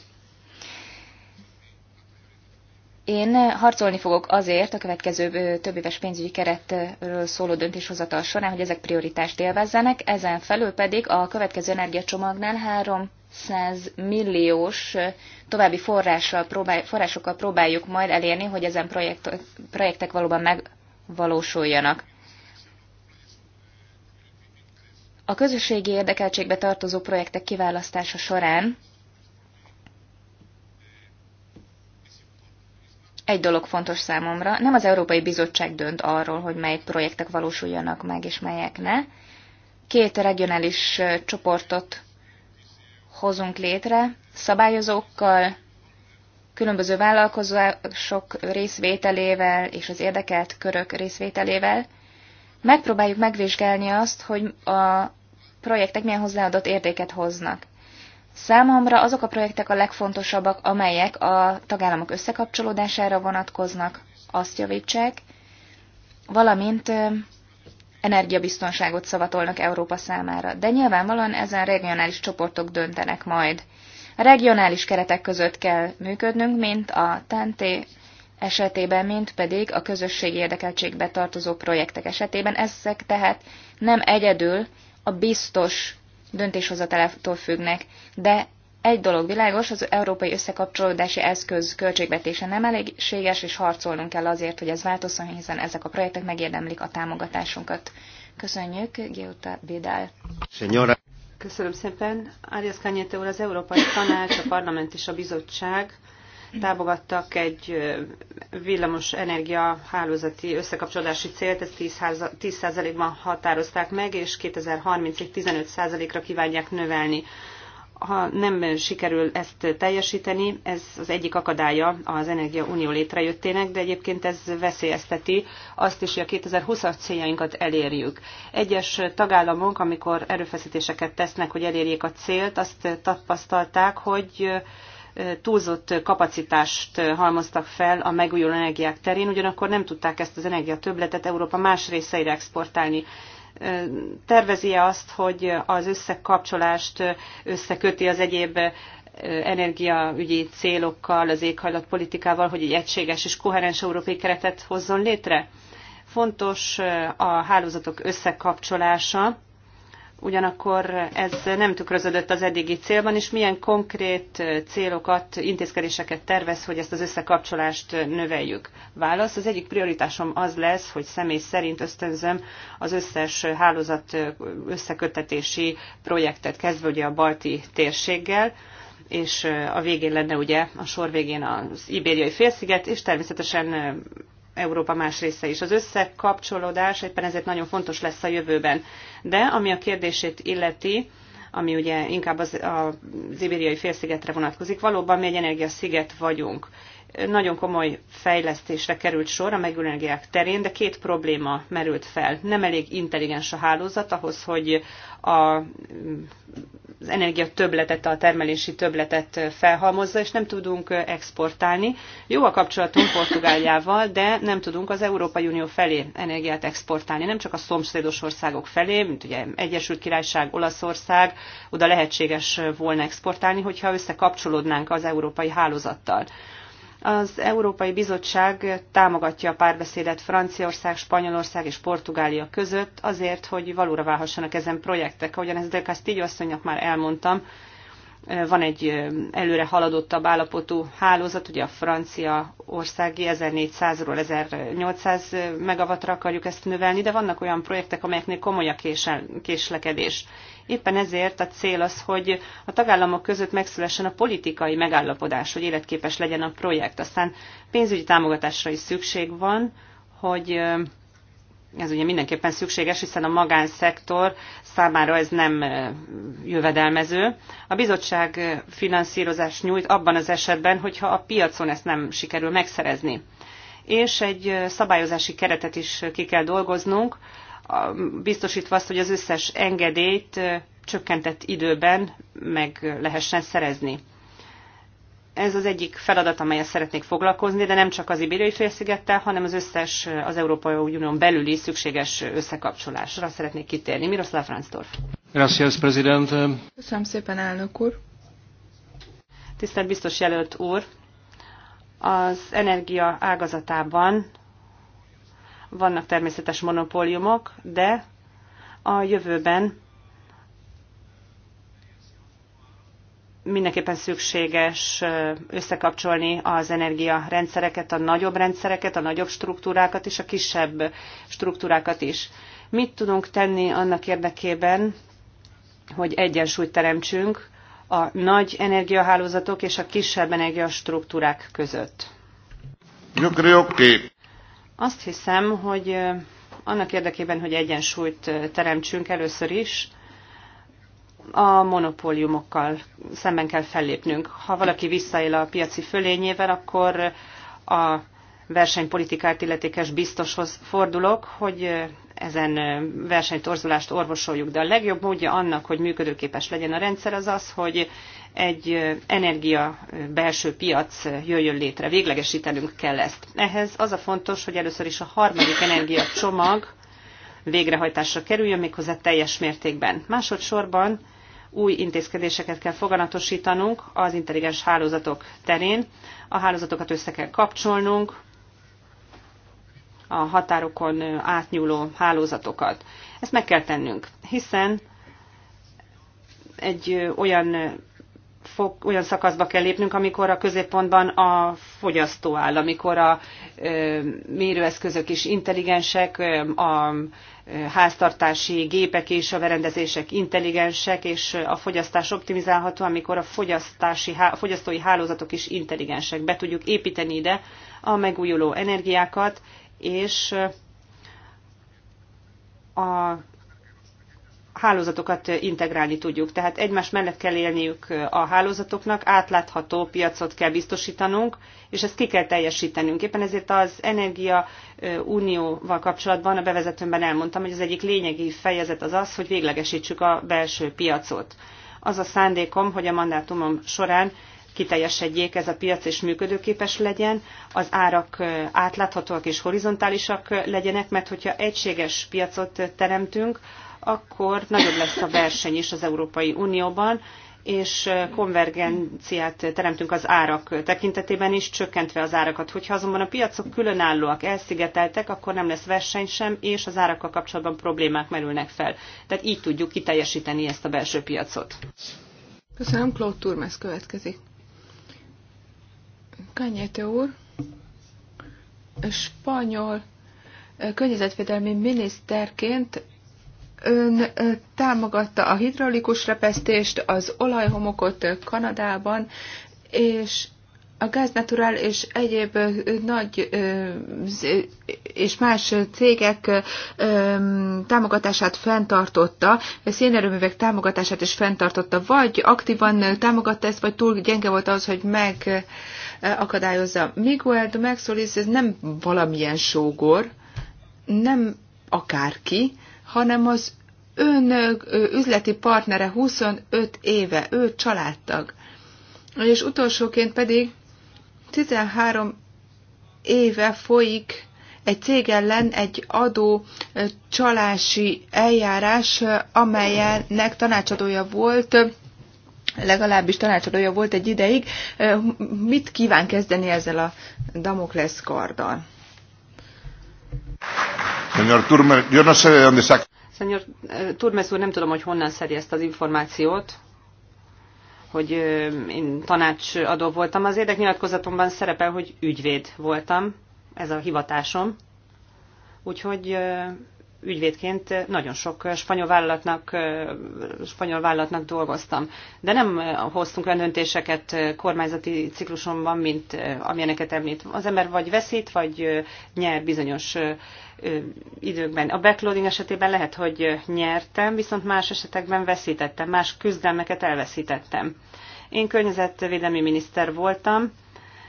S4: Én eh, harcolni fogok azért a következő több éves pénzügyi keretről szóló döntéshozatal során, hogy ezek prioritást élvezzenek, ezen felül pedig a következő energiacsomagnál 300 milliós további forrással próbál, forrásokkal próbáljuk majd elérni, hogy ezen projekt, projektek valóban megvalósuljanak. A közösségi érdekeltségbe tartozó projektek kiválasztása során Egy dolog fontos számomra, nem az Európai Bizottság dönt arról, hogy mely projektek valósuljanak meg, és melyek ne. Két regionális csoportot hozunk létre, szabályozókkal, különböző vállalkozások részvételével és az érdekelt körök részvételével. Megpróbáljuk megvizsgálni azt, hogy a projektek milyen hozzáadott értéket hoznak. Számomra azok a projektek a legfontosabbak, amelyek a tagállamok összekapcsolódására vonatkoznak, azt javítsák, valamint energiabiztonságot szavatolnak Európa számára. De nyilvánvalóan ezen regionális csoportok döntenek majd. A regionális keretek között kell működnünk, mint a TNT esetében, mint pedig a közösségi érdekeltségbe tartozó projektek esetében. Ezek tehát nem egyedül a biztos döntéshozatalától függnek, de egy dolog világos, az európai összekapcsolódási eszköz költségvetése nem elégséges, és harcolnunk kell azért, hogy ez változzon, hiszen ezek a projektek megérdemlik a támogatásunkat. Köszönjük, Géuta Bédál. Senyora. Köszönöm szépen. Arias Kanyete úr, az Európai
S3: Tanács, a Parlament és a Bizottság támogattak egy villamos energia hálózati összekapcsolási célt, ezt 10%-ban határozták meg, és 2030-ig 15%-ra kívánják növelni. Ha nem sikerül ezt teljesíteni, ez az egyik akadálya az Energia Unió létrejöttének, de egyébként ez veszélyezteti azt is, hogy a 2020-as céljainkat elérjük. Egyes tagállamok, amikor erőfeszítéseket tesznek, hogy elérjék a célt, azt tapasztalták, hogy túlzott kapacitást halmoztak fel a megújuló energiák terén, ugyanakkor nem tudták ezt az energiatöbletet Európa más részeire exportálni tervezi-e azt, hogy az összekapcsolást összeköti az egyéb energiaügyi célokkal, az éghajlatpolitikával, hogy egy egységes és koherens európai keretet hozzon létre? Fontos a hálózatok összekapcsolása, ugyanakkor ez nem tükröződött az eddigi célban, és milyen konkrét célokat, intézkedéseket tervez, hogy ezt az összekapcsolást növeljük? Válasz, az egyik prioritásom az lesz, hogy személy szerint ösztönzöm az összes hálózat összekötetési projektet, kezdve ugye a balti térséggel, és a végén lenne ugye a sor végén az ibériai félsziget, és természetesen Európa más része is. Az összekapcsolódás éppen ezért nagyon fontos lesz a jövőben. De ami a kérdését illeti, ami ugye inkább az, az ibériai félszigetre vonatkozik, valóban mi egy energiasziget vagyunk nagyon komoly fejlesztésre került sor a megújulóenergiák terén, de két probléma merült fel. Nem elég intelligens a hálózat ahhoz, hogy a, az energia töbletet, a termelési töbletet felhalmozza, és nem tudunk exportálni. Jó a kapcsolatunk Portugáliával, de nem tudunk az Európai Unió felé energiát exportálni, nem csak a szomszédos országok felé, mint ugye Egyesült Királyság, Olaszország, oda lehetséges volna exportálni, hogyha összekapcsolódnánk az európai hálózattal. Az Európai Bizottság támogatja a párbeszédet Franciaország, Spanyolország és Portugália között azért, hogy valóra válhassanak ezen projektek. Ahogyan ezt Del Castillo asszonynak már elmondtam, van egy előre haladottabb állapotú hálózat, ugye a francia országi 1400-ról 1800 megawattra akarjuk ezt növelni, de vannak olyan projektek, amelyeknél komoly a késlekedés. Éppen ezért a cél az, hogy a tagállamok között megszülessen a politikai megállapodás, hogy életképes legyen a projekt. Aztán pénzügyi támogatásra is szükség van, hogy eh, ez ugye mindenképpen szükséges, hiszen a magánszektor számára ez nem eh, jövedelmező. A bizottság eh, finanszírozás nyújt abban az esetben, hogyha a piacon ezt nem sikerül megszerezni. És egy szabályozási keretet is ki kell dolgoznunk, biztosítva azt, hogy az összes engedélyt csökkentett időben meg lehessen szerezni. Ez az egyik feladat, amelyet szeretnék foglalkozni, de nem csak az Ibériai félszigettel, hanem az összes az Európai Unión belüli szükséges összekapcsolásra szeretnék kitérni. Miroslav Ransdorf.
S1: Gracias, presidente.
S2: Köszönöm szépen, elnök úr.
S3: Tisztelt biztos jelölt úr, az energia ágazatában vannak természetes monopóliumok, de a jövőben mindenképpen szükséges összekapcsolni az energiarendszereket, a nagyobb rendszereket, a nagyobb struktúrákat és a kisebb struktúrákat is. Mit tudunk tenni annak érdekében, hogy egyensúlyt teremtsünk a nagy energiahálózatok és a kisebb energiastruktúrák között? Jó, jó, azt hiszem, hogy annak érdekében, hogy egyensúlyt teremtsünk először is, a monopóliumokkal szemben kell fellépnünk. Ha valaki visszaél a piaci fölényével, akkor a versenypolitikát illetékes biztoshoz fordulok, hogy ezen versenytorzulást orvosoljuk. De a legjobb módja annak, hogy működőképes legyen a rendszer, az az, hogy egy energia belső piac jöjjön létre. Véglegesítenünk kell ezt. Ehhez az a fontos, hogy először is a harmadik energia csomag végrehajtásra kerüljön, méghozzá teljes mértékben. Másodszorban új intézkedéseket kell foganatosítanunk az intelligens hálózatok terén. A hálózatokat össze kell kapcsolnunk, a határokon átnyúló hálózatokat. Ezt meg kell tennünk, hiszen egy olyan fog, olyan szakaszba kell lépnünk, amikor a középpontban a fogyasztó áll, amikor a ö, mérőeszközök is intelligensek, a háztartási gépek és a verendezések intelligensek, és a fogyasztás optimizálható, amikor a, fogyasztási, fogyasztói hálózatok is intelligensek. Be tudjuk építeni ide a megújuló energiákat, és a hálózatokat integrálni tudjuk. Tehát egymás mellett kell élniük a hálózatoknak, átlátható piacot kell biztosítanunk, és ezt ki kell teljesítenünk. Éppen ezért az Energia Unióval kapcsolatban a bevezetőmben elmondtam, hogy az egyik lényegi fejezet az az, hogy véglegesítsük a belső piacot. Az a szándékom, hogy a mandátumom során kiteljesedjék ez a piac és működőképes legyen, az árak átláthatóak és horizontálisak legyenek, mert hogyha egységes piacot teremtünk, akkor nagyobb lesz a verseny is az Európai Unióban, és konvergenciát teremtünk az árak tekintetében is, csökkentve az árakat. Hogyha azonban a piacok különállóak, elszigeteltek, akkor nem lesz verseny sem, és az árakkal kapcsolatban problémák merülnek fel. Tehát így tudjuk kiteljesíteni ezt a belső piacot.
S2: Köszönöm, Claude Turmes következik. Kanyete úr, spanyol környezetvédelmi miniszterként ön támogatta a hidraulikus repesztést, az olajhomokot Kanadában, és a gáznaturál és egyéb nagy és más cégek támogatását fenntartotta, szénerőművek támogatását is fenntartotta, vagy aktívan támogatta ezt, vagy túl gyenge volt az, hogy meg akadályozza. Miguel de Maxolis ez nem valamilyen sógor, nem akárki, hanem az ön üzleti partnere 25 éve, ő családtag. És utolsóként pedig 13 éve folyik egy cég ellen egy adó csalási eljárás, amelynek tanácsadója volt legalábbis tanácsadója volt egy ideig. Mit kíván kezdeni ezzel a Damoklesz karddal?
S1: Señor Turmer, yo no sé de dónde saca.
S2: Señor
S3: eh, Turmes úr, nem tudom, hogy honnan szedi ezt az információt, hogy én tanácsadó voltam. Az érdeknyilatkozatomban szerepel, hogy ügyvéd voltam, ez a hivatásom. Úgyhogy ügyvédként nagyon sok spanyol vállalatnak, spanyol vállalatnak dolgoztam. De nem hoztunk olyan döntéseket kormányzati ciklusomban, mint amilyeneket említ. Az ember vagy veszít, vagy nyer bizonyos időkben. A backloading esetében lehet, hogy nyertem, viszont más esetekben veszítettem, más küzdelmeket elveszítettem. Én környezetvédelmi miniszter voltam,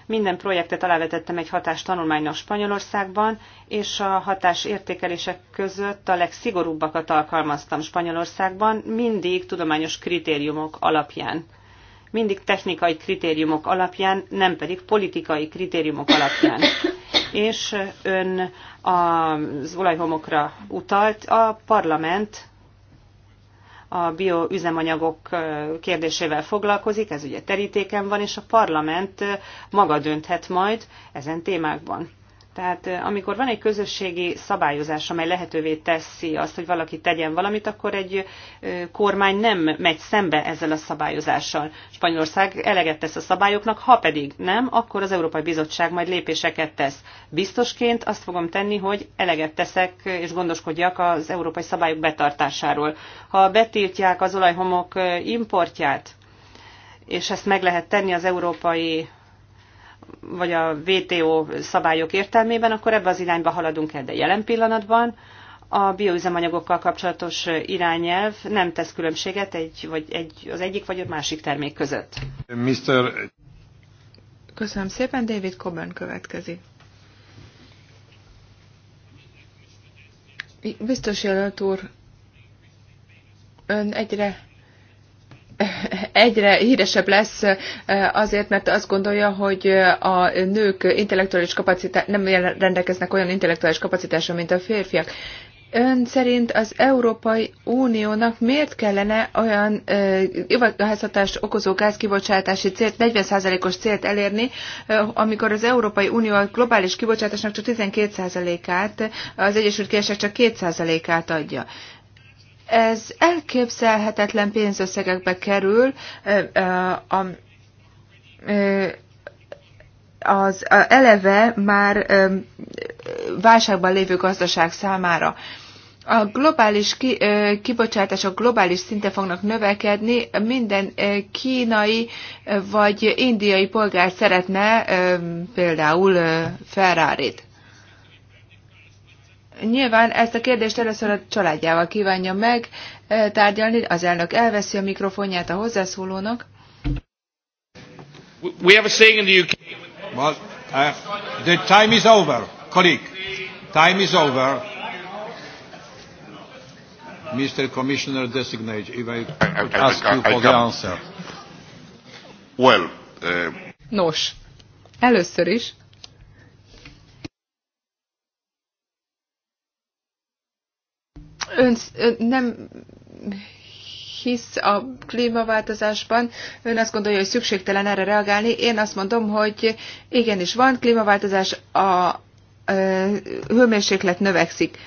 S3: minden projektet alávetettem egy hatástanulmánynak Spanyolországban, és a hatás értékelések között a legszigorúbbakat alkalmaztam Spanyolországban, mindig tudományos kritériumok alapján. Mindig technikai kritériumok alapján, nem pedig politikai kritériumok alapján és ön az olajhomokra utalt. A parlament a bioüzemanyagok kérdésével foglalkozik, ez ugye terítéken van, és a parlament maga dönthet majd ezen témákban. Tehát amikor van egy közösségi szabályozás, amely lehetővé teszi azt, hogy valaki tegyen valamit, akkor egy kormány nem megy szembe ezzel a szabályozással. Spanyolország eleget tesz a szabályoknak, ha pedig nem, akkor az Európai Bizottság majd lépéseket tesz. Biztosként azt fogom tenni, hogy eleget teszek és gondoskodjak az európai szabályok betartásáról. Ha betiltják az olajhomok importját, és ezt meg lehet tenni az európai vagy a WTO szabályok értelmében, akkor ebbe az irányba haladunk el, de jelen pillanatban a bioüzemanyagokkal kapcsolatos irányelv nem tesz különbséget egy, vagy egy, az egyik vagy a másik termék között.
S1: Mr.
S2: Köszönöm szépen, David Coburn következik. Biztos jelölt úr, ön egyre egyre híresebb lesz azért, mert azt gondolja, hogy a nők intellektuális kapacitás, nem rendelkeznek olyan intellektuális kapacitással, mint a férfiak. Ön szerint az Európai Uniónak miért kellene olyan üvegházhatást okozó gázkibocsátási célt, 40%-os célt elérni, ö, amikor az Európai Unió a globális kibocsátásnak csak 12%-át, az Egyesült Királyság csak 2%-át adja? Ez elképzelhetetlen pénzösszegekbe kerül, a, az eleve már válságban lévő gazdaság számára. A globális ki, kibocsátások globális szinte fognak növekedni, minden kínai vagy indiai polgár szeretne például Ferrari-t. Nyilván ezt a kérdést először a családjával kívánja meg eh, tárgyalni, az elnök elveszi a mikrofonját a hozzászólónak.
S1: We have a saying in the UK. Well, uh, the time is over, colleague. Time is over. Mr. Commissioner designate, if I could ask you for the answer. Well, uh...
S2: Nos, először is ön, ön nem hisz a klímaváltozásban, ön azt gondolja, hogy szükségtelen erre reagálni. Én azt mondom, hogy igenis van klímaváltozás, a, a hőmérséklet növekszik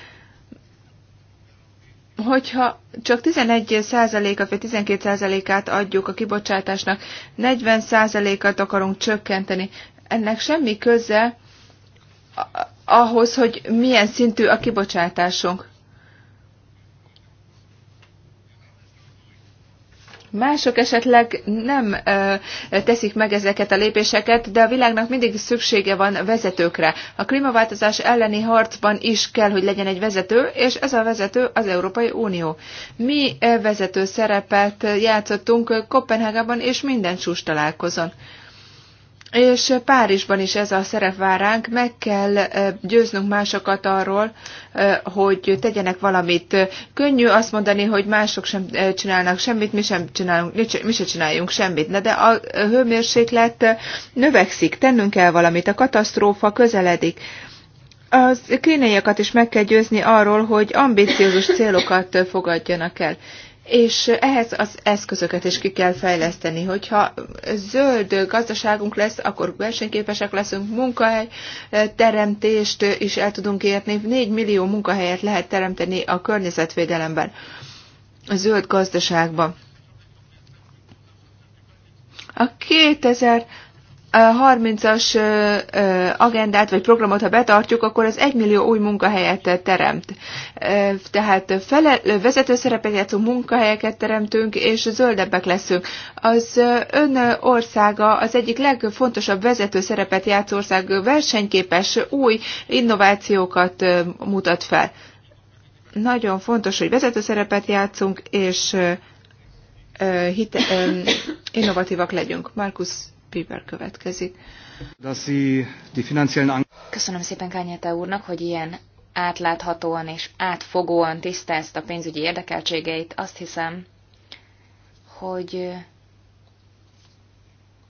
S2: hogyha csak 11%-a vagy 12%-át adjuk a kibocsátásnak, 40%-at akarunk csökkenteni, ennek semmi köze ahhoz, hogy milyen szintű a kibocsátásunk. Mások esetleg nem teszik meg ezeket a lépéseket, de a világnak mindig szüksége van vezetőkre. A klímaváltozás elleni harcban is kell, hogy legyen egy vezető, és ez a vezető az Európai Unió. Mi vezető szerepet játszottunk Kopenhágában és minden csúcs találkozon. És Párizsban is ez a szerep vár ránk, meg kell győznünk másokat arról, hogy tegyenek valamit. Könnyű azt mondani, hogy mások sem csinálnak semmit, mi sem csinálunk, mi sem csináljunk semmit. Na de a hőmérséklet növekszik, tennünk kell valamit, a katasztrófa közeledik. a kínaiakat is meg kell győzni arról, hogy ambiciózus célokat fogadjanak el és ehhez az eszközöket is ki kell fejleszteni. Hogyha zöld gazdaságunk lesz, akkor versenyképesek leszünk, munkahely eh, teremtést is el tudunk érni. 4 millió munkahelyet lehet teremteni a környezetvédelemben, a zöld gazdaságban. A 2000 30-as agendát vagy programot, ha betartjuk, akkor az 1 millió új munkahelyet teremt. Tehát fele, vezető szerepet játszó munkahelyeket teremtünk, és zöldebbek leszünk. Az ön országa az egyik legfontosabb vezető szerepet játszó ország versenyképes új innovációkat mutat fel. Nagyon fontos, hogy vezető szerepet játszunk, és innovatívak legyünk. Markus
S4: Piper következik. Köszönöm szépen Kányéta úrnak, hogy ilyen átláthatóan és átfogóan tisztázta pénzügyi érdekeltségeit. Azt hiszem, hogy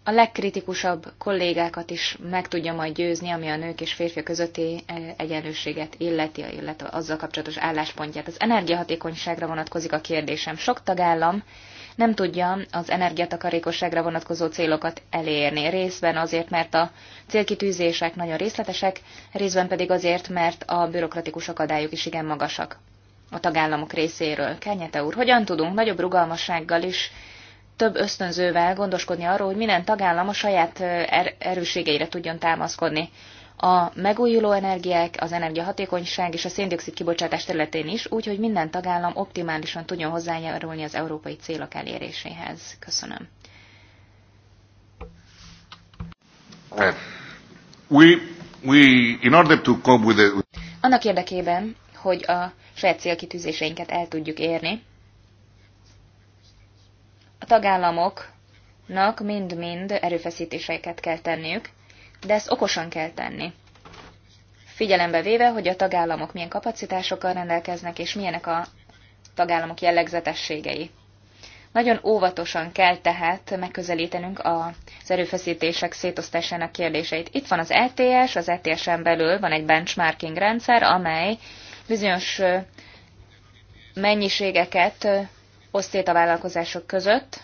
S4: a legkritikusabb kollégákat is meg tudja majd győzni, ami a nők és férfiak közötti egyenlőséget illeti, illetve azzal kapcsolatos álláspontját. Az energiahatékonyságra vonatkozik a kérdésem. Sok tagállam nem tudja az energiatakarékosságra vonatkozó célokat elérni. Részben azért, mert a célkitűzések nagyon részletesek, részben pedig azért, mert a bürokratikus akadályok is igen magasak a tagállamok részéről. Kenyete úr, hogyan tudunk nagyobb rugalmassággal is több ösztönzővel gondoskodni arról, hogy minden tagállam a saját eh, er-, erősségeire tudjon támaszkodni a megújuló energiák, az energiahatékonyság és a széndiokszid kibocsátás területén is, úgyhogy minden tagállam optimálisan tudjon hozzájárulni az európai célok eléréséhez. Köszönöm.
S1: Uh, we, we, in order to cope
S4: with the... Annak érdekében, hogy a saját célkitűzéseinket el tudjuk érni, a tagállamoknak mind-mind erőfeszítéseket kell tenniük, de ezt okosan kell tenni. Figyelembe véve, hogy a tagállamok milyen kapacitásokkal rendelkeznek, és milyenek a tagállamok jellegzetességei. Nagyon óvatosan kell tehát megközelítenünk az erőfeszítések szétosztásának kérdéseit. Itt van az ETS, az ETS-en belül van egy benchmarking rendszer, amely bizonyos mennyiségeket oszt szét a vállalkozások között,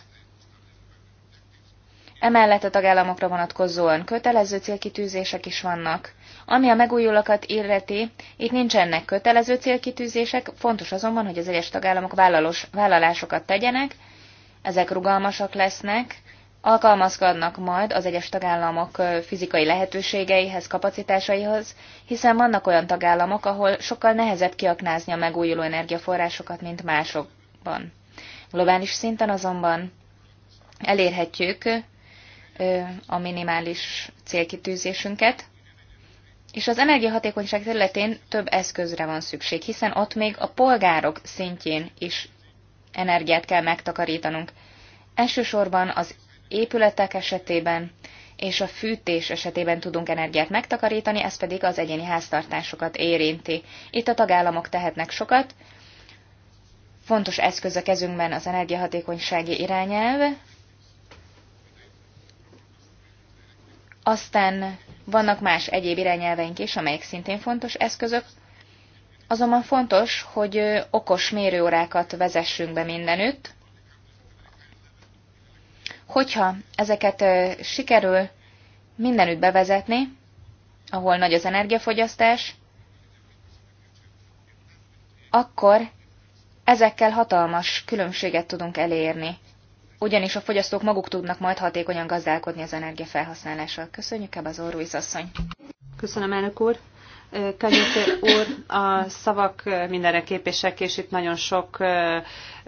S4: Emellett a tagállamokra vonatkozóan kötelező célkitűzések is vannak. Ami a megújulókat illeti, itt nincsenek kötelező célkitűzések, fontos azonban, hogy az egyes tagállamok vállalos, vállalásokat tegyenek, ezek rugalmasak lesznek, alkalmazkodnak majd az egyes tagállamok fizikai lehetőségeihez, kapacitásaihoz, hiszen vannak olyan tagállamok, ahol sokkal nehezebb kiaknázni a megújuló energiaforrásokat, mint másokban. Globális szinten azonban elérhetjük a minimális célkitűzésünket, és az energiahatékonyság területén több eszközre van szükség, hiszen ott még a polgárok szintjén is energiát kell megtakarítanunk. Elsősorban az épületek esetében és a fűtés esetében tudunk energiát megtakarítani, ez pedig az egyéni háztartásokat érinti. Itt a tagállamok tehetnek sokat. Fontos eszköz a kezünkben az energiahatékonysági irányelv, Aztán vannak más egyéb irányelveink is, amelyek szintén fontos eszközök, azonban fontos, hogy okos mérőórákat vezessünk be mindenütt. Hogyha ezeket sikerül mindenütt bevezetni, ahol nagy az energiafogyasztás, akkor ezekkel hatalmas különbséget tudunk elérni ugyanis a fogyasztók maguk tudnak majd hatékonyan gazdálkodni az energiafelhasználással. Köszönjük ebbe az Orvíz asszony. Köszönöm, elnök úr.
S3: Kanyete úr, a szavak mindenre képesek, és itt nagyon sok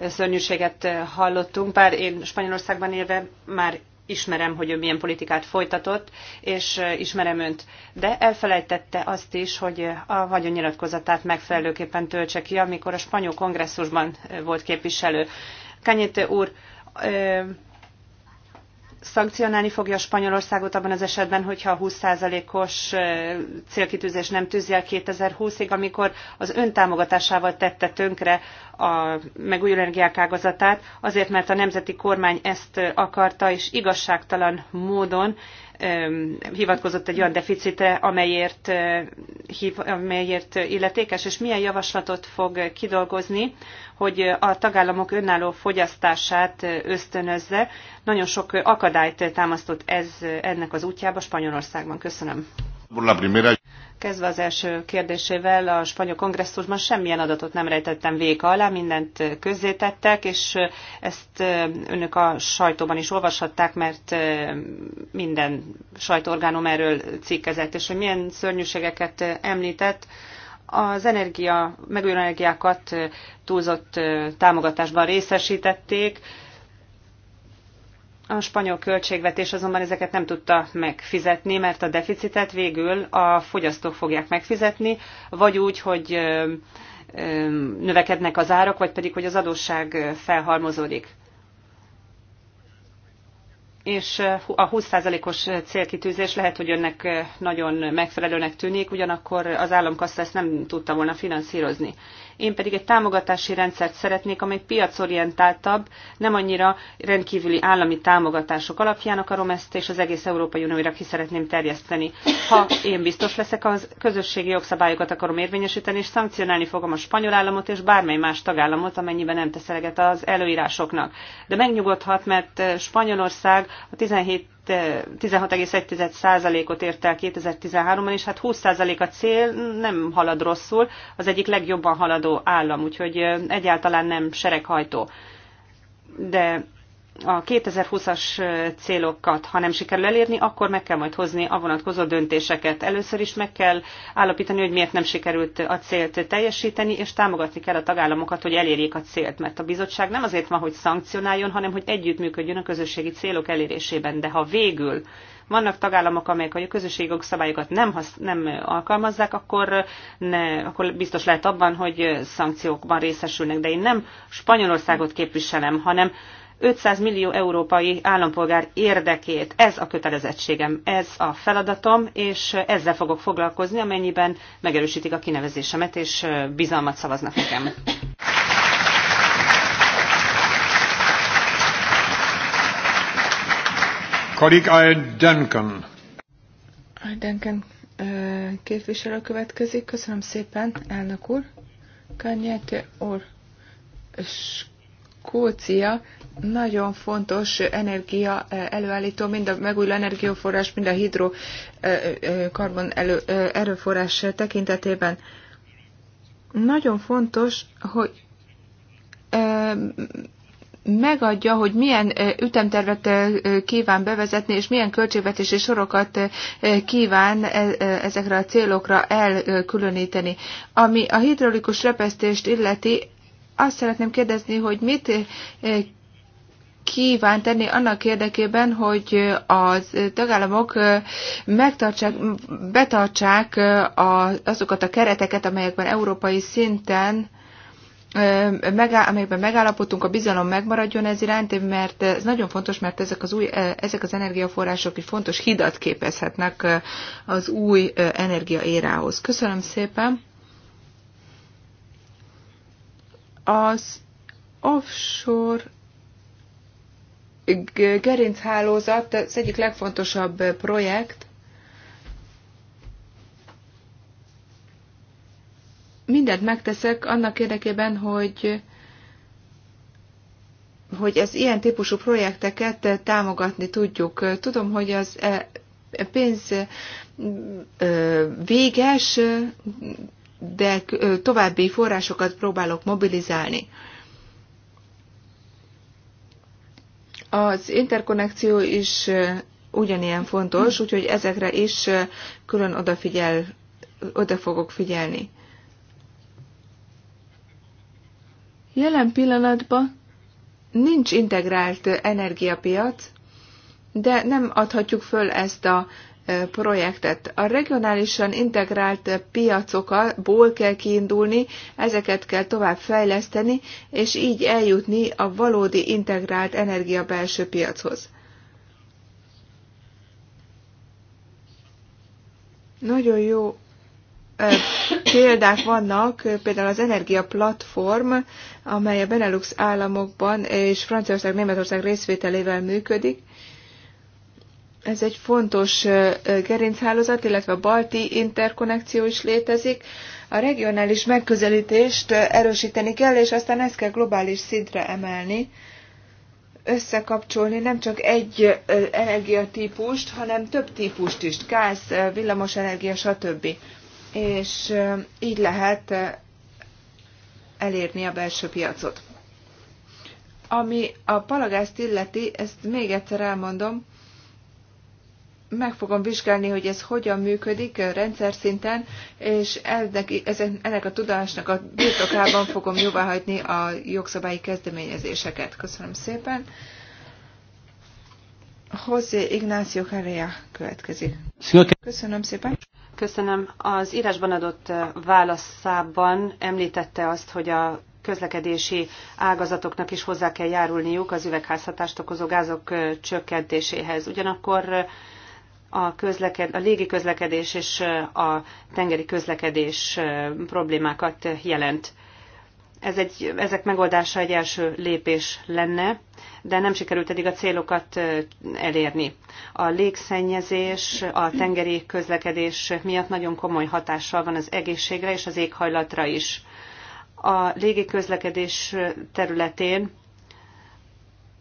S3: szörnyűséget hallottunk, bár én Spanyolországban élve már ismerem, hogy ő milyen politikát folytatott, és ismerem önt. De elfelejtette azt is, hogy a vagyonnyilatkozatát megfelelőképpen töltse ki, amikor a spanyol kongresszusban volt képviselő. Kanyete úr, szankcionálni fogja Spanyolországot abban az esetben, hogyha a 20%-os célkitűzés nem tűzi el 2020-ig, amikor az öntámogatásával tette tönkre a megújuló energiák ágazatát, azért mert a nemzeti kormány ezt akarta, és igazságtalan módon hivatkozott egy olyan deficitre, amelyért, eh, amelyért illetékes, és milyen javaslatot fog kidolgozni, hogy a tagállamok önálló fogyasztását eh, ösztönözze. Nagyon sok akadályt támasztott ez ennek az útjába Spanyolországban. Köszönöm. Kezdve az első kérdésével, a spanyol kongresszusban semmilyen adatot nem rejtettem véka alá, mindent közzétettek, és ezt önök a sajtóban is olvashatták, mert minden sajtóorgánum erről cikkezett, és hogy milyen szörnyűségeket említett, az energia, megújuló energiákat túlzott támogatásban részesítették, a spanyol költségvetés azonban ezeket nem tudta megfizetni, mert a deficitet végül a fogyasztók fogják megfizetni, vagy úgy, hogy növekednek az árak, vagy pedig, hogy az adósság felhalmozódik és a 20%-os célkitűzés lehet, hogy önnek nagyon megfelelőnek tűnik, ugyanakkor az államkassa ezt nem tudta volna finanszírozni. Én pedig egy támogatási rendszert szeretnék, amely piacorientáltabb, nem annyira rendkívüli állami támogatások alapján akarom ezt, és az egész Európai Unióra ki szeretném terjeszteni. Ha én biztos leszek, az közösségi jogszabályokat akarom érvényesíteni, és szankcionálni fogom a spanyol államot és bármely más tagállamot, amennyiben nem tesz eleget az előírásoknak. De megnyugodhat, mert Spanyolország a 17 16,1%-ot eh, ért el 2013-ban, és hát 20% a cél nem halad rosszul, az egyik legjobban haladó állam, úgyhogy eh, egyáltalán nem sereghajtó. De a 2020-as célokat, ha nem sikerül elérni, akkor meg kell majd hozni a vonatkozó döntéseket. Először is meg kell állapítani, hogy miért nem sikerült a célt teljesíteni, és támogatni kell a tagállamokat, hogy elérjék a célt, mert a bizottság nem azért van, hogy szankcionáljon, hanem hogy együttműködjön a közösségi célok elérésében. De ha végül vannak tagállamok, amelyek a közösségi jogszabályokat nem, nem alkalmazzák, akkor, ne, akkor biztos lehet abban, hogy szankciókban részesülnek. De én nem Spanyolországot képviselem, hanem 500 millió európai állampolgár érdekét. Ez a kötelezettségem, ez a feladatom, és ezzel fogok foglalkozni, amennyiben megerősítik a kinevezésemet, és bizalmat szavaznak nekem.
S1: Karik Duncan.
S2: Duncan képviselő következik. Köszönöm szépen, elnök úr. Kanyete úr, Kócia nagyon fontos energia eh, előállító, mind a megújuló energiaforrás, mind a hidrokarbon eh, eh, erőforrás tekintetében. Nagyon fontos, hogy megadja, hogy milyen ütemtervet kíván bevezetni, és milyen költségvetési sorokat kíván ezekre a célokra elkülöníteni. Ami a hidraulikus repesztést illeti, azt szeretném kérdezni, hogy mit eh, kíván tenni annak érdekében, hogy az tagállamok eh, megtartsák, betartsák eh, azokat a kereteket, amelyekben európai szinten Megáll, amelyben megállapodtunk, a bizalom megmaradjon ez iránt, mert ez nagyon fontos, mert ezek az, új, ezek az energiaforrások egy fontos hidat képezhetnek az új energiaérához. Köszönöm szépen! Az offshore gerinchálózat az egyik legfontosabb projekt. Mindent megteszek annak érdekében, hogy hogy az ilyen típusú projekteket támogatni tudjuk. Tudom, hogy az e, pénz véges, de további forrásokat próbálok mobilizálni. Az interkonnekció is ugyanilyen fontos, úgyhogy ezekre is külön odafigyel, oda fogok figyelni. Jelen pillanatban nincs integrált energiapiac, de nem adhatjuk föl ezt a projektet. A regionálisan integrált piacokból kell kiindulni, ezeket kell tovább fejleszteni, és így eljutni a valódi integrált energia belső piachoz. Nagyon jó példák vannak, például az Energia Platform, amely a Benelux államokban és Franciaország, Németország részvételével működik, ez egy fontos gerinchálózat, illetve a balti interkonnekció is létezik. A regionális megközelítést erősíteni kell, és aztán ezt kell globális szintre emelni, összekapcsolni nem csak egy energiatípust, hanem több típust is, gáz, energia, stb. És így lehet elérni a belső piacot. Ami a palagázt illeti, ezt még egyszer elmondom, meg fogom vizsgálni, hogy ez hogyan működik eh, rendszer szinten, és ennek, ennek a tudásnak a birtokában fogom jóváhagyni a jogszabályi kezdeményezéseket. Köszönöm szépen. José Ignacio Carrea következik. Köszönöm szépen. Köszönöm. Az írásban adott eh,
S3: válaszában említette azt, hogy a közlekedési ágazatoknak is hozzá kell járulniuk az üvegházhatást okozó gázok eh, csökkentéséhez. Ugyanakkor a, közleked, a légi közlekedés és a tengeri közlekedés problémákat jelent. Ez egy, ezek megoldása egy első lépés lenne, de nem sikerült eddig a célokat elérni. A légszennyezés a tengeri közlekedés miatt nagyon komoly hatással van az egészségre és az éghajlatra is. A légi közlekedés területén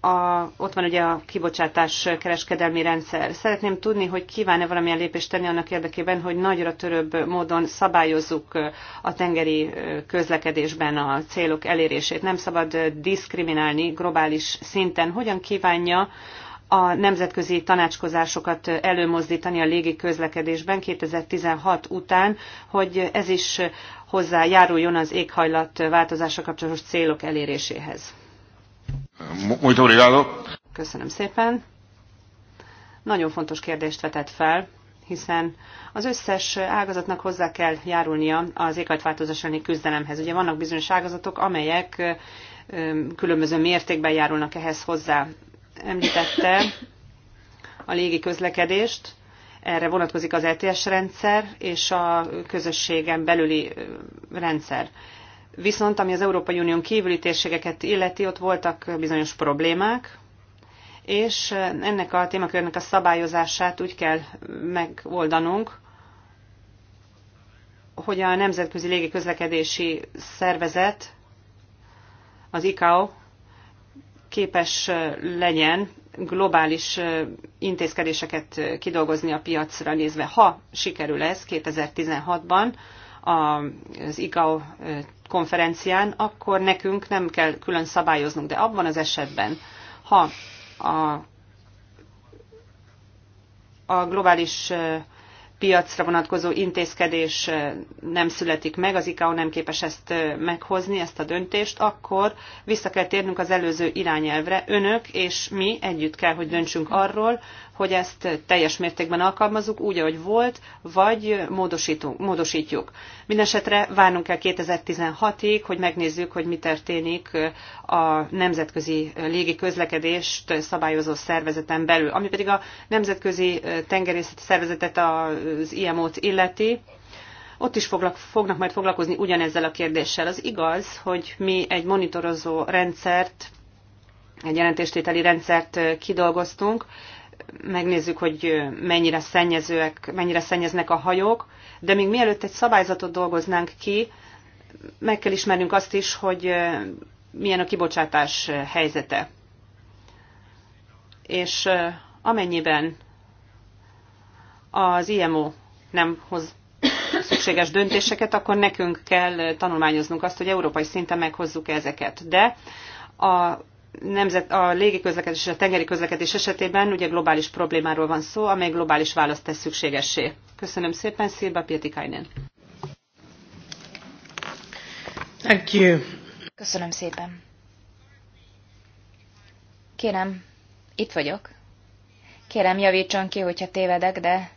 S3: a, ott van ugye a kibocsátás kereskedelmi rendszer. Szeretném tudni, hogy kíván-e valamilyen lépést tenni annak érdekében, hogy nagyra törőbb módon szabályozzuk a tengeri közlekedésben a célok elérését. Nem szabad diszkriminálni globális szinten. Hogyan kívánja a nemzetközi tanácskozásokat előmozdítani a légi közlekedésben 2016 után, hogy ez is hozzájáruljon az éghajlat változása kapcsolatos célok eléréséhez.
S1: Muito obrigado.
S3: Köszönöm szépen. Nagyon fontos kérdést vetett fel, hiszen az összes ágazatnak hozzá kell járulnia az éghajlatváltozás elleni küzdelemhez. Ugye vannak bizonyos ágazatok, amelyek különböző mértékben járulnak ehhez hozzá. Említette a légi közlekedést, erre vonatkozik az ETS rendszer és a közösségen belüli rendszer. Viszont ami az Európai Unión kívüli térségeket illeti, ott voltak bizonyos problémák, és ennek a témakörnek a szabályozását úgy kell megoldanunk, hogy a Nemzetközi Légiközlekedési Szervezet, az ICAO képes legyen globális intézkedéseket kidolgozni a piacra nézve. Ha sikerül ez 2016-ban, az ICAO konferencián, akkor nekünk nem kell külön szabályoznunk, de abban az esetben, ha a, a globális piacra vonatkozó intézkedés nem születik meg, az ICAO nem képes ezt meghozni, ezt a döntést, akkor vissza kell térnünk az előző irányelvre. Önök és mi együtt kell, hogy döntsünk arról, hogy ezt teljes mértékben alkalmazzuk, úgy, ahogy volt, vagy módosítunk, módosítjuk. Mindenesetre várnunk kell 2016-ig, hogy megnézzük, hogy mi történik a nemzetközi légi közlekedést szabályozó szervezeten belül. Ami pedig a Nemzetközi Tengerészeti Szervezetet, az IMO-t illeti, ott is foglak, fognak majd foglalkozni ugyanezzel a kérdéssel. Az igaz, hogy mi egy monitorozó rendszert, egy jelentéstételi rendszert kidolgoztunk, megnézzük, hogy mennyire szennyezőek, mennyire szennyeznek a hajók, de még mielőtt egy szabályzatot dolgoznánk ki, meg kell ismernünk azt is, hogy milyen a kibocsátás helyzete. És amennyiben az IMO nem hoz szükséges döntéseket, akkor nekünk kell tanulmányoznunk azt, hogy európai szinten meghozzuk ezeket. De a nemzet, a közlekedés és a tengeri közlekedés esetében ugye globális problémáról van szó, amely globális választ tesz szükségessé. Köszönöm szépen, Szilba Pietikainen.
S4: Thank you. Köszönöm szépen. Kérem, itt vagyok. Kérem, javítson ki, hogyha tévedek, de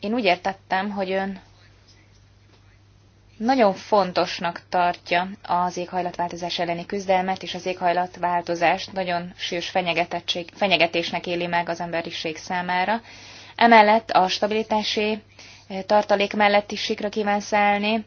S4: én úgy értettem, hogy ön nagyon fontosnak tartja az éghajlatváltozás elleni küzdelmet, és az éghajlatváltozást nagyon sűrűs fenyegetésnek éli meg az emberiség számára. Emellett a stabilitási eh, tartalék mellett is sikra kíván szállni,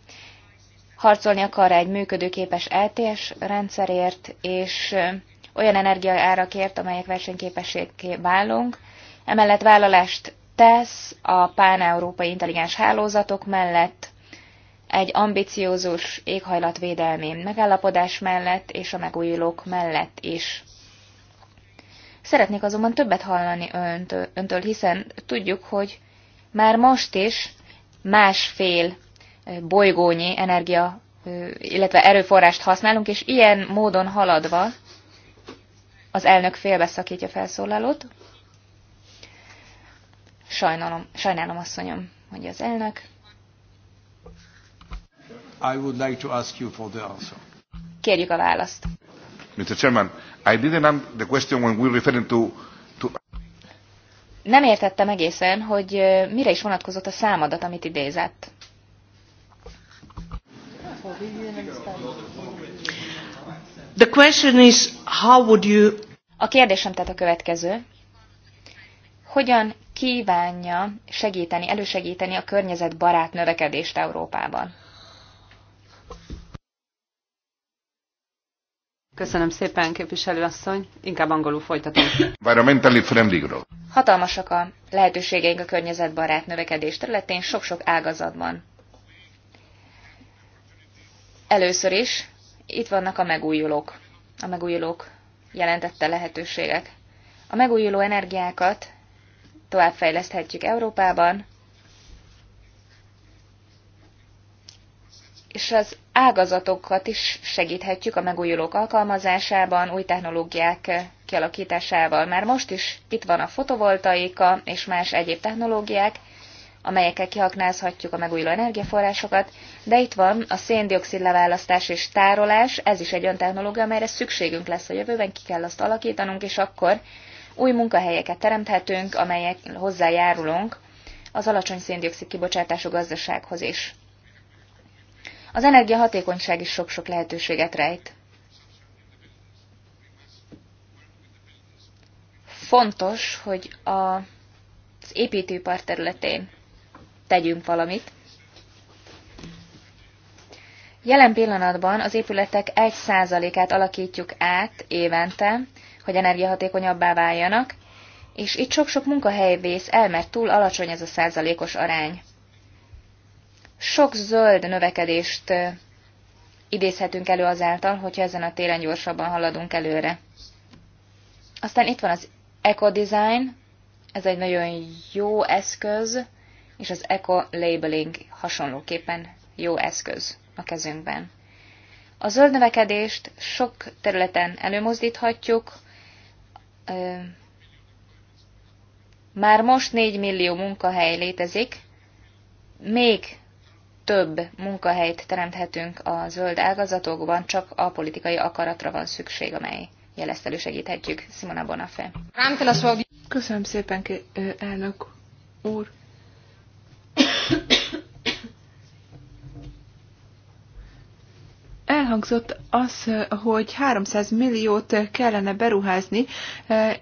S4: harcolni akar egy működőképes LTS rendszerért, és eh, olyan energiaárakért, amelyek versenyképességé válunk. Emellett vállalást tesz a pán-európai intelligens hálózatok mellett, egy ambiciózus éghajlatvédelmi megállapodás mellett és a megújulók mellett is. Szeretnék azonban többet hallani öntől, hiszen tudjuk, hogy már most is másfél bolygónyi energia, illetve erőforrást használunk, és ilyen módon haladva az elnök félbeszakítja felszólalót. Sajnálom, sajnálom asszonyom, mondja az elnök.
S1: I would like to ask you for the answer.
S4: Kérjük a választ.
S1: Mr. Chairman, I didn't answer the question when we referring to, to...
S4: Nem értettem egészen, hogy mire is vonatkozott a számadat, amit idézett. The question is, how would you... A kérdésem tehát a következő. Hogyan kívánja segíteni, elősegíteni a környezetbarát növekedést Európában? Köszönöm szépen, asszony. Inkább angolul folytatom.
S1: friendly growth.
S4: Hatalmasak a lehetőségeink a környezetbarát növekedés területén sok-sok ágazatban. Először is itt vannak a megújulók. A megújulók jelentette lehetőségek. A megújuló energiákat továbbfejleszthetjük Európában, és az ágazatokat is segíthetjük a megújulók alkalmazásában, új technológiák kialakításával. Már most is itt van a fotovoltaika és más egyéb technológiák, amelyekkel kiaknázhatjuk a megújuló energiaforrásokat, de itt van a széndiokszid leválasztás és tárolás, ez is egy olyan technológia, amelyre szükségünk lesz a jövőben, ki kell azt alakítanunk, és akkor új munkahelyeket teremthetünk, amelyek hozzájárulunk az alacsony széndiokszid kibocsátású gazdasághoz is. Az energiahatékonyság is sok-sok lehetőséget rejt. Fontos, hogy a, az építőipar területén tegyünk valamit. Jelen pillanatban az épületek 1%-át alakítjuk át évente, hogy energiahatékonyabbá váljanak, és itt sok-sok munkahely vész el, mert túl alacsony ez a százalékos arány. Sok zöld növekedést idézhetünk elő azáltal, hogyha ezen a téren gyorsabban haladunk előre. Aztán itt van az eco-design, ez egy nagyon jó eszköz, és az eco-labeling hasonlóképpen jó eszköz a kezünkben. A zöld növekedést sok területen előmozdíthatjuk. Már most 4 millió munkahely létezik, még több munkahelyt teremthetünk a zöld ágazatokban, csak a politikai akaratra van szükség, amely ezt elősegíthetjük. Simona Bonafé.
S2: Köszönöm szépen, elnök úr. elhangzott az, hogy 300 milliót kellene beruházni,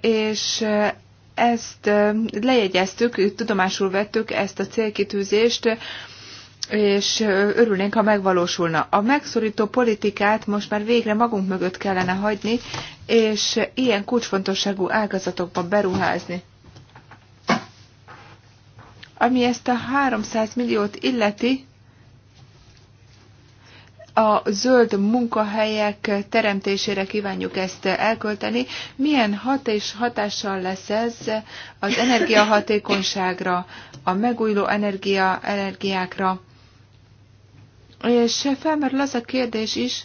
S2: és ezt lejegyeztük, tudomásul vettük ezt a célkitűzést, és örülnénk, ha megvalósulna. A megszorító politikát most már végre magunk mögött kellene hagyni, és ilyen kulcsfontosságú ágazatokba beruházni. Ami ezt a 300 milliót illeti, a zöld munkahelyek teremtésére kívánjuk ezt elkölteni. Milyen hat és hatással lesz ez az energiahatékonyságra, a megújuló energia, energiákra, és felmerül az a kérdés is,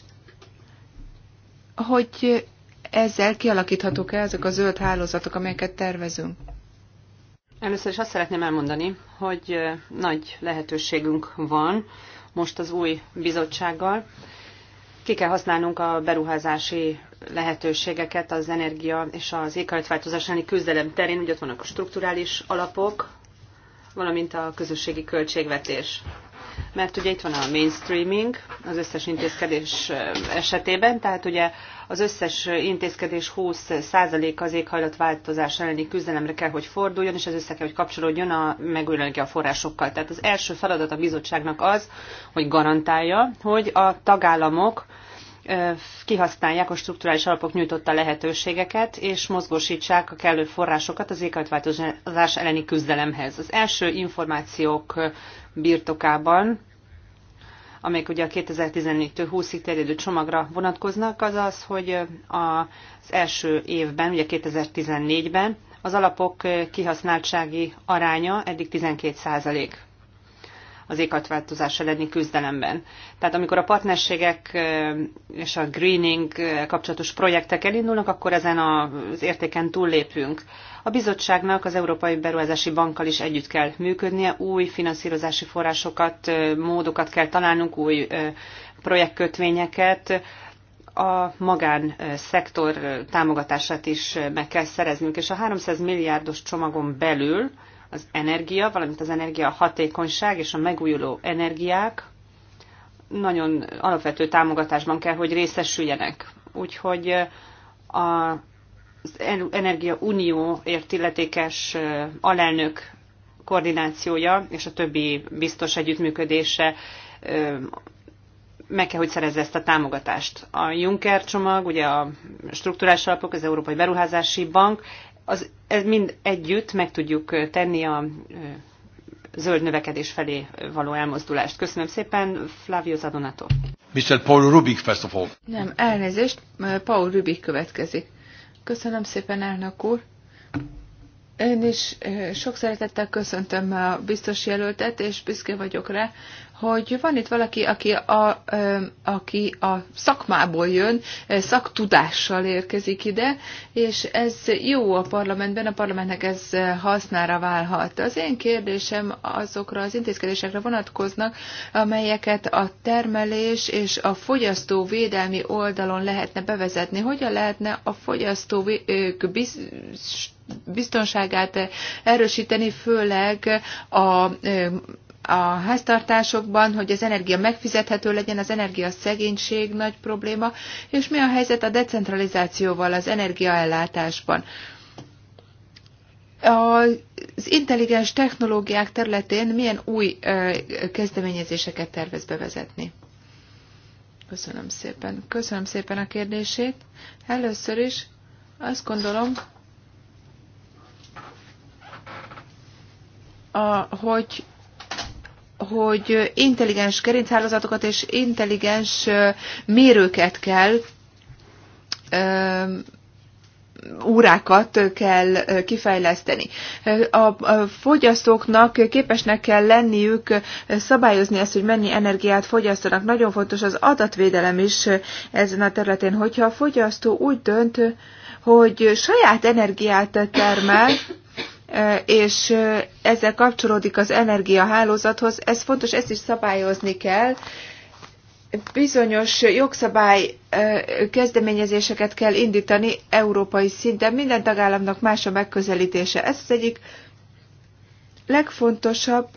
S2: hogy ezzel kialakíthatók-e ezek a zöld hálózatok, amelyeket tervezünk?
S3: Először is azt szeretném elmondani, hogy nagy lehetőségünk van most az új bizottsággal. Ki kell használnunk a beruházási lehetőségeket az energia és az éghajlatváltozás elleni küzdelem terén. Ugye ott vannak a strukturális alapok, valamint a közösségi költségvetés mert ugye itt van a mainstreaming az összes intézkedés esetében, tehát ugye az összes intézkedés 20% az éghajlatváltozás elleni küzdelemre kell, hogy forduljon, és ez össze kell, hogy kapcsolódjon a megújulni a forrásokkal. Tehát az első feladat a bizottságnak az, hogy garantálja, hogy a tagállamok kihasználják a strukturális alapok nyújtotta lehetőségeket, és mozgósítsák a kellő forrásokat az éghajlatváltozás elleni küzdelemhez. Az első információk birtokában amelyek ugye a 2014-től 20-ig terjedő csomagra vonatkoznak, az az, hogy az első évben, ugye 2014-ben az alapok kihasználtsági aránya eddig 12 százalék az éghajlatváltozás elleni küzdelemben. Tehát amikor a partnerségek és a greening kapcsolatos projektek elindulnak, akkor ezen az értéken túllépünk. A bizottságnak az Európai Beruházási Bankkal is együtt kell működnie, új finanszírozási forrásokat, módokat kell találnunk, új projektkötvényeket, a magánszektor támogatását is meg kell szereznünk, és a 300 milliárdos csomagon belül az energia, valamint az energia hatékonyság és a megújuló energiák nagyon alapvető támogatásban kell, hogy részesüljenek. Úgyhogy az Energia Unió illetékes alelnök koordinációja és a többi biztos együttműködése meg kell, hogy szerezze ezt a támogatást. A Juncker csomag, ugye a struktúrás alapok, az Európai Beruházási Bank az, ez mind együtt meg tudjuk tenni a zöld növekedés felé való elmozdulást. Köszönöm
S2: szépen, Flavio Zadonato.
S1: Mr. Paul Rubik, first of all.
S2: Nem, elnézést, Paul Rubik következik. Köszönöm szépen, elnök úr. Én is sok szeretettel köszöntöm a biztos jelöltet, és büszke vagyok rá, hogy van itt valaki, aki a, aki a szakmából jön, szaktudással érkezik ide, és ez jó a parlamentben, a parlamentnek ez hasznára válhat. Az én kérdésem azokra az intézkedésekre vonatkoznak, amelyeket a termelés és a fogyasztó védelmi oldalon lehetne bevezetni. Hogyan lehetne a fogyasztó biztonságát erősíteni, főleg a a háztartásokban, hogy az energia megfizethető legyen, az energia szegénység nagy probléma, és mi a helyzet a decentralizációval az energiaellátásban. Az intelligens technológiák területén milyen új kezdeményezéseket tervez bevezetni? Köszönöm szépen. Köszönöm szépen a kérdését. Először is azt gondolom, a, hogy hogy intelligens gerinchálózatokat és intelligens mérőket kell órákat kell kifejleszteni. A fogyasztóknak képesnek kell lenniük szabályozni ezt, hogy mennyi energiát fogyasztanak. Nagyon fontos az adatvédelem is ezen a területen, hogyha a fogyasztó úgy dönt, hogy saját energiát termel, és ezzel kapcsolódik az energiahálózathoz. Ez fontos, ezt is szabályozni kell. Bizonyos jogszabály kezdeményezéseket kell indítani európai szinten, minden tagállamnak más a megközelítése. Ez az egyik legfontosabb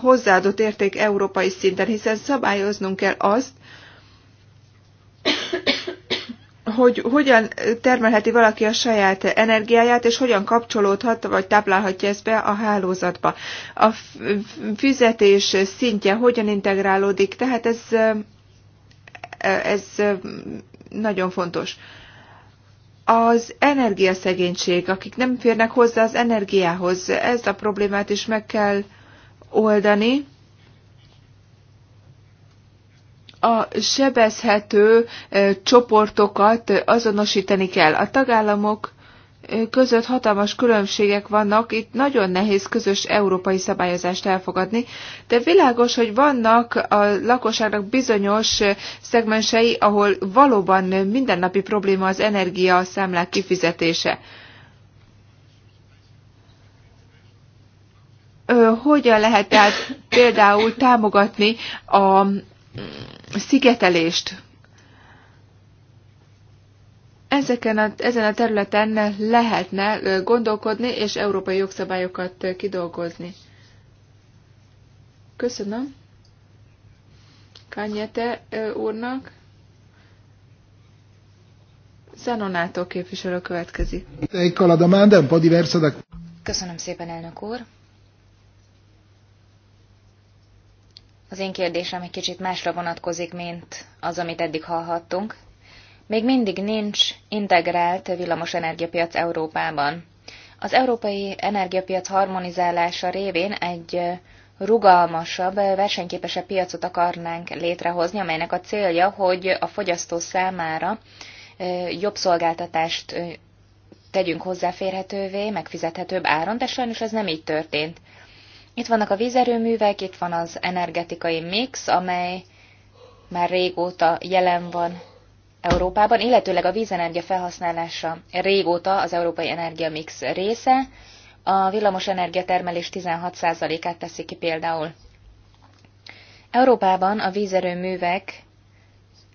S2: hozzáadott érték európai szinten, hiszen szabályoznunk kell azt, hogy hogyan termelheti valaki a saját energiáját, és hogyan kapcsolódhat, vagy táplálhatja ezt be a hálózatba. A fizetés szintje hogyan integrálódik, tehát ez, ez nagyon fontos. Az energiaszegénység, akik nem férnek hozzá az energiához, ezt a problémát is meg kell oldani a sebezhető e, csoportokat azonosítani kell. A tagállamok e, között hatalmas különbségek vannak, itt nagyon nehéz közös európai szabályozást elfogadni, de világos, hogy vannak a lakosságnak bizonyos e, szegmensei, ahol valóban mindennapi probléma az energia a számlák kifizetése. Hogyan lehet tehát például támogatni a szigetelést. Ezeken a, ezen a területen lehetne gondolkodni és európai jogszabályokat kidolgozni. Köszönöm Kanyete úrnak.
S4: Zanonától képviselő következik. Köszönöm szépen, elnök úr. Az én kérdésem egy kicsit másra vonatkozik, mint az, amit eddig hallhattunk. Még mindig nincs integrált villamos energiapiac Európában. Az európai energiapiac harmonizálása révén egy rugalmasabb, versenyképesebb piacot akarnánk létrehozni, amelynek a célja, hogy a fogyasztó számára jobb szolgáltatást tegyünk hozzáférhetővé, megfizethetőbb áron, de sajnos ez nem így történt. Itt vannak a vízerőművek, itt van az energetikai mix, amely már régóta jelen van Európában, illetőleg a vízenergia felhasználása régóta az európai energiamix része. A villamos energiatermelés 16%-át teszi ki például. Európában a vízerőművek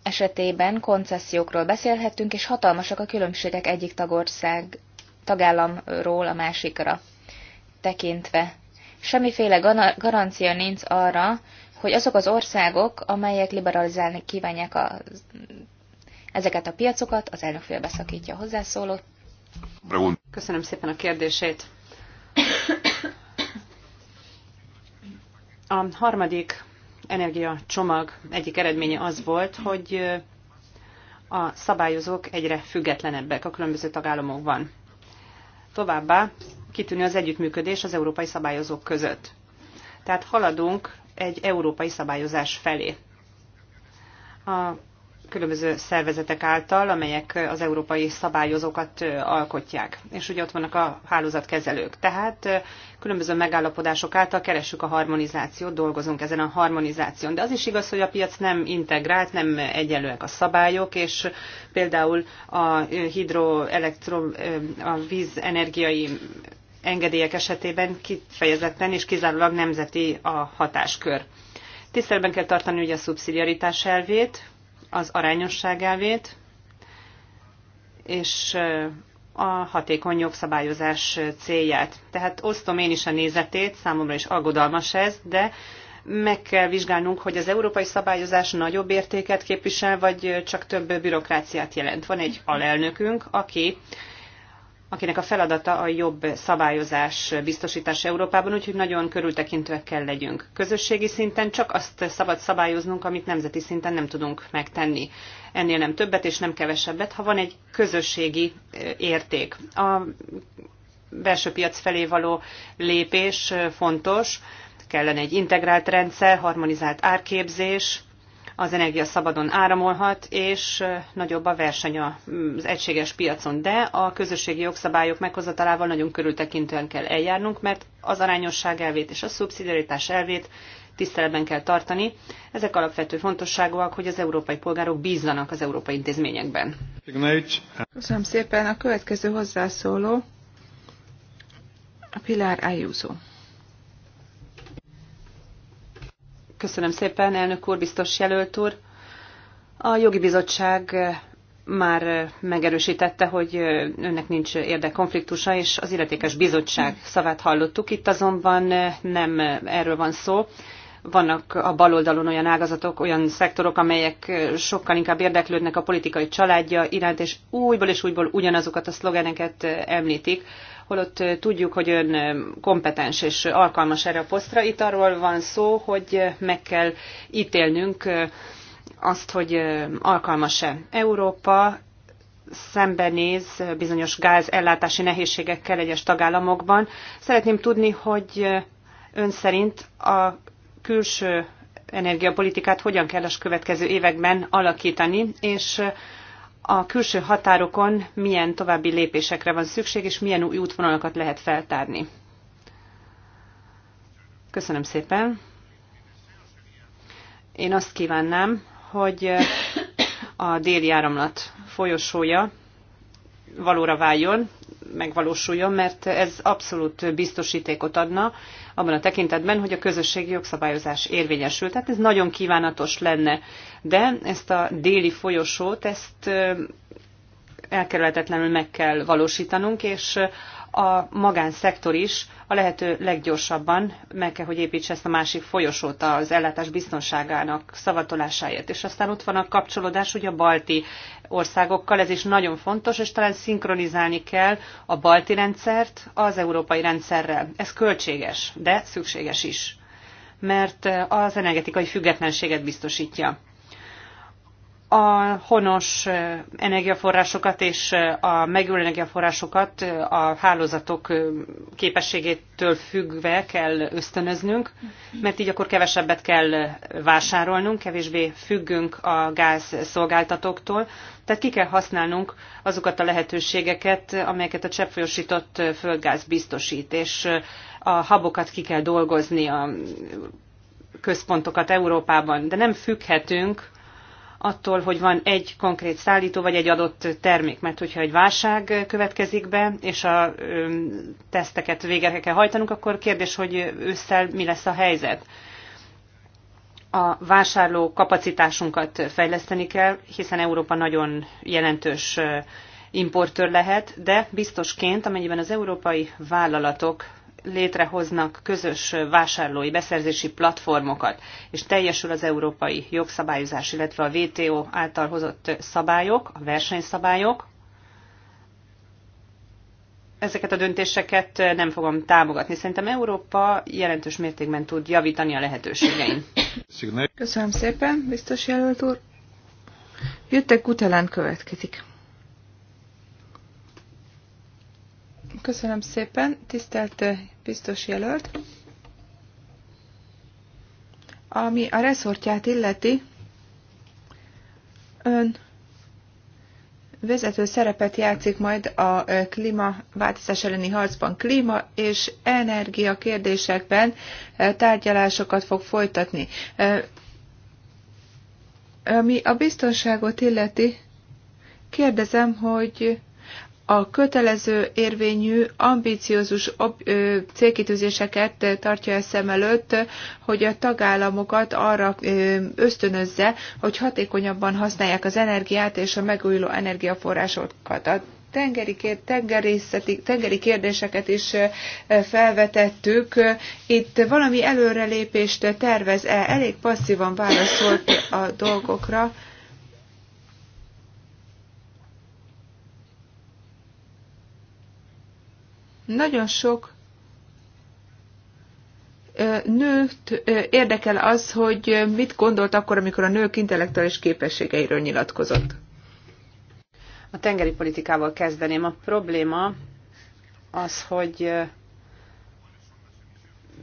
S4: esetében koncesziókról beszélhetünk, és hatalmasak a különbségek egyik tagország tagállamról a másikra tekintve semmiféle garancia nincs arra, hogy azok az országok, amelyek liberalizálni kívánják a, ezeket a piacokat, az elnök beszakítja a hozzászólót. Köszönöm
S3: szépen a kérdését. A harmadik energiacsomag egyik eredménye az volt, hogy a szabályozók egyre függetlenebbek a különböző tagállamokban. Továbbá kitűnő az együttműködés az európai szabályozók között. Tehát haladunk egy európai szabályozás felé. A különböző szervezetek által, amelyek az európai szabályozókat alkotják. És ugye ott vannak a hálózatkezelők. Tehát különböző megállapodások által keresünk a harmonizációt, dolgozunk ezen a harmonizáción. De az is igaz, hogy a piac nem integrált, nem egyenlőek a szabályok, és például a hidroelektro, a vízenergiai engedélyek esetében kifejezetten és kizárólag nemzeti a hatáskör. Tiszteletben kell tartani ugye a szubszidiaritás elvét, az arányosság elvét, és a hatékony jogszabályozás célját. Tehát osztom én is a nézetét, számomra is aggodalmas ez, de meg kell vizsgálnunk, hogy az európai szabályozás nagyobb értéket képvisel, vagy csak több bürokráciát jelent. Van egy alelnökünk, aki akinek a feladata a jobb szabályozás biztosítása Európában, úgyhogy nagyon körültekintőek kell legyünk. Közösségi szinten csak azt szabad szabályoznunk, amit nemzeti szinten nem tudunk megtenni. Ennél nem többet és nem kevesebbet, ha van egy közösségi eh, érték. A belső piac felé való lépés eh, fontos, kellene egy integrált rendszer, harmonizált árképzés, az energia szabadon áramolhat, és nagyobb a verseny mm, az egységes piacon. De a közösségi jogszabályok meghozatalával nagyon körültekintően kell eljárnunk, mert az arányosság elvét és a szubszidiaritás elvét tiszteletben kell tartani. Ezek alapvető fontosságúak, hogy az európai polgárok bízzanak az európai intézményekben.
S2: Köszönöm szépen. A következő hozzászóló a Pilar Ayuso. Köszönöm szépen, elnök úr,
S3: biztos jelölt úr. A jogi bizottság eh, már eh, megerősítette, hogy eh, önnek nincs érdekkonfliktusa, és az illetékes bizottság szavát hallottuk. Itt azonban nem erről van szó. Vannak a baloldalon olyan ágazatok, olyan szektorok, amelyek sokkal inkább érdeklődnek a politikai családja iránt, és újból és újból ugyanazokat a szlogeneket említik, holott tudjuk, hogy ön kompetens és alkalmas erre a posztra. Itt arról van szó, hogy meg kell ítélnünk azt, hogy alkalmas-e Európa szembenéz bizonyos gáz ellátási nehézségekkel egyes tagállamokban. Szeretném tudni, hogy ön szerint a külső energiapolitikát hogyan kell a következő években alakítani, és a külső határokon milyen további lépésekre van szükség, és milyen új útvonalakat lehet feltárni. Köszönöm szépen. Én azt kívánnám, hogy a déli áramlat folyosója valóra váljon, megvalósuljon, mert ez abszolút biztosítékot adna abban a tekintetben, hogy a közösségi jogszabályozás érvényesül. Tehát ez nagyon kívánatos lenne, de ezt a déli folyosót, ezt elkerülhetetlenül meg kell valósítanunk, és a magánszektor is a lehető leggyorsabban meg kell, hogy építse ezt a másik folyosót az ellátás biztonságának szavatolásáért. És aztán ott van a kapcsolódás ugye a balti országokkal, ez is nagyon fontos, és talán szinkronizálni kell a balti rendszert az európai rendszerrel. Ez költséges, de szükséges is, mert az energetikai függetlenséget biztosítja a honos eh, energiaforrásokat és eh, a megújuló energiaforrásokat eh, a hálózatok képességétől függve kell ösztönöznünk, mert így akkor kevesebbet kell vásárolnunk, kevésbé függünk a gáz szolgáltatóktól, tehát ki kell használnunk azokat a lehetőségeket, amelyeket a cseppfolyósított földgáz biztosít, és a habokat ki kell dolgozni, a központokat Európában, de nem függhetünk attól, hogy van egy konkrét szállító vagy egy adott termék, mert hogyha egy válság következik be, és a ö, teszteket végre kell hajtanunk, akkor kérdés, hogy ősszel mi lesz a helyzet. A vásárló kapacitásunkat fejleszteni kell, hiszen Európa nagyon jelentős importőr lehet, de biztosként, amennyiben az európai vállalatok létrehoznak közös vásárlói beszerzési platformokat, és teljesül az európai jogszabályozás, illetve a WTO által hozott szabályok, a versenyszabályok, ezeket a döntéseket nem fogom támogatni. Szerintem Európa jelentős mértékben tud javítani a lehetőségein.
S2: Köszönöm szépen, biztos jelölt úr. Jöttek Gutelán következik. Köszönöm szépen, tisztelt biztos jelölt. Ami a reszortját illeti, ön vezető szerepet játszik majd a klímaváltozás elleni harcban, klíma és energia kérdésekben tárgyalásokat fog folytatni. Ami a biztonságot illeti, kérdezem, hogy a kötelező érvényű, ambíciózus célkitűzéseket tartja a szem előtt, hogy a tagállamokat arra ösztönözze, hogy hatékonyabban használják az energiát és a megújuló energiaforrásokat. A tengeri, tengeri kérdéseket is felvetettük. Itt valami előrelépést tervez-e? Elég passzívan válaszolt a dolgokra Nagyon sok nőt érdekel az, hogy mit gondolt akkor, amikor a nők intellektuális képességeiről nyilatkozott. A tengeri
S3: politikával kezdeném. A probléma az, hogy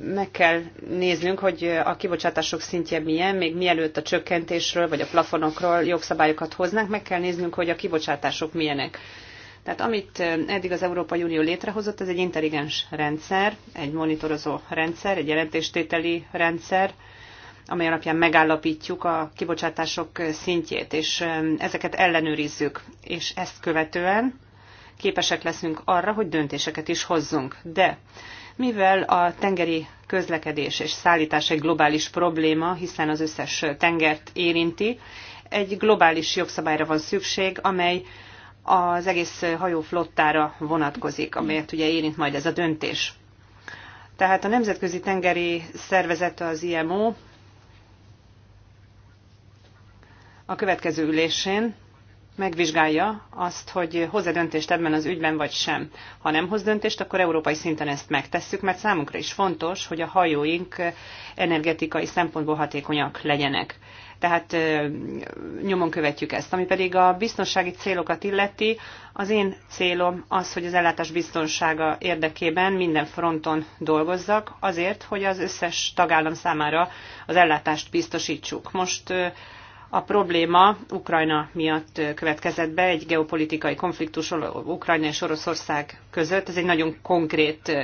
S3: meg kell néznünk, hogy a kibocsátások szintje milyen, még mielőtt a csökkentésről vagy a plafonokról jogszabályokat hoznánk, meg kell néznünk, hogy a kibocsátások milyenek. Tehát amit eddig az Európai Unió létrehozott, ez egy intelligens rendszer, egy monitorozó rendszer, egy jelentéstételi rendszer, amely alapján megállapítjuk a kibocsátások szintjét, és ezeket ellenőrizzük, és ezt követően képesek leszünk arra, hogy döntéseket is hozzunk. De mivel a tengeri közlekedés és szállítás egy globális probléma, hiszen az összes tengert érinti, egy globális jogszabályra van szükség, amely az egész hajóflottára vonatkozik, amelyet ugye érint majd ez a döntés. Tehát a Nemzetközi Tengeri Szervezet, az IMO a következő ülésén megvizsgálja azt, hogy hoz -e döntést ebben az ügyben vagy sem. Ha nem hoz döntést, akkor európai szinten ezt megtesszük, mert számunkra is fontos, hogy a hajóink energetikai szempontból hatékonyak legyenek tehát nyomon követjük ezt. Ami pedig a biztonsági célokat illeti, az én célom az, hogy az ellátás biztonsága érdekében minden fronton dolgozzak, azért, hogy az összes tagállam számára az ellátást biztosítsuk. Most a probléma Ukrajna miatt következett be egy geopolitikai konfliktus Ukrajna és Oroszország között. Ez egy nagyon konkrét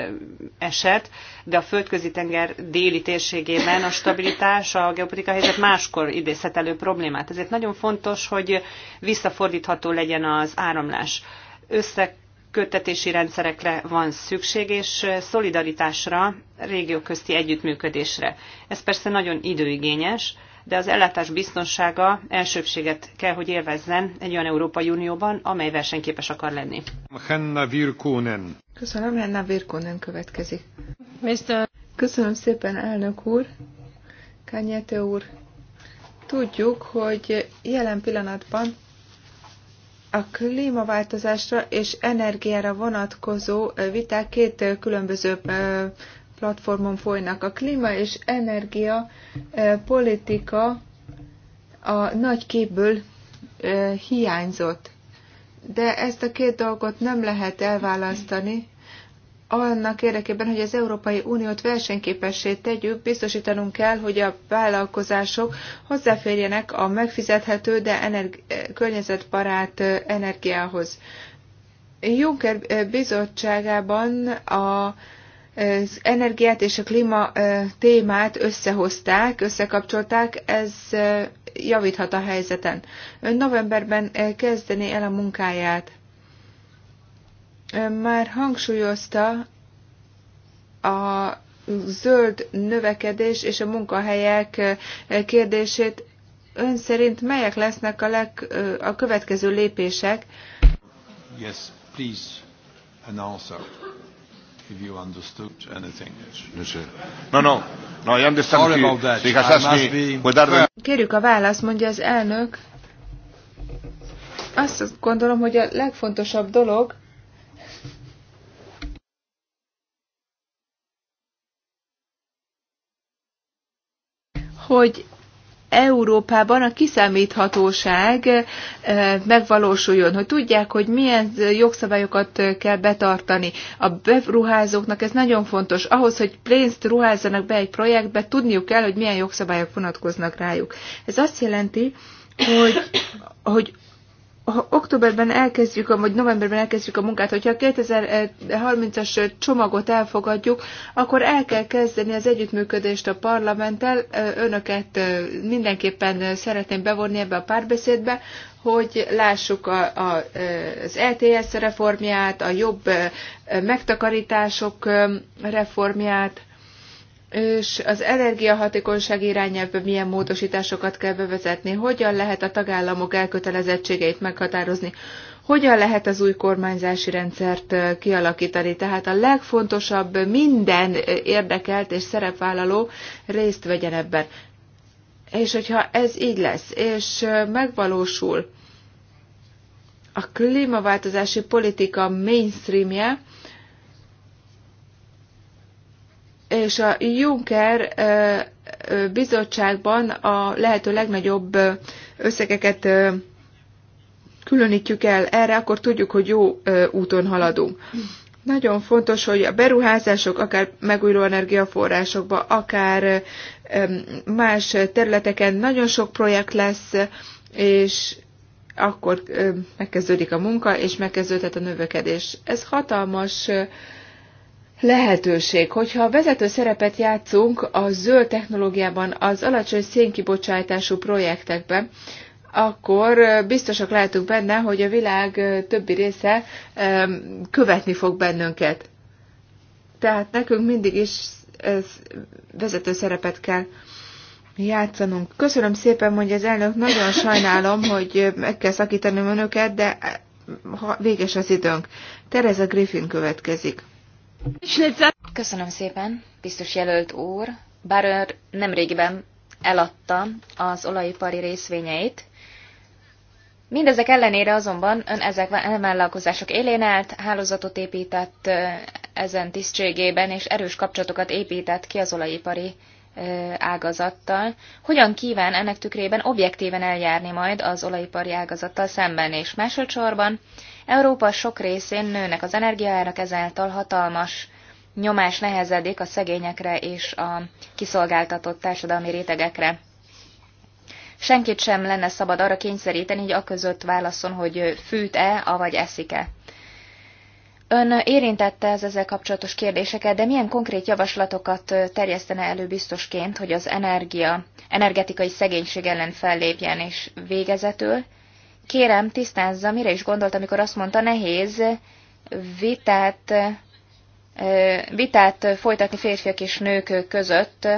S3: eset, de a földközi tenger déli térségében a stabilitás, a geopolitikai helyzet máskor idézhet elő problémát. Ezért nagyon fontos, hogy visszafordítható legyen az áramlás. Össze köttetési rendszerekre van szükség, és szolidaritásra, régióközti együttműködésre. Ez persze nagyon időigényes, de az ellátás biztonsága elsőbséget kell, hogy élvezzen egy olyan Európai Unióban, amely versenyképes
S2: akar lenni.
S1: Henna Virkunen.
S2: Köszönöm, Henna Virkunen következik. Mr. Köszönöm szépen, elnök úr. Kányete úr, tudjuk, hogy jelen pillanatban a klímaváltozásra és energiára vonatkozó viták két különböző platformon folynak. A klíma és energia e, politika a nagy képből e, hiányzott. De ezt a két dolgot nem lehet elválasztani. Annak érdekében, hogy az Európai Uniót versenyképessé tegyük, biztosítanunk kell, hogy a vállalkozások hozzáférjenek a megfizethető, de energi- környezetbarát e, energiához. Juncker bizottságában a az energiát és a klíma témát összehozták, összekapcsolták, ez javíthat a helyzeten. Ön novemberben kezdeni el a munkáját. már hangsúlyozta a zöld növekedés és a munkahelyek kérdését. Ön szerint melyek lesznek a, leg, a következő lépések?
S1: Yes, please, an answer if you understood anything. No, no. No, I understand Sorry about that. Because asked me whether...
S2: Kérjük a választ, mondja az elnök. Azt gondolom, hogy a legfontosabb dolog, hogy Európában a kiszámíthatóság eh, megvalósuljon, hogy tudják, hogy milyen jogszabályokat eh, kell betartani. A beruházóknak ez nagyon fontos. Ahhoz, hogy pénzt ruházzanak be egy projektbe, tudniuk kell, hogy milyen jogszabályok vonatkoznak rájuk. Ez azt jelenti, hogy, hogy októberben elkezdjük, vagy novemberben elkezdjük a munkát, hogyha a 2030-as csomagot elfogadjuk, akkor el kell kezdeni az együttműködést a parlamenttel. Önöket mindenképpen szeretném bevonni ebbe a párbeszédbe, hogy lássuk a, a, az ETS reformját, a jobb megtakarítások reformját, és az energiahatékonyság irányelvben milyen módosításokat kell bevezetni, hogyan lehet a tagállamok elkötelezettségeit meghatározni, hogyan lehet az új kormányzási rendszert kialakítani. Tehát a legfontosabb minden érdekelt és szerepvállaló részt vegyen ebben. És hogyha ez így lesz, és megvalósul a klímaváltozási politika mainstreamje, és a Juncker bizottságban a lehető legnagyobb összegeket különítjük el erre, akkor tudjuk, hogy jó úton haladunk. Nagyon fontos, hogy a beruházások, akár megújuló energiaforrásokba, akár más területeken nagyon sok projekt lesz, és akkor megkezdődik a munka, és megkezdődhet a növekedés. Ez hatalmas lehetőség. Hogyha a vezető szerepet játszunk a zöld technológiában, az alacsony szénkibocsátású projektekben, akkor biztosak lehetünk benne, hogy a világ többi része követni fog bennünket. Tehát nekünk mindig is vezető szerepet kell játszanunk. Köszönöm szépen, mondja az elnök, nagyon sajnálom, hogy meg kell szakítanom önöket, de ha véges az időnk. Tereza Griffin következik.
S4: Köszönöm szépen, biztos jelölt úr. Bár ő nemrégiben eladta az olajipari részvényeit, Mindezek ellenére azonban ön ezek vállalkozások élén állt, hálózatot épített ezen tisztségében, és erős kapcsolatokat épített ki az olajipari ágazattal. Hogyan kíván ennek tükrében objektíven eljárni majd az olajipari ágazattal szemben, és másodszorban Európa sok részén nőnek az energiaárak, ezáltal hatalmas nyomás nehezedik a szegényekre és a kiszolgáltatott társadalmi rétegekre. Senkit sem lenne szabad arra kényszeríteni, hogy a között válaszon, hogy fűt-e, avagy eszik-e. Ön érintette az ezzel kapcsolatos kérdéseket, de milyen konkrét javaslatokat terjesztene elő biztosként, hogy az energia, energetikai szegénység ellen fellépjen és végezetül? Kérem, tisztázza, mire is gondolt, amikor azt mondta, nehéz vitát, vitát folytatni férfiak és nők között,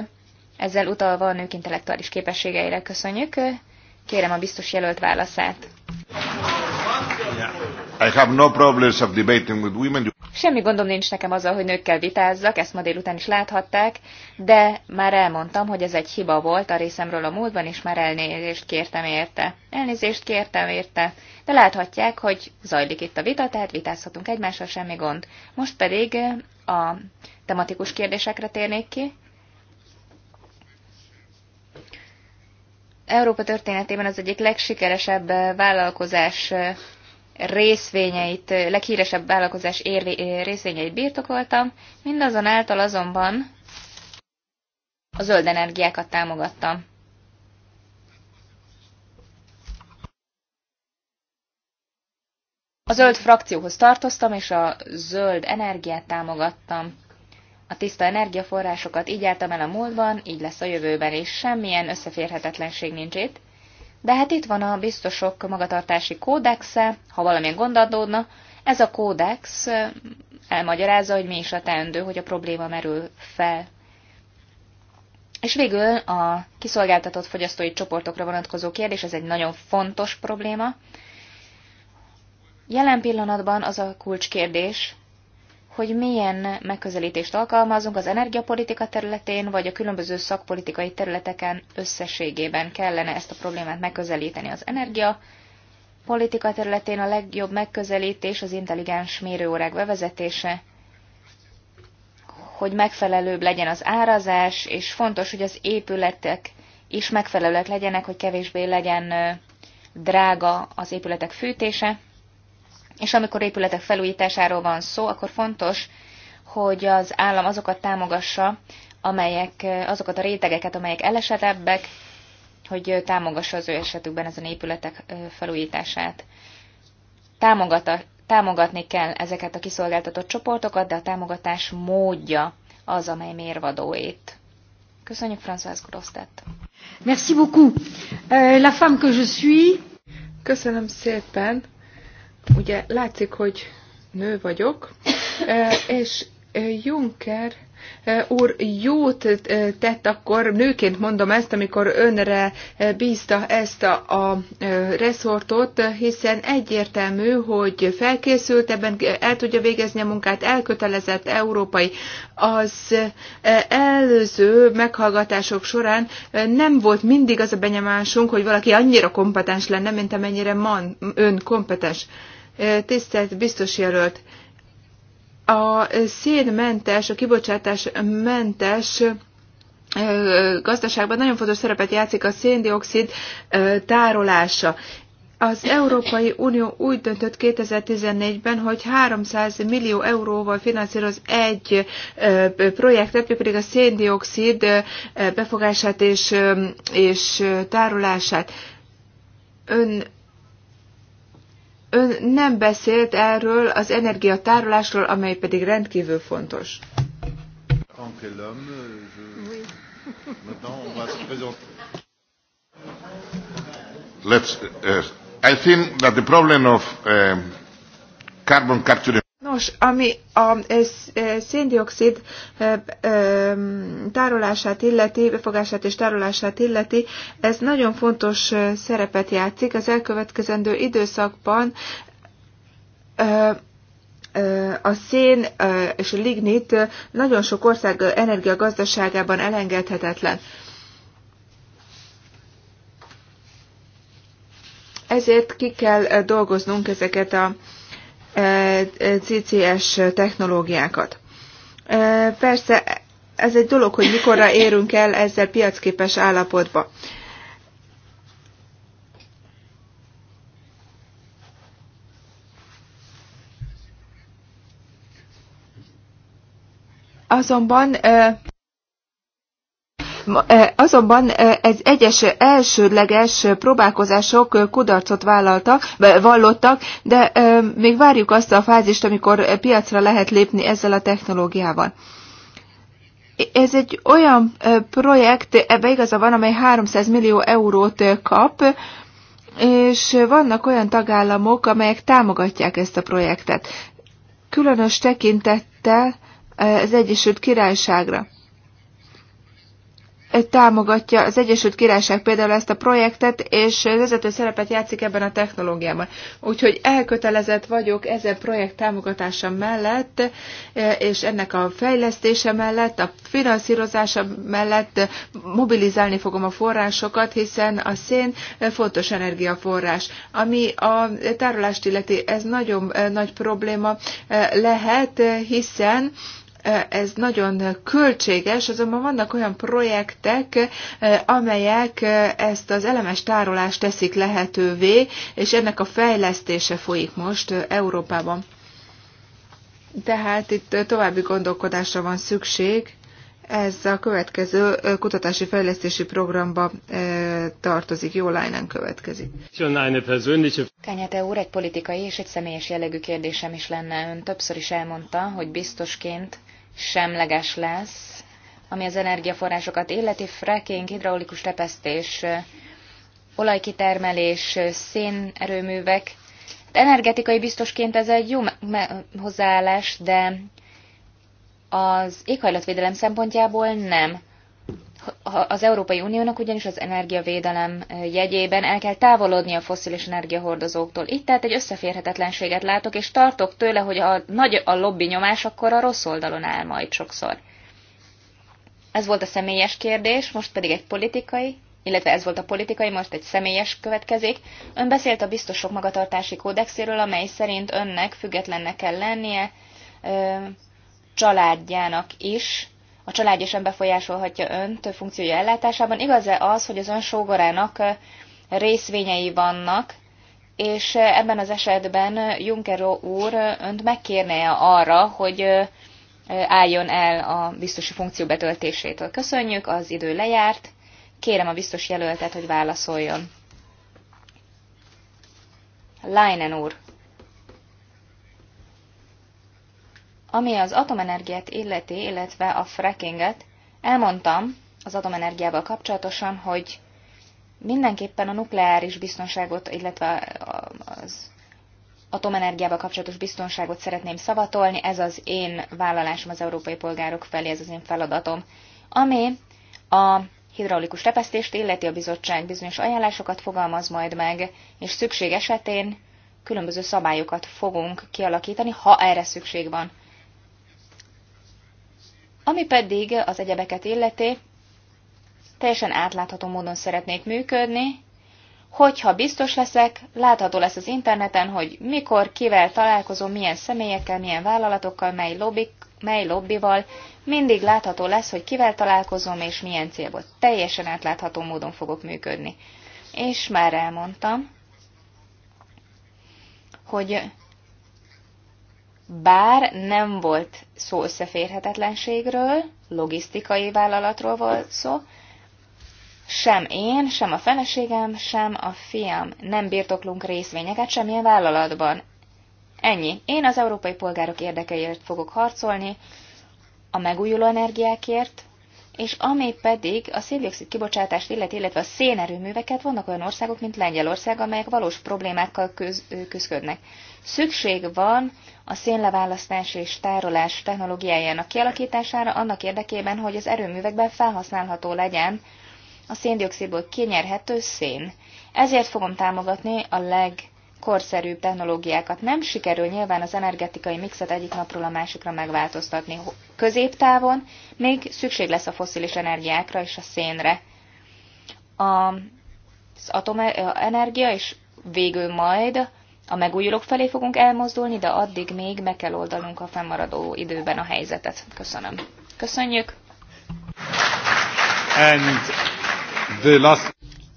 S4: ezzel utalva a nők intellektuális képességeire. Köszönjük. Kérem a biztos jelölt válaszát.
S1: I have no problems of debating with women.
S4: Semmi gondom nincs nekem azzal, hogy nőkkel vitázzak, ezt ma délután is láthatták, de már elmondtam, hogy ez egy hiba volt a részemről a múltban, és már elnézést kértem érte. Elnézést kértem érte, de láthatják, hogy zajlik itt a vita, tehát vitázhatunk egymással, semmi gond. Most pedig eh, a tematikus kérdésekre térnék ki. Európa történetében az egyik legsikeresebb eh, vállalkozás eh, részvényeit, leghíresebb vállalkozás részvényeit birtokoltam, mindazonáltal azonban a zöld energiákat támogattam. A zöld frakcióhoz tartoztam, és a zöld energiát támogattam. A tiszta energiaforrásokat így jártam el a múltban, így lesz a jövőben, és semmilyen összeférhetetlenség nincs itt. De hát itt van a biztosok magatartási kódexe, ha valamilyen gond adódna, ez a kódex elmagyarázza, hogy mi is a teendő, hogy a probléma merül fel. És végül a kiszolgáltatott fogyasztói csoportokra vonatkozó kérdés, ez egy nagyon fontos probléma. Jelen pillanatban az a kulcskérdés, hogy milyen megközelítést alkalmazunk az energiapolitika területén, vagy a különböző szakpolitikai területeken összességében kellene ezt a problémát megközelíteni. Az energiapolitika területén a legjobb megközelítés az intelligens mérőórák bevezetése, hogy megfelelőbb legyen az árazás, és fontos, hogy az épületek is megfelelőek legyenek, hogy kevésbé legyen drága az épületek fűtése. És amikor épületek felújításáról van szó, akkor fontos, hogy az állam azokat támogassa, amelyek, azokat a rétegeket, amelyek elesetebbek, hogy támogassa az ő esetükben ezen épületek felújítását. Támogata, támogatni kell ezeket a kiszolgáltatott csoportokat, de a támogatás módja az, amely mérvadóét. Köszönjük, François Grosztet! Merci beaucoup. Euh,
S2: la femme que je suis. Köszönöm szépen. Ugye látszik, hogy nő vagyok, eh, és eh, Juncker úr jót tett akkor, nőként mondom ezt, amikor önre bízta ezt a, a reszortot, hiszen egyértelmű, hogy felkészült, ebben el tudja végezni a munkát, elkötelezett európai. Az előző meghallgatások során nem volt mindig az a benyomásunk, hogy valaki annyira kompetens lenne, mint amennyire man, ön kompetens. Tisztelt biztos jelölt! a szénmentes, a kibocsátásmentes gazdaságban nagyon fontos szerepet játszik a széndiokszid tárolása. Az Európai Unió úgy döntött 2014-ben, hogy 300 millió euróval finanszíroz egy projektet, mi pedig a széndiokszid befogását és, és tárolását. Ön Ön nem beszélt erről az energiatárolásról, amely pedig rendkívül fontos.
S1: Let's, uh, I think that the problem of uh, carbon capture
S2: Nos, ami a széndiokszid tárolását illeti, befogását és tárolását illeti, ez nagyon fontos szerepet játszik az elkövetkezendő időszakban a szén és a lignit nagyon sok ország energiagazdaságában elengedhetetlen. Ezért ki kell dolgoznunk ezeket a CCS technológiákat. Persze ez egy dolog, hogy mikorra érünk el ezzel piacképes állapotba. Azonban Eh, azonban ez eh, egyes elsődleges próbálkozások eh, kudarcot vállaltak, vallottak, de még várjuk azt a fázist, amikor piacra lehet lépni ezzel a technológiával. Ez egy olyan projekt, ebbe igaza van, amely 300 millió eurót kap, és vannak olyan tagállamok, amelyek támogatják ezt a projektet. Különös tekintettel az Egyesült Királyságra támogatja az Egyesült Királyság például ezt a projektet, és vezető szerepet játszik ebben a technológiában. Úgyhogy elkötelezett vagyok ezen projekt támogatása mellett, e, és ennek a fejlesztése mellett, a finanszírozása mellett mobilizálni fogom a forrásokat, hiszen a szén fontos energiaforrás. Ami a tárolást illeti, ez nagyon e, nagy probléma e, lehet, hiszen ez nagyon költséges, azonban vannak olyan projektek, amelyek ezt az elemes tárolást teszik lehetővé, és ennek a fejlesztése folyik most Európában. Tehát itt további gondolkodásra van szükség. Ez a következő kutatási fejlesztési programba e, tartozik. Jó lányan következik.
S4: Kányete úr, egy politikai és egy személyes jellegű kérdésem is lenne. Ön többször is elmondta, hogy biztosként semleges lesz, ami az energiaforrásokat illeti, fracking, hidraulikus tepesztés, olajkitermelés, szénerőművek. Hát energetikai biztosként ez egy jó hozzáállás, de az éghajlatvédelem szempontjából nem az Európai Uniónak ugyanis az energiavédelem jegyében el kell távolodni a foszilis energiahordozóktól. Itt tehát egy összeférhetetlenséget látok, és tartok tőle, hogy a nagy a lobby nyomás, akkor a rossz oldalon áll majd sokszor. Ez volt a személyes kérdés, most pedig egy politikai, illetve ez volt a politikai, most egy személyes következik. Ön beszélt a biztosok magatartási kódexéről, amely szerint önnek függetlennek kell lennie, ö, családjának is, a családja sem befolyásolhatja önt funkciója ellátásában. Igaz-e az, hogy az ön sógorának részvényei vannak, és ebben az esetben Juncker úr önt megkérne arra, hogy álljon el a biztosi funkció betöltésétől. Köszönjük, az idő lejárt. Kérem a biztos jelöltet, hogy válaszoljon. Leinen úr. Ami az atomenergiát illeti, illetve a frackinget, elmondtam az atomenergiával kapcsolatosan, hogy mindenképpen a nukleáris biztonságot, illetve az atomenergiával kapcsolatos biztonságot szeretném szavatolni, ez az én vállalásom az európai polgárok felé, ez az én feladatom. Ami a hidraulikus repesztést illeti a bizottság bizonyos ajánlásokat fogalmaz majd meg, és szükség esetén különböző szabályokat fogunk kialakítani, ha erre szükség van. Ami pedig az egyebeket illeti, teljesen átlátható módon szeretnék működni, hogyha biztos leszek, látható lesz az interneten, hogy mikor, kivel találkozom, milyen személyekkel, milyen vállalatokkal, mely, lobbik, mely lobbival, mindig látható lesz, hogy kivel találkozom és milyen célból. Teljesen átlátható módon fogok működni. És már elmondtam, hogy bár nem volt szó összeférhetetlenségről, logisztikai vállalatról volt szó, sem én, sem a feleségem, sem a fiam nem birtoklunk részvényeket semmilyen vállalatban. Ennyi. Én az európai polgárok érdekeiért fogok harcolni, a megújuló energiákért, és ami pedig a széndiokszid kibocsátást illeti, illetve a szénerőműveket, vannak olyan országok, mint Lengyelország, amelyek valós problémákkal köz, küzdködnek. Szükség van a szénleválasztás és tárolás technológiájának kialakítására annak érdekében, hogy az erőművekben felhasználható legyen a széndiokszidból kinyerhető szén. Ezért fogom támogatni a leg korszerűbb technológiákat. Nem sikerül nyilván az energetikai mixet egyik napról a másikra megváltoztatni. Középtávon még szükség lesz a foszilis energiákra és a szénre. A, az atomenergia és végül majd a megújulók felé fogunk elmozdulni, de addig még meg kell oldalunk a fennmaradó időben a helyzetet. Köszönöm. Köszönjük.
S1: And the last...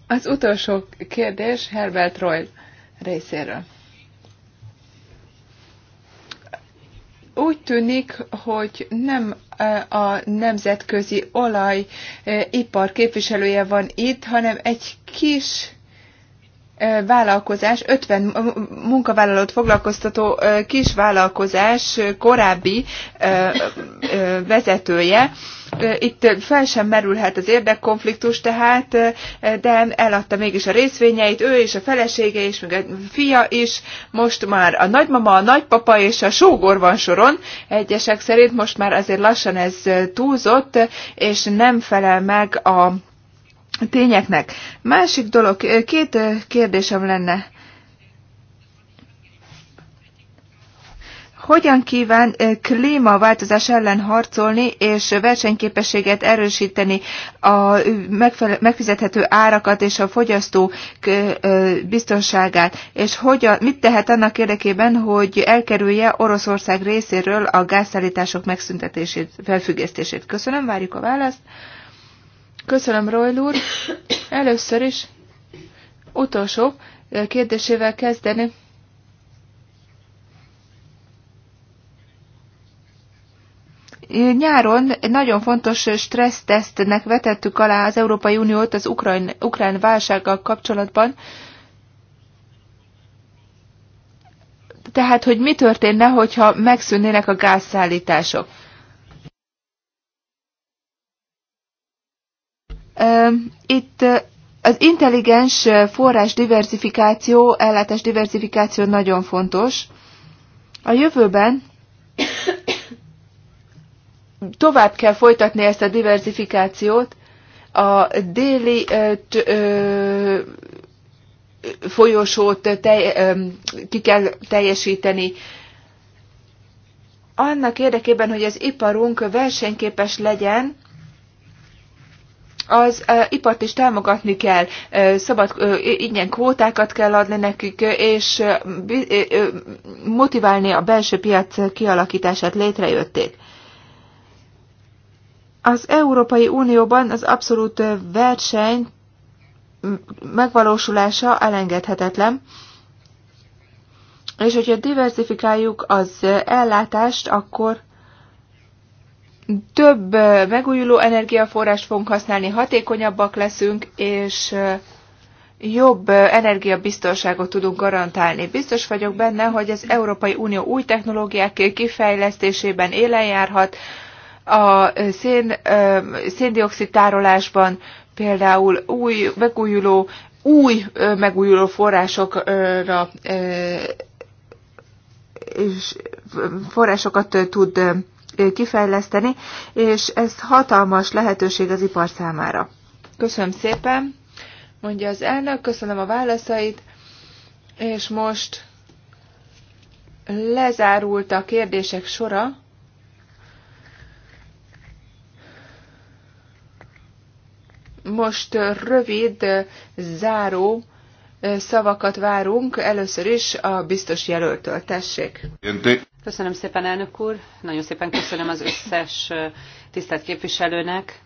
S1: Az
S2: utolsó kérdés Herbert Roy részéről. úgy tűnik, hogy nem e, a nemzetközi olajipar e, képviselője van itt, hanem egy kis vállalkozás, 50 munkavállalót foglalkoztató kis vállalkozás korábbi vezetője. Itt fel sem merülhet az érdekkonfliktus, tehát de eladta mégis a részvényeit, ő és a felesége és még a fia is, most már a nagymama, a nagypapa és a sógor van soron, egyesek szerint most már azért lassan ez túlzott, és nem felel meg a tényeknek. Másik dolog, két kérdésem lenne. Hogyan kíván klímaváltozás ellen harcolni és versenyképességet erősíteni a megfizethető árakat és a fogyasztó biztonságát? És hogyan, mit tehet annak érdekében, hogy elkerülje Oroszország részéről a gázszállítások megszüntetését, felfüggesztését? Köszönöm, várjuk a választ. Köszönöm, Royl úr. Először is utolsó kérdésével kezdeni. Nyáron egy nagyon fontos stressztesztnek vetettük alá az Európai Uniót az ukrajn, ukrán válsággal kapcsolatban. Tehát, hogy mi történne, hogyha megszűnnének a gázszállítások. Itt az intelligens forrás diversifikáció, ellátás diversifikáció nagyon fontos. A jövőben tovább kell folytatni ezt a diversifikációt. A déli folyosót ö, ki kell teljesíteni. Annak érdekében, hogy az iparunk versenyképes legyen, az uh, ipart is támogatni kell, szabad, uh, ingyen kvótákat kell adni nekik, és motiválni a belső piac kialakítását létrejötték. Az Európai Unióban az abszolút verseny megvalósulása elengedhetetlen, és hogyha diversifikáljuk az ellátást, akkor több megújuló energiaforrást fogunk használni, hatékonyabbak leszünk, és jobb energiabiztonságot tudunk garantálni. Biztos vagyok benne, hogy az Európai Unió új technológiák kifejlesztésében élen járhat, a szén, széndiokszid tárolásban például új megújuló, új megújuló forrásokra és forrásokat tud kifejleszteni, és ez hatalmas lehetőség az ipar számára. Köszönöm szépen, mondja az elnök, köszönöm a válaszait, és most lezárult a kérdések sora. Most rövid, záró szavakat várunk, először is a biztos jelöltől. Tessék!
S3: Köszönöm szépen, elnök úr. Nagyon szépen köszönöm az összes tisztelt képviselőnek,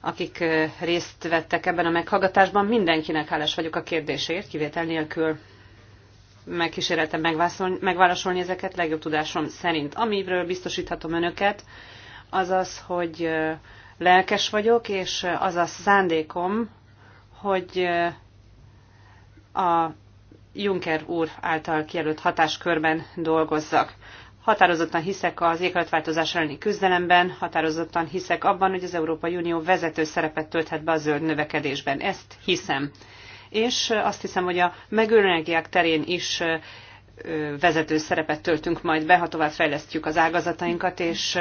S3: akik részt vettek ebben a meghallgatásban. Mindenkinek hálás vagyok a kérdésért, kivétel nélkül megkíséreltem megválaszolni ezeket legjobb tudásom szerint. Amiről biztosíthatom önöket, az az, hogy lelkes vagyok, és az a szándékom, hogy a Juncker úr által kijelölt hatáskörben dolgozzak. Határozottan hiszek az éghajlatváltozás elleni küzdelemben, határozottan hiszek abban, hogy az Európai Unió vezető szerepet tölthet be a zöld növekedésben. Ezt hiszem. És azt hiszem, hogy a megőrönegiák terén is vezető szerepet töltünk majd be, ha tovább fejlesztjük az ágazatainkat, és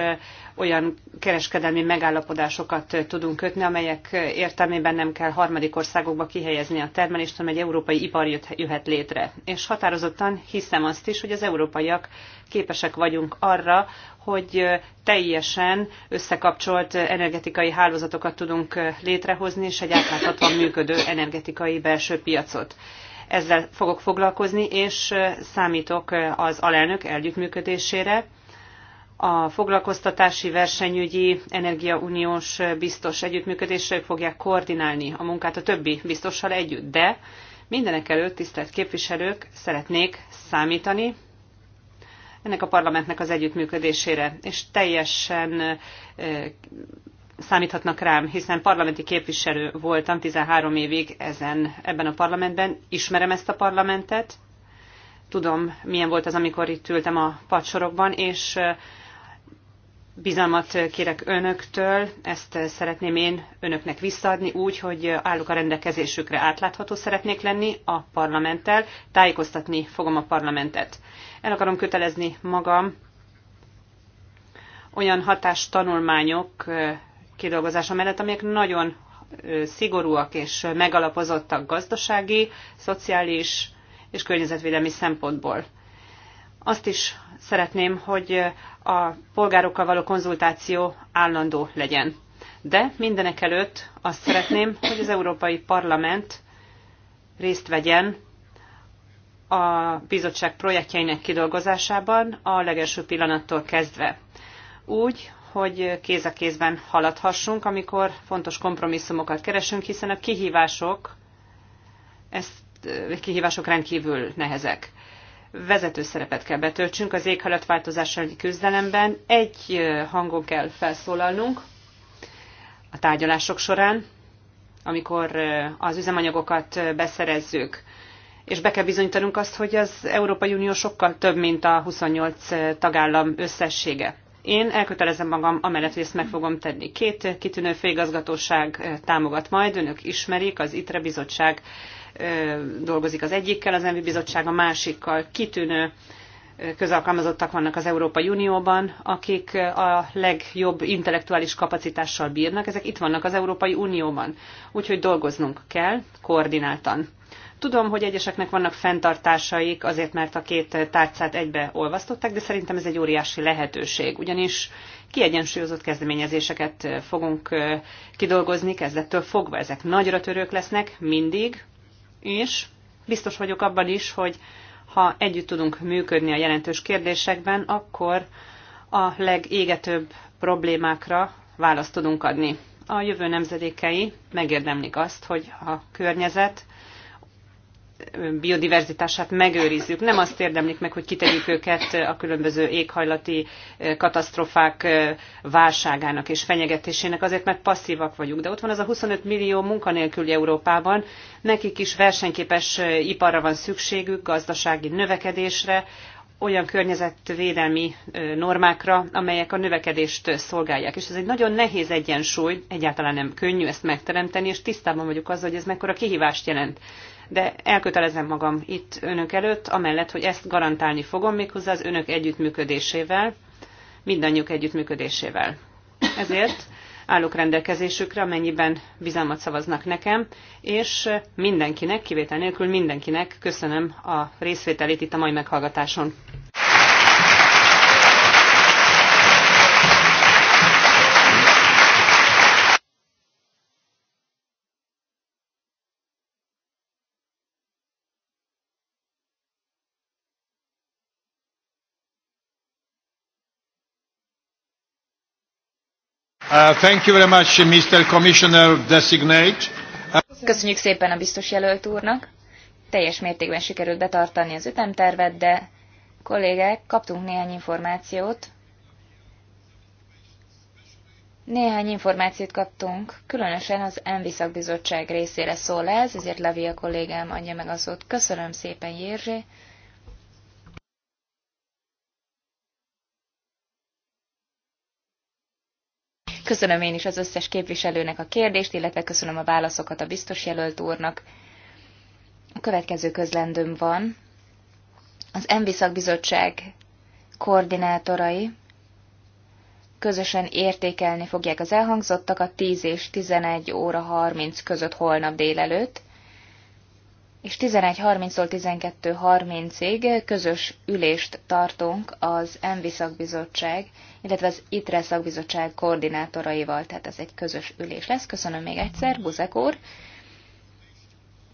S3: olyan kereskedelmi megállapodásokat tudunk kötni, amelyek értelmében nem kell harmadik országokba kihelyezni a termelést, hanem egy európai ipar jöhet létre. És határozottan hiszem azt is, hogy az európaiak képesek vagyunk arra, hogy teljesen összekapcsolt energetikai hálózatokat tudunk létrehozni, és egy átláthatóan működő energetikai belső piacot. Ezzel fogok foglalkozni, és számítok az alelnök együttműködésére. A foglalkoztatási versenyügyi energiauniós biztos együttműködésre fogják koordinálni a munkát a többi biztossal együtt, de mindenek előtt, tisztelt képviselők, szeretnék számítani ennek a parlamentnek az együttműködésére, és teljesen számíthatnak rám, hiszen parlamenti képviselő voltam 13 évig ezen, ebben a parlamentben, ismerem ezt a parlamentet, tudom, milyen volt az, amikor itt ültem a padsorokban, és eh, bizalmat kérek önöktől, ezt eh, szeretném én önöknek visszaadni úgy, hogy állok a rendelkezésükre, átlátható szeretnék lenni a parlamenttel, tájékoztatni fogom a parlamentet. El akarom kötelezni magam olyan hatástanulmányok eh, kidolgozása mellett, amelyek nagyon szigorúak és megalapozottak gazdasági, szociális és környezetvédelmi szempontból. Azt is szeretném, hogy a polgárokkal való konzultáció állandó legyen. De mindenek előtt azt szeretném, hogy az Európai Parlament részt vegyen a bizottság projektjeinek kidolgozásában a legelső pillanattól kezdve. Úgy, hogy kéz a kézben haladhassunk, amikor fontos kompromisszumokat keresünk, hiszen a kihívások, ezt, kihívások rendkívül nehezek. Vezető szerepet kell betöltsünk az éghajlatváltozással küzdelemben, egy hangon kell felszólalnunk a tárgyalások során, amikor az üzemanyagokat beszerezzük, és be kell bizonyítanunk azt, hogy az Európai Unió sokkal több, mint a 28 tagállam összessége. Én elkötelezem magam amellett, hogy ezt meg fogom tenni. Két kitűnő főigazgatóság támogat majd, önök ismerik, az ITRE bizottság dolgozik az egyikkel, az ENVI bizottság a másikkal. Kitűnő közalkalmazottak vannak az Európai Unióban, akik a legjobb intellektuális kapacitással bírnak, ezek itt vannak az Európai Unióban. Úgyhogy dolgoznunk kell koordináltan. Tudom, hogy egyeseknek vannak fenntartásaik azért, mert a két tárcát egybe olvasztották, de szerintem ez egy óriási lehetőség, ugyanis kiegyensúlyozott kezdeményezéseket fogunk kidolgozni, kezdettől fogva ezek nagyra törők lesznek mindig, és biztos vagyok abban is, hogy ha együtt tudunk működni a jelentős kérdésekben, akkor a legégetőbb problémákra választ tudunk adni. A jövő nemzedékei megérdemlik azt, hogy a környezet, biodiverzitását megőrizzük. Nem azt érdemlik meg, hogy kitegyük őket a különböző éghajlati eh, katasztrofák eh, válságának és fenyegetésének, azért mert passzívak vagyunk. De ott van az a 25 millió munkanélküli Európában, nekik is versenyképes eh, iparra van szükségük, gazdasági növekedésre, olyan környezetvédelmi normákra, amelyek a növekedést szolgálják. És ez egy nagyon nehéz egyensúly, egyáltalán nem könnyű ezt megteremteni, és tisztában vagyok azzal, hogy ez mekkora kihívást jelent de elkötelezem magam itt önök előtt, amellett, hogy ezt garantálni fogom méghozzá az önök együttműködésével, mindannyiuk együttműködésével. Ezért állok rendelkezésükre, amennyiben bizalmat szavaznak nekem, és mindenkinek, kivétel nélkül mindenkinek köszönöm a részvételét itt a mai meghallgatáson.
S1: Uh,
S4: Köszönjük szépen a biztos jelölt úrnak. Teljes mértékben sikerült betartani az ütemtervet, de kollégák, kaptunk néhány információt. Néhány információt kaptunk, különösen az ENVI szakbizottság részére szól ez, ezért Levi a kollégám adja meg a szót. Köszönöm szépen, Jérzsé. Köszönöm én is az összes képviselőnek a kérdést, illetve köszönöm a válaszokat a biztos jelölt úrnak. A következő közlendőm van. Az MV szakbizottság koordinátorai közösen értékelni fogják az elhangzottakat 10 és 11 óra 30 között holnap délelőtt és 11.30-tól 12.30-ig közös ülést tartunk az ENVI szakbizottság, illetve az ITRE szakbizottság koordinátoraival, tehát ez egy közös ülés lesz. Köszönöm még egyszer, Buzek úr.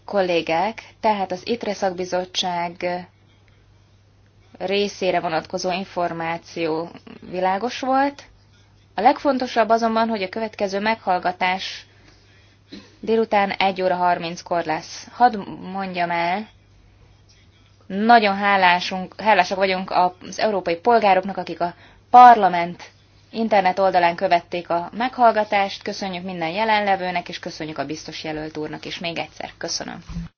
S4: Kollégák, tehát az ITRE szakbizottság részére vonatkozó információ világos volt. A legfontosabb azonban, hogy a következő meghallgatás Délután 1 óra 30-kor lesz. Hadd mondjam el, nagyon hálásunk, hálásak vagyunk az európai polgároknak, akik a parlament internet oldalán követték a meghallgatást. Köszönjük minden jelenlevőnek, és köszönjük a biztos jelölt úrnak is. Még egyszer köszönöm.